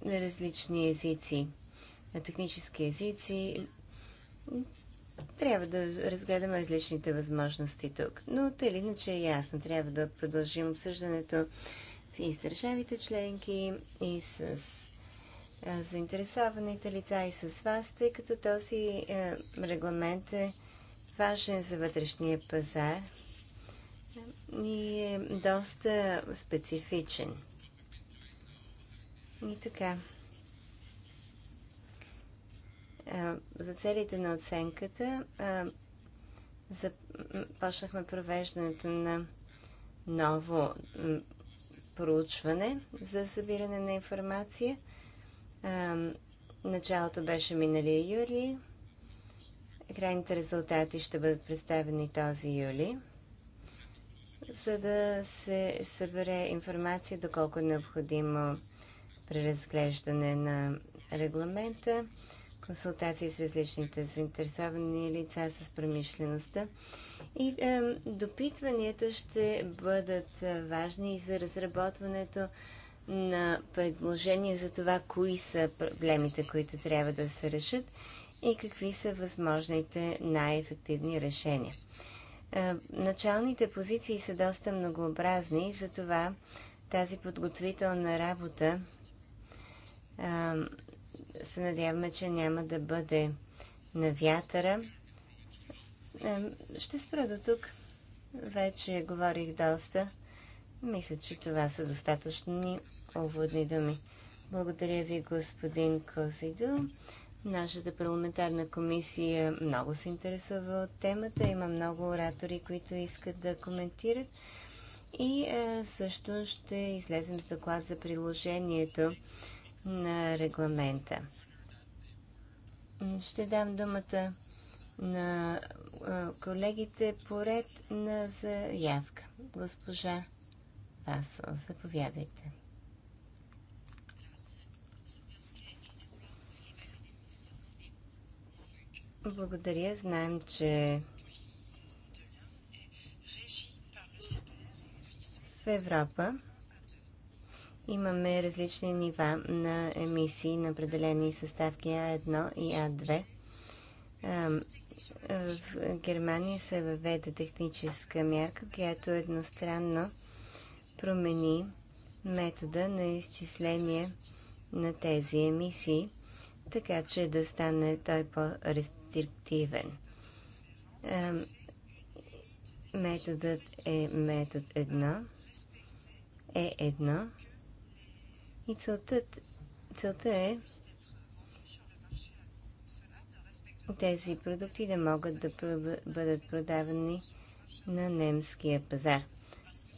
[SPEAKER 3] на различни езици, на технически езици. Трябва да разгледаме различните възможности тук. Но те или иначе е ясно. Трябва да продължим обсъждането и с държавите членки, и с заинтересованите лица, и с вас, тъй като този регламент е важен за вътрешния пазар и е доста специфичен. И така. За целите на оценката започнахме провеждането на ново проучване за събиране на информация. Началото беше миналия юли. Крайните резултати ще бъдат представени този юли, за да се събере информация доколко е необходимо преразглеждане на регламента, консултации с различните заинтересовани лица, с промишлеността и е, допитванията ще бъдат е, важни и за разработването на предложения за това, кои са проблемите, които трябва да се решат и какви са възможните най-ефективни решения. Е, началните позиции са доста многообразни и затова тази подготвителна работа се надяваме, че няма да бъде на вятъра ще спра до тук. Вече говорих доста. Мисля, че това са достатъчни уводни думи. Благодаря ви, господин Козидо. Нашата парламентарна комисия много се интересува от темата. Има много оратори, които искат да коментират. И е, също ще излезем с доклад за приложението на регламента. Ще дам думата на колегите поред на заявка. Госпожа Васо, заповядайте. Благодаря. Знаем, че в Европа имаме различни нива на емисии на определени съставки А1 и А2. В Германия се въведе техническа мярка, която едностранно промени метода на изчисление на тези емисии, така че да стане той по-рестриктивен. Методът е метод 1, е 1 и целта, целта е тези продукти да могат да бъдат продавани на немския пазар.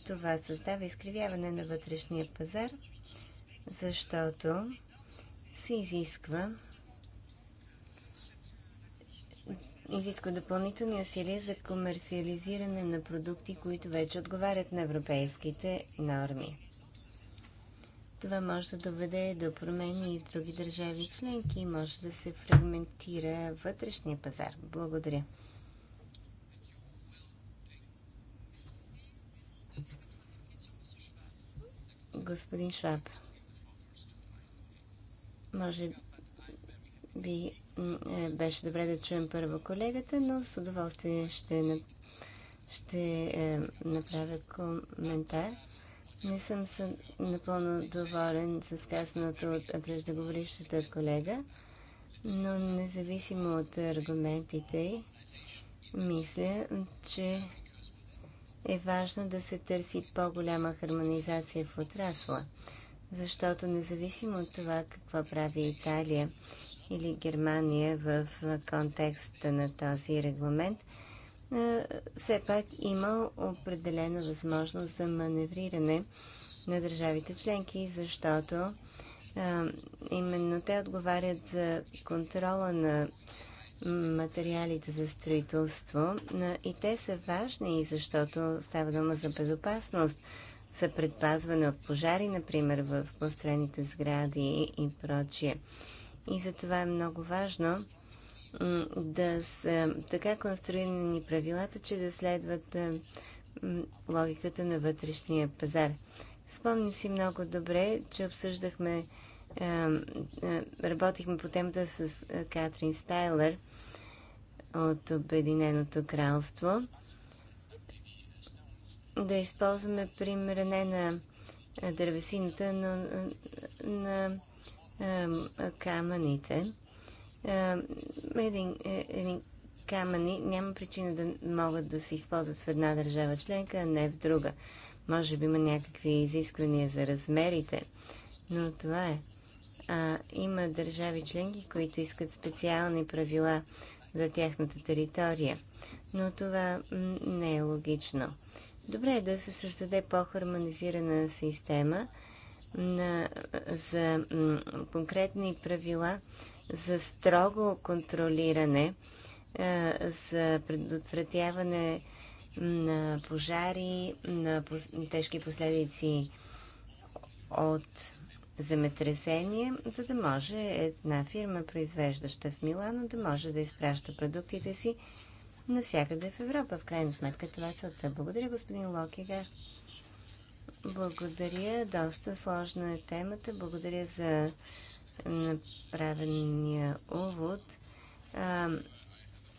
[SPEAKER 3] Това създава изкривяване на вътрешния пазар, защото се изисква изисква допълнителни усилия за комерциализиране на продукти, които вече отговарят на европейските норми. Това може да доведе до промени и в други държави членки и може да се фрагментира вътрешния пазар. Благодаря. Господин Шваб, може би е, беше добре да чуем първо колегата, но с удоволствие ще, ще е, направя коментар. Не съм съм напълно доволен с казаното от преждеговорившата колега, но независимо от аргументите й, мисля, че е важно да се търси по-голяма хармонизация в отрасла, защото независимо от това какво прави Италия или Германия в контекста на този регламент, е, все пак има определена възможност за маневриране на държавите членки, защото е, именно те отговарят за контрола на материалите за строителство е, и те са важни, защото става дума за безопасност, за предпазване от пожари, например, в построените сгради и прочие. И за това е много важно да са така конструирани правилата, че да следват логиката на вътрешния пазар. Спомням си много добре, че обсъждахме, работихме по темата с Катрин Стайлер от Обединеното кралство. Да използваме примера не на дървесината, но на камъните един, е, един камъни няма причина да могат да се използват в една държава членка, а не в друга. Може би има някакви изисквания за размерите, но това е. А, има държави членки, които искат специални правила за тяхната територия, но това не е логично. Добре е да се създаде по-хармонизирана система – на, за конкретни правила за строго контролиране, за предотвратяване на пожари, на тежки последици от земетресение, за да може една фирма, произвеждаща в Милано, да може да изпраща продуктите си навсякъде в Европа. В крайна сметка това е целта. Благодаря, господин Локига. Благодаря. Доста сложна е темата. Благодаря за направения увод.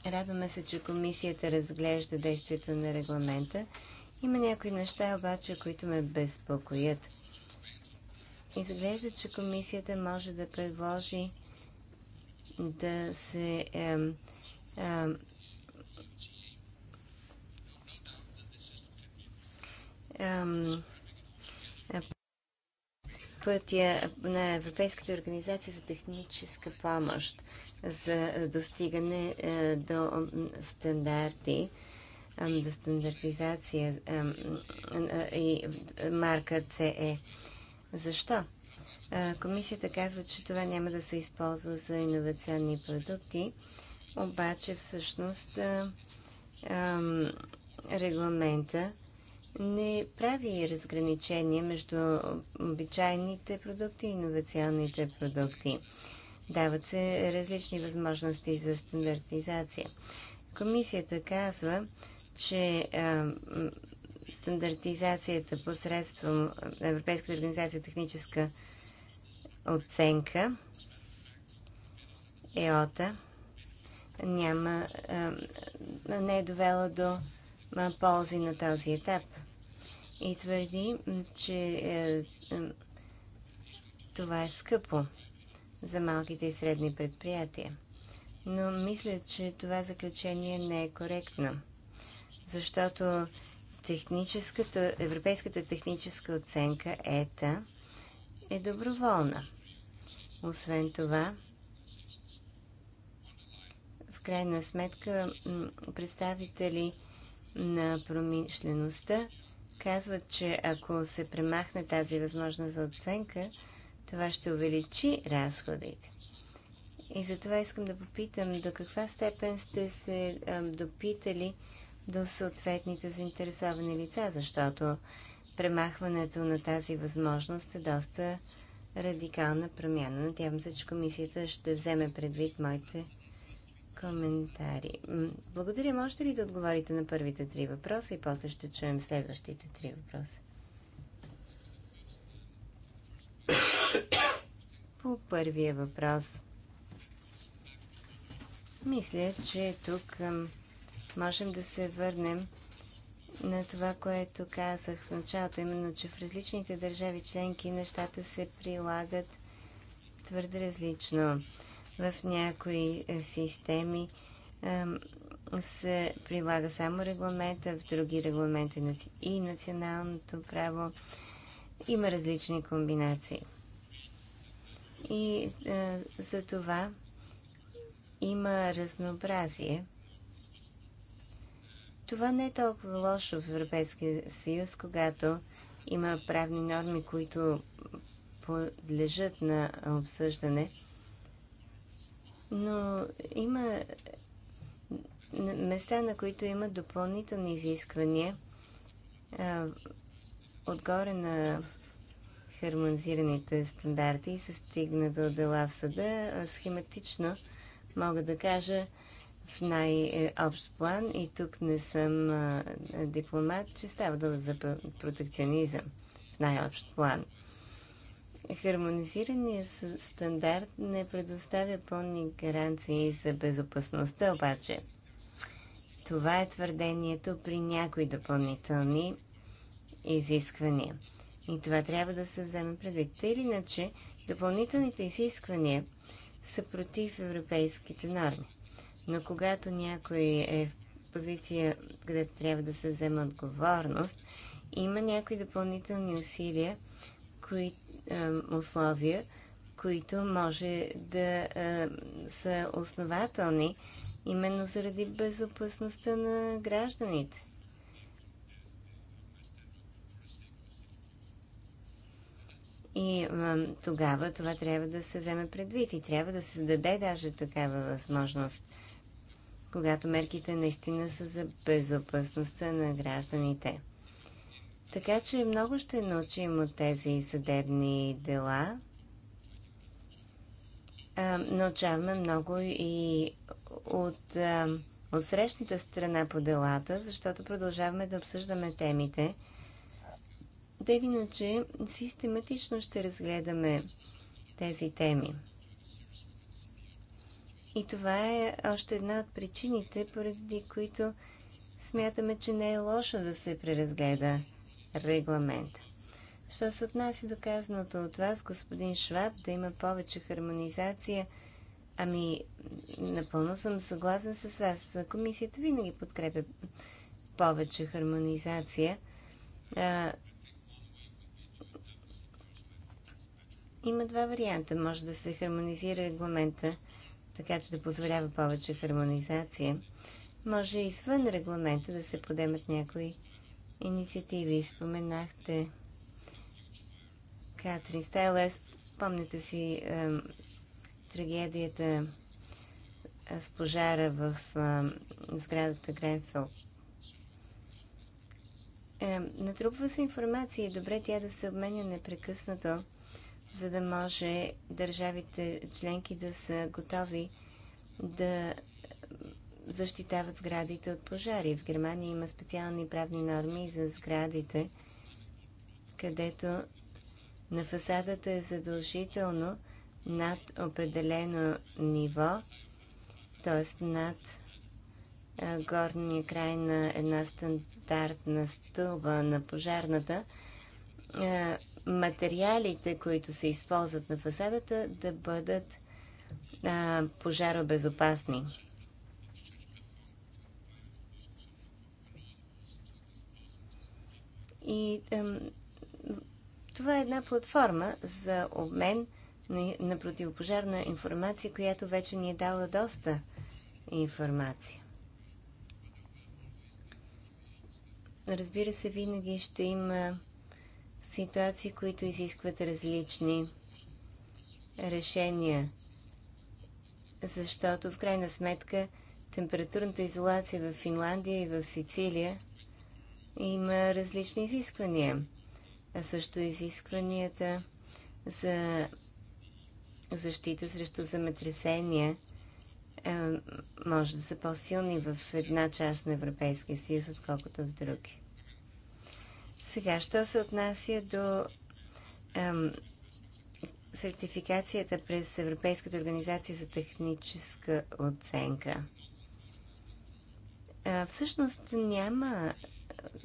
[SPEAKER 3] радваме се, че комисията разглежда действието на регламента. Има някои неща обаче, които ме безпокоят. Изглежда, че комисията може да предложи да се е, е, е, пътя на Европейската организация за техническа помощ за достигане е, до стандарти, до стандартизация и марка CE. Е. Защо? Комисията казва, че това няма да се използва за иновационни продукти, обаче всъщност регламента не прави разграничение между обичайните продукти и иновационните продукти. Дават се различни възможности за стандартизация. Комисията казва, че а, стандартизацията посредством Европейската организация техническа оценка ЕОТА няма, а, не е довела до ползи на този етап и твърди, че е, е, това е скъпо за малките и средни предприятия. Но мисля, че това заключение не е коректно, защото техническата, европейската техническа оценка ЕТА е доброволна. Освен това, в крайна сметка представители на промишлеността казват, че ако се премахне тази възможност за оценка, това ще увеличи разходите. И затова искам да попитам до каква степен сте се допитали до съответните заинтересовани лица, защото премахването на тази възможност е доста радикална промяна. Надявам се, че комисията ще вземе предвид моите коментари. Благодаря. Можете ли да отговорите на първите три въпроса и после ще чуем следващите три въпроса? По първия въпрос. Мисля, че тук можем да се върнем на това, което казах в началото, именно, че в различните държави членки нещата се прилагат твърде различно в някои системи се прилага само регламента, в други регламента и националното право. Има различни комбинации. И е, за това има разнообразие. Това не е толкова лошо в Европейския съюз, когато има правни норми, които подлежат на обсъждане но има места, на които има допълнителни изисквания а, отгоре на хармонизираните стандарти и се стигна до дела в съда. Схематично мога да кажа в най-общ план, и тук не съм а, дипломат, че става дума за протекционизъм в най-общ план – Хармонизираният стандарт не предоставя пълни гаранции за безопасността, обаче. Това е твърдението при някои допълнителни изисквания. И това трябва да се вземе предвид. Тъй или иначе, допълнителните изисквания са против европейските норми. Но когато някой е в позиция, където трябва да се вземе отговорност, има някои допълнителни усилия, които условия, които може да са основателни именно заради безопасността на гражданите. И тогава това трябва да се вземе предвид и трябва да се даде даже такава възможност, когато мерките наистина са за безопасността на гражданите. Така че много ще научим от тези съдебни дела. А, научаваме много и от а, от срещната страна по делата, защото продължаваме да обсъждаме темите. Да иначе, систематично ще разгледаме тези теми. И това е още една от причините, поради които смятаме, че не е лошо да се преразгледа регламент. Що се отнася до казаното от вас, господин Шваб, да има повече хармонизация, ами напълно съм съгласен с вас. Комисията винаги подкрепя повече хармонизация. А, има два варианта. Може да се хармонизира регламента, така че да позволява повече хармонизация. Може и извън регламента да се подемат някои инициативи. Споменахте Катрин Стайлер, спомняте си е, трагедията с пожара в е, сградата Гренфел. Е, натрупва се информация и е добре тя да се обменя непрекъснато, за да може държавите членки да са готови да защитават сградите от пожари. В Германия има специални правни норми за сградите, където на фасадата е задължително над определено ниво, т.е. над горния край на една стандартна стълба на пожарната, материалите, които се използват на фасадата, да бъдат пожаробезопасни. И ем, това е една платформа за обмен на, на противопожарна информация, която вече ни е дала доста информация. Разбира се, винаги ще има ситуации, които изискват различни решения, защото в крайна сметка температурната изолация в Финландия и в Сицилия има различни изисквания. А също изискванията за защита срещу земетресения е, може да са по-силни в една част на Европейския съюз, отколкото в други. Сега, що се отнася до е, сертификацията през Европейската организация за техническа оценка? всъщност няма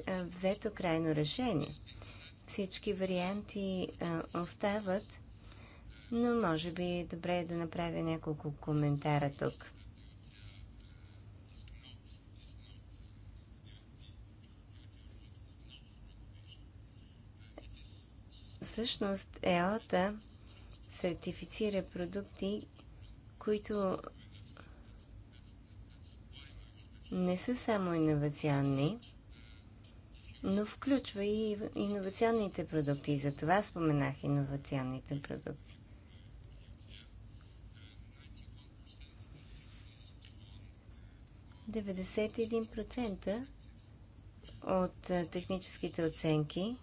[SPEAKER 3] е, взето крайно решение. Всички варианти е, остават, но може би е добре да направя няколко коментара тук. всъщност ЕОТА сертифицира продукти, които не са само иновационни, но включва и иновационните продукти. И за това споменах иновационните продукти. процента от техническите оценки,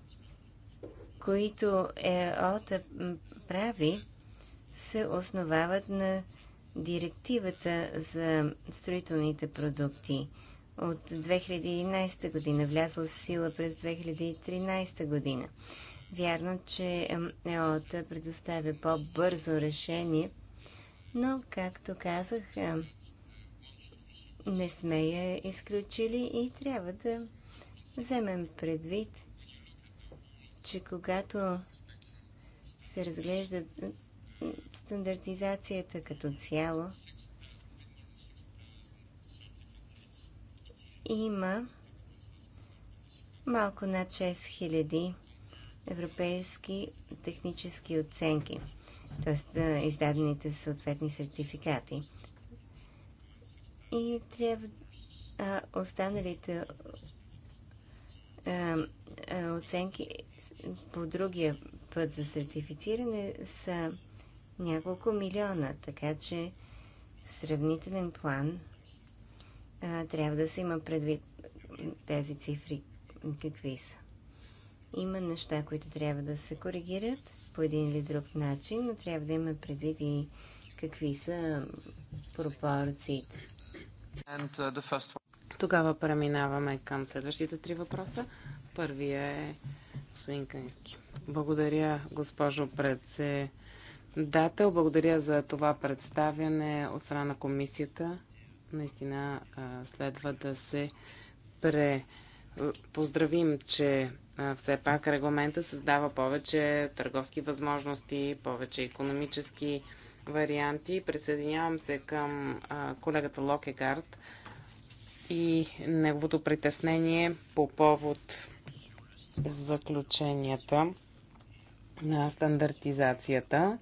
[SPEAKER 3] които ЕОТА прави, се основават на директивата за строителните продукти – от 2011 година, влязла в сила през 2013 година. Вярно, че ЕОТА предоставя по-бързо решение, но, както казах, не сме я изключили и трябва да вземем предвид, че когато се разглежда стандартизацията като цяло, има малко над 6000 европейски технически оценки, т.е. издадените съответни сертификати. И трябва а, останалите а, а, оценки по другия път за сертифициране са няколко милиона, така че сравнителен план а, трябва да се има предвид тези цифри какви са. Има неща, които трябва да се коригират по един или друг начин, но трябва да има предвид
[SPEAKER 1] и какви са пропорциите.
[SPEAKER 2] Uh, first...
[SPEAKER 1] Тогава преминаваме към следващите три въпроса. Първия е господин Кънски. Благодаря, госпожо председател. Благодаря за това представяне от страна на комисията наистина следва да се пре. Поздравим, че все пак регламента създава повече търговски възможности, повече економически варианти. Присъединявам се към колегата Локегард и неговото притеснение по повод заключенията на стандартизацията,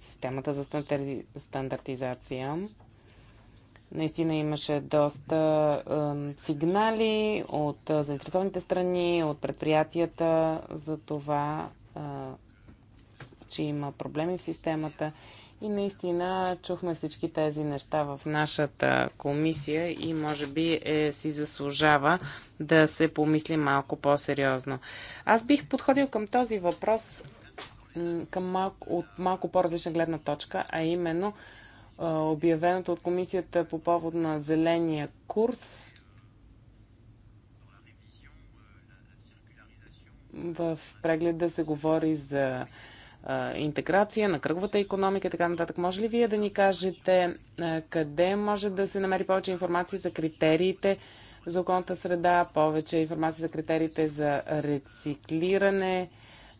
[SPEAKER 1] системата за стандартизация. Наистина имаше доста е, сигнали от е, заинтересованите страни, от предприятията за това, е, че има проблеми в системата. И наистина чухме всички тези неща в нашата комисия и може би е, си заслужава да се помисли малко по-сериозно. Аз бих подходил към този въпрос към малко, от малко по-различна гледна точка, а именно обявеното от комисията по повод на зеления курс. В прегледа се говори за интеграция на кръговата економика и така нататък. Може ли вие да ни кажете къде може да се намери повече информация за критериите за околната среда, повече информация за критериите за рециклиране?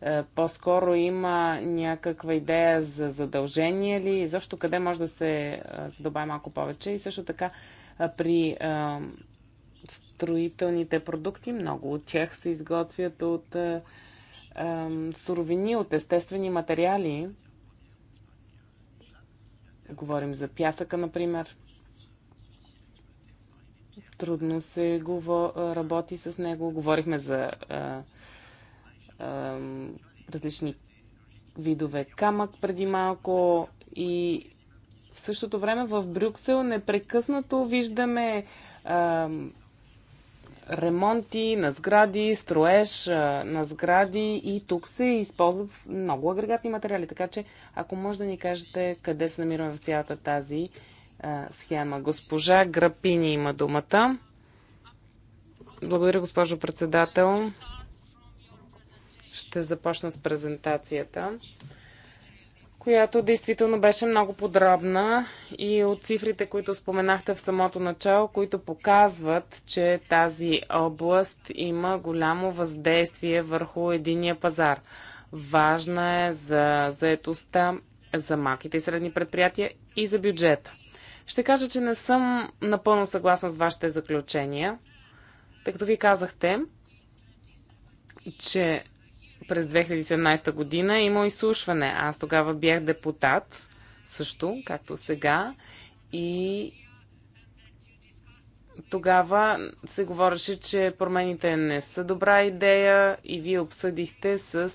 [SPEAKER 1] Е, по-скоро има някаква идея за задължение ли, защо къде може да се е, задобави малко повече. И също така е, при строителните продукти, много от тях се изготвят от суровини, от естествени материали. Говорим за пясъка, например. Трудно се работи с него. Говорихме за а, различни видове камък преди малко и в същото време в Брюксел непрекъснато виждаме а, ремонти на сгради, строеж а, на сгради и тук се използват много агрегатни материали. Така че, ако може да ни кажете къде се намираме в цялата тази а, схема. Госпожа Грапини има думата. Благодаря, госпожо председател ще започна с презентацията, която действително беше много подробна и от цифрите, които споменахте в самото начало, които показват, че тази област има голямо въздействие върху единия пазар. Важна е за заетостта, за малките и средни предприятия и за бюджета. Ще кажа, че не съм напълно съгласна с вашите заключения, тъй като ви казахте, че през 2017 година е изслушване. Аз тогава бях депутат, също, както сега. И тогава се говореше, че промените не са добра идея и вие обсъдихте с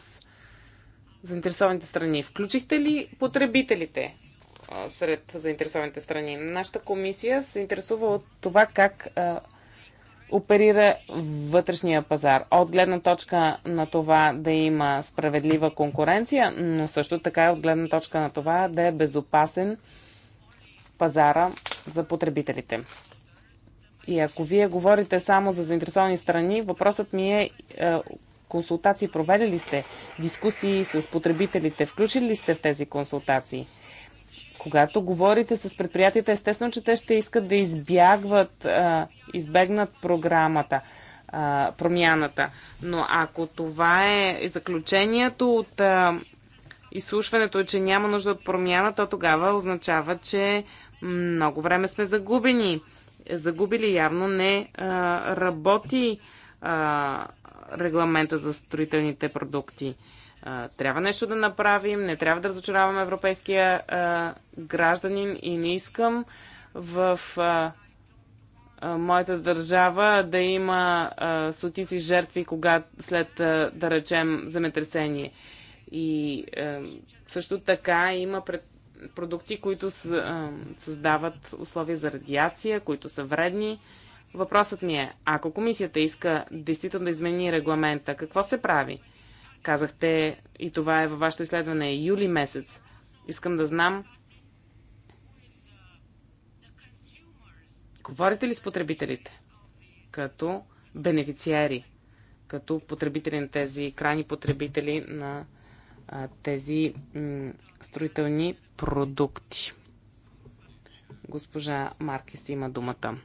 [SPEAKER 1] заинтересованите страни. Включихте ли потребителите сред заинтересованите страни? Нашата комисия се интересува от това как оперира вътрешния пазар. От гледна точка на това да има справедлива конкуренция, но също така и от гледна точка на това да е безопасен пазара за потребителите. И ако вие говорите само за заинтересовани страни, въпросът ми е, е консултации проведели сте, дискусии с потребителите, включили ли сте в тези консултации? Когато говорите с предприятията, естествено, че те ще искат да избягват, а, избегнат програмата, а, промяната. Но ако това е заключението от а, изслушването, че няма нужда от промяна, то тогава означава, че много време сме загубени. Загубили явно не а, работи а, регламента за строителните продукти трябва нещо да направим, не трябва да разочароваме европейския а, гражданин и не искам в а, а, моята държава да има а, жертви, кога след, а, да речем, земетресение. И а, също така има пред продукти, които създават условия за радиация, които са вредни. Въпросът ми е, ако комисията иска действително да измени регламента, какво се прави? Казахте, и това е във вашето изследване, юли месец. Искам да знам. Говорите ли с потребителите? Като бенефициари, като потребители на тези крайни потребители на а, тези строителни продукти. Госпожа Маркис има думата.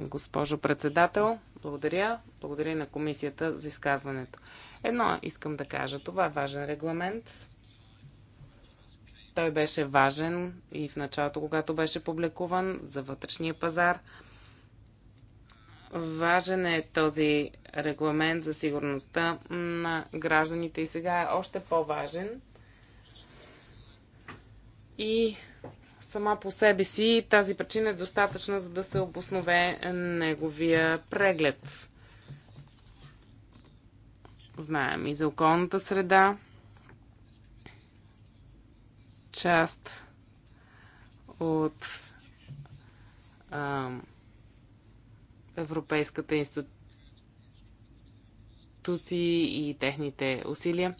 [SPEAKER 1] Госпожо председател, благодаря. Благодаря на комисията за изказването. Едно искам да кажа. Това е важен регламент. Той беше важен и в началото, когато беше публикуван за вътрешния пазар. Важен е този регламент за сигурността на гражданите и сега е още по-важен. И сама по себе си тази причина е достатъчна, за да се обоснове неговия преглед знаем и за околната среда. Част от а, Европейската институция и техните усилия.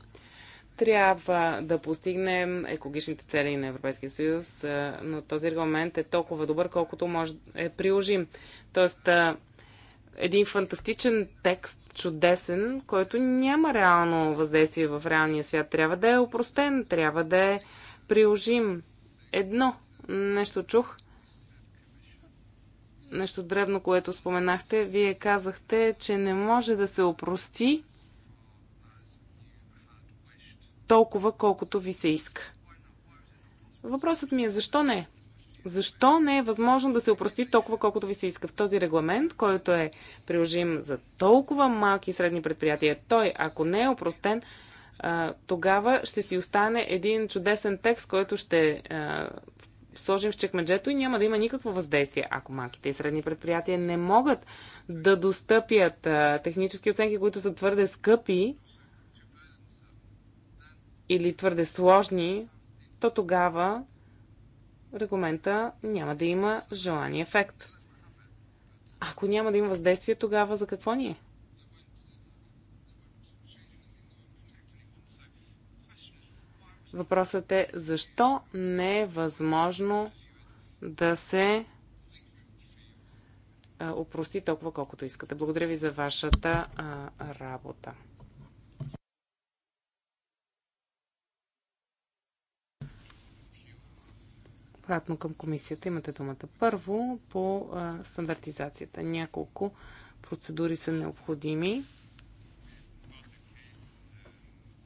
[SPEAKER 1] Трябва да постигнем екологичните цели на Европейския съюз, но този регламент е толкова добър, колкото може е приложим. Тоест, един фантастичен текст, чудесен, който няма реално въздействие в реалния свят. Трябва да е опростен, трябва да е приложим. Едно нещо чух, нещо древно, което споменахте. Вие казахте, че не може да се опрости толкова, колкото ви се иска. Въпросът ми е защо не? Защо не е възможно да се опрости толкова, колкото ви се иска в този регламент, който е приложим за толкова малки и средни предприятия? Той, ако не е опростен, тогава ще си остане един чудесен текст, който ще сложим в чекмеджето и няма да има никакво въздействие. Ако малките и средни предприятия не могат да достъпят технически оценки, които са твърде скъпи или твърде сложни, то тогава регламента няма да има желания ефект. Ако няма да има въздействие, тогава за какво ни е? Въпросът е защо не е възможно да се опрости толкова колкото искате. Благодаря ви за вашата а, работа. обратно към комисията. Имате думата. Първо по а, стандартизацията. Няколко процедури са необходими.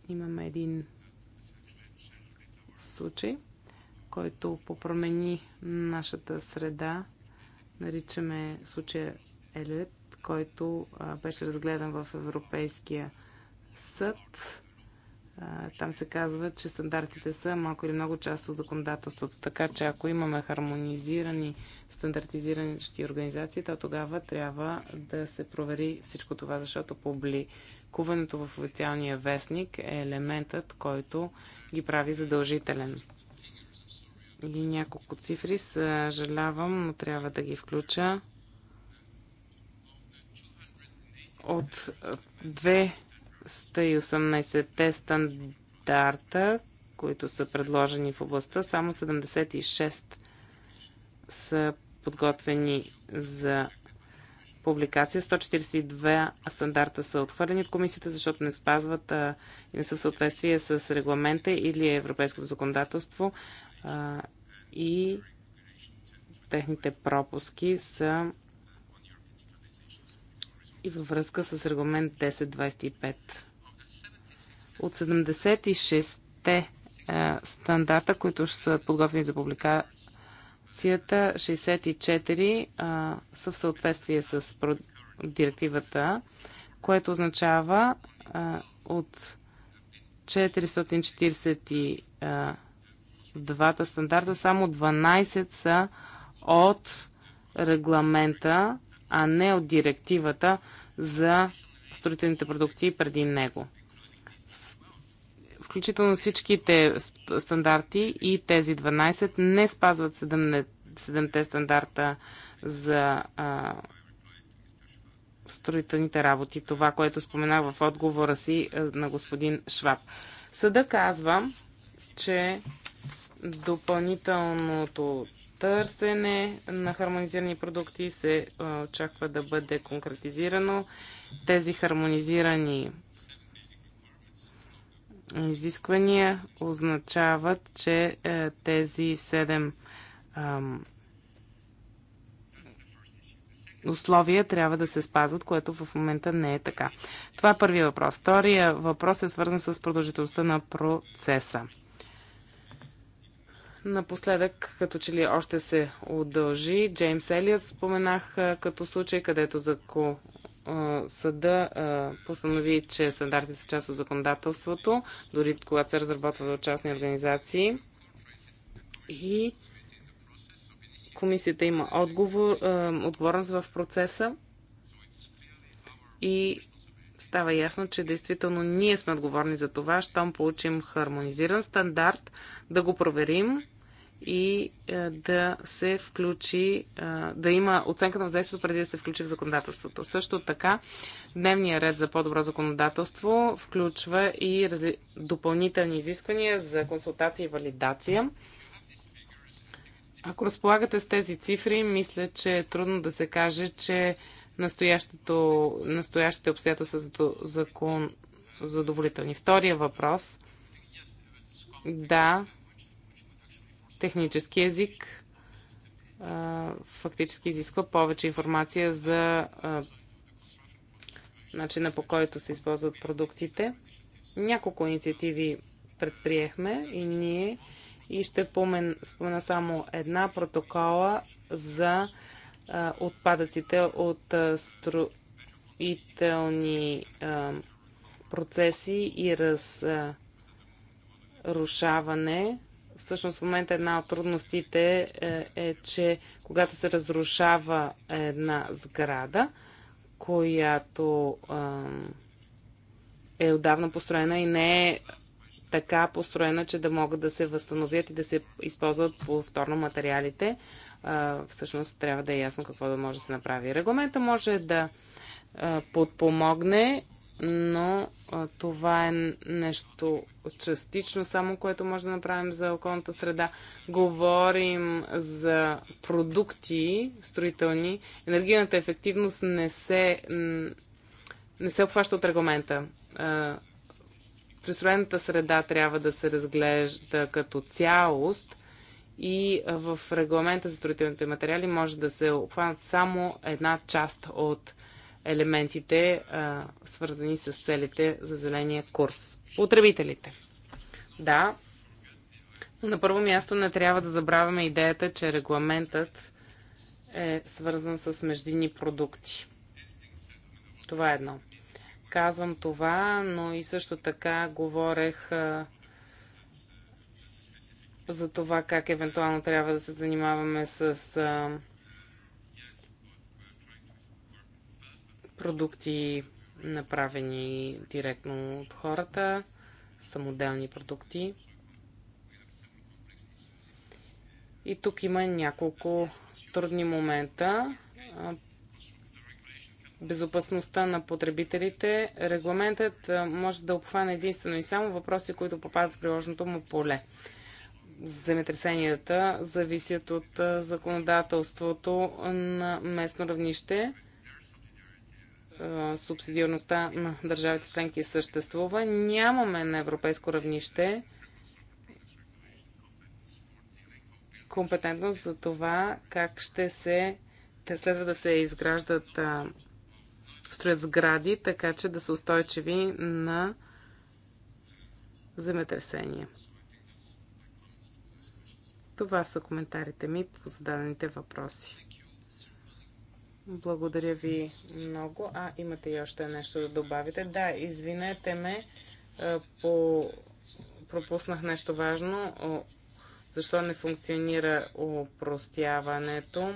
[SPEAKER 1] Имаме един случай, който попромени нашата среда. Наричаме случая Елет, който а, беше разгледан в Европейския съд там се казва, че стандартите са малко или много част от законодателството. Така че ако имаме хармонизирани, стандартизиращи организации, то тогава трябва да се провери всичко това, защото публикуването в официалния вестник е елементът, който ги прави задължителен. И няколко цифри съжалявам, но трябва да ги включа. От две 118-те стандарта, които са предложени в областта, само 76 са подготвени за публикация. 142 стандарта са отхвърлени от комисията, защото не спазват а, и не са в съответствие с регламента или европейското законодателство а, и техните пропуски са и във връзка с регламент 1025. От 76-те е, стандарта, които са подготвени за публикацията, 64 е, са в съответствие с директивата, което означава а, е, от 442 стандарта само 12 са от регламента а не от директивата за строителните продукти преди него. Включително всичките стандарти и тези 12 не спазват 7-те стандарта за а, строителните работи. Това, което споменах в отговора си на господин Шваб. Съда казва, че допълнителното търсене на хармонизирани продукти се очаква да бъде конкретизирано. Тези хармонизирани изисквания означават, че е, тези седем условия трябва да се спазват, което в момента не е така. Това е първият въпрос. Втория въпрос е свързан с продължителността на процеса напоследък, като че ли още се удължи. Джеймс Елиот споменах като случай, където за ко... съда постанови, че стандартите са част от законодателството, дори когато се разработват от частни организации. И комисията има отговор, отговорност в процеса и става ясно, че действително ние сме отговорни за това, щом получим хармонизиран стандарт, да го проверим и е, да се включи, е, да има оценка на въздействието преди да се включи в законодателството. Също така, дневният ред за по-добро законодателство включва и допълнителни изисквания за консултация и валидация. Ако разполагате с тези цифри, мисля, че е трудно да се каже, че настоящите обстоятелства са закон... задоволителни. Втория въпрос. Да, технически език фактически изисква повече информация за начина по който се използват продуктите. Няколко инициативи предприехме и ние и ще помен, спомена само една протокола за а, отпадъците от а, строителни а, процеси и разрушаване Всъщност в момента една от трудностите е, е че когато се разрушава една сграда, която е, е отдавна построена и не е така построена, че да могат да се възстановят и да се използват повторно материалите, всъщност трябва да е ясно какво да може да се направи. Регламента може да подпомогне но а, това е нещо частично, само което може да направим за околната среда. Говорим за продукти строителни. Енергийната ефективност не се, не се обхваща от регламента. пристроената среда трябва да се разглежда като цялост и в регламента за строителните материали може да се обхванат само една част от елементите, а, свързани с целите за зеления курс. Потребителите. Да, на първо място не трябва да забравяме идеята, че регламентът е свързан с междинни продукти. Това е едно. Казвам това, но и също така говорех а, за това как евентуално трябва да се занимаваме с. А, продукти, направени директно от хората, самоделни продукти. И тук има няколко трудни момента. Безопасността на потребителите. Регламентът може да обхване единствено и само въпроси, които попадат в приложното му поле. Земетресенията зависят от законодателството на местно равнище субсидиарността на държавите членки съществува. Нямаме на европейско равнище компетентност за това как ще се. Те следва да се изграждат, строят сгради, така че да са устойчиви на земетресения. Това са коментарите ми по зададените въпроси. Благодаря ви много. А, имате и още нещо да добавите. Да, извинете ме, по... пропуснах нещо важно. Защо не функционира упростяването?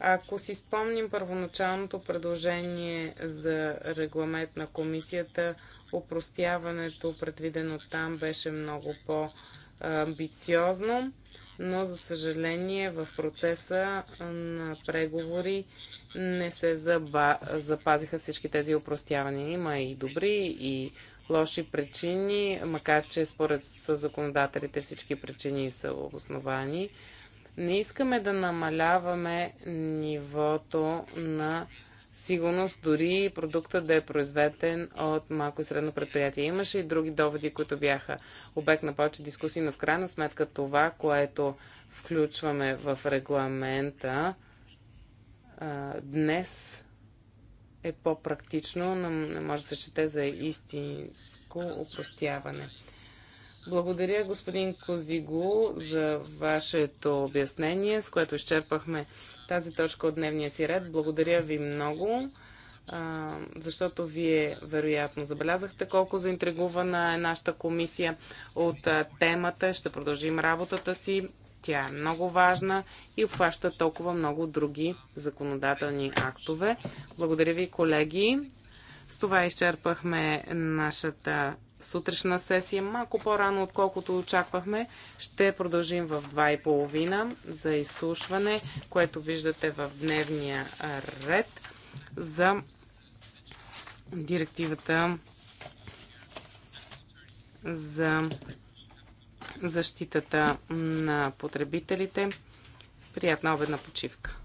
[SPEAKER 1] Ако си спомним първоначалното предложение за регламент на комисията, упростяването, предвидено там, беше много по-амбициозно но за съжаление в процеса на преговори не се заба... запазиха всички тези упростявания. Има и добри, и лоши причини, макар че според законодателите всички причини са обосновани. Не искаме да намаляваме нивото на сигурност, дори продуктът да е произведен от малко и средно предприятие. Имаше и други доводи, които бяха обект на повече дискусии, но в крайна сметка това, което включваме в регламента днес е по-практично, но не може да се чете за истинско упростяване. Благодаря, господин Козигу, за вашето обяснение, с което изчерпахме тази точка от дневния си ред. Благодаря ви много, защото вие вероятно забелязахте колко заинтригувана е нашата комисия от темата. Ще продължим работата си. Тя е много важна и обхваща толкова много други законодателни актове. Благодаря ви, колеги. С това изчерпахме нашата сутрешна сесия малко по-рано, отколкото очаквахме. Ще продължим в 2.30 за изслушване, което виждате в дневния ред за директивата за защитата на потребителите. Приятна обедна почивка!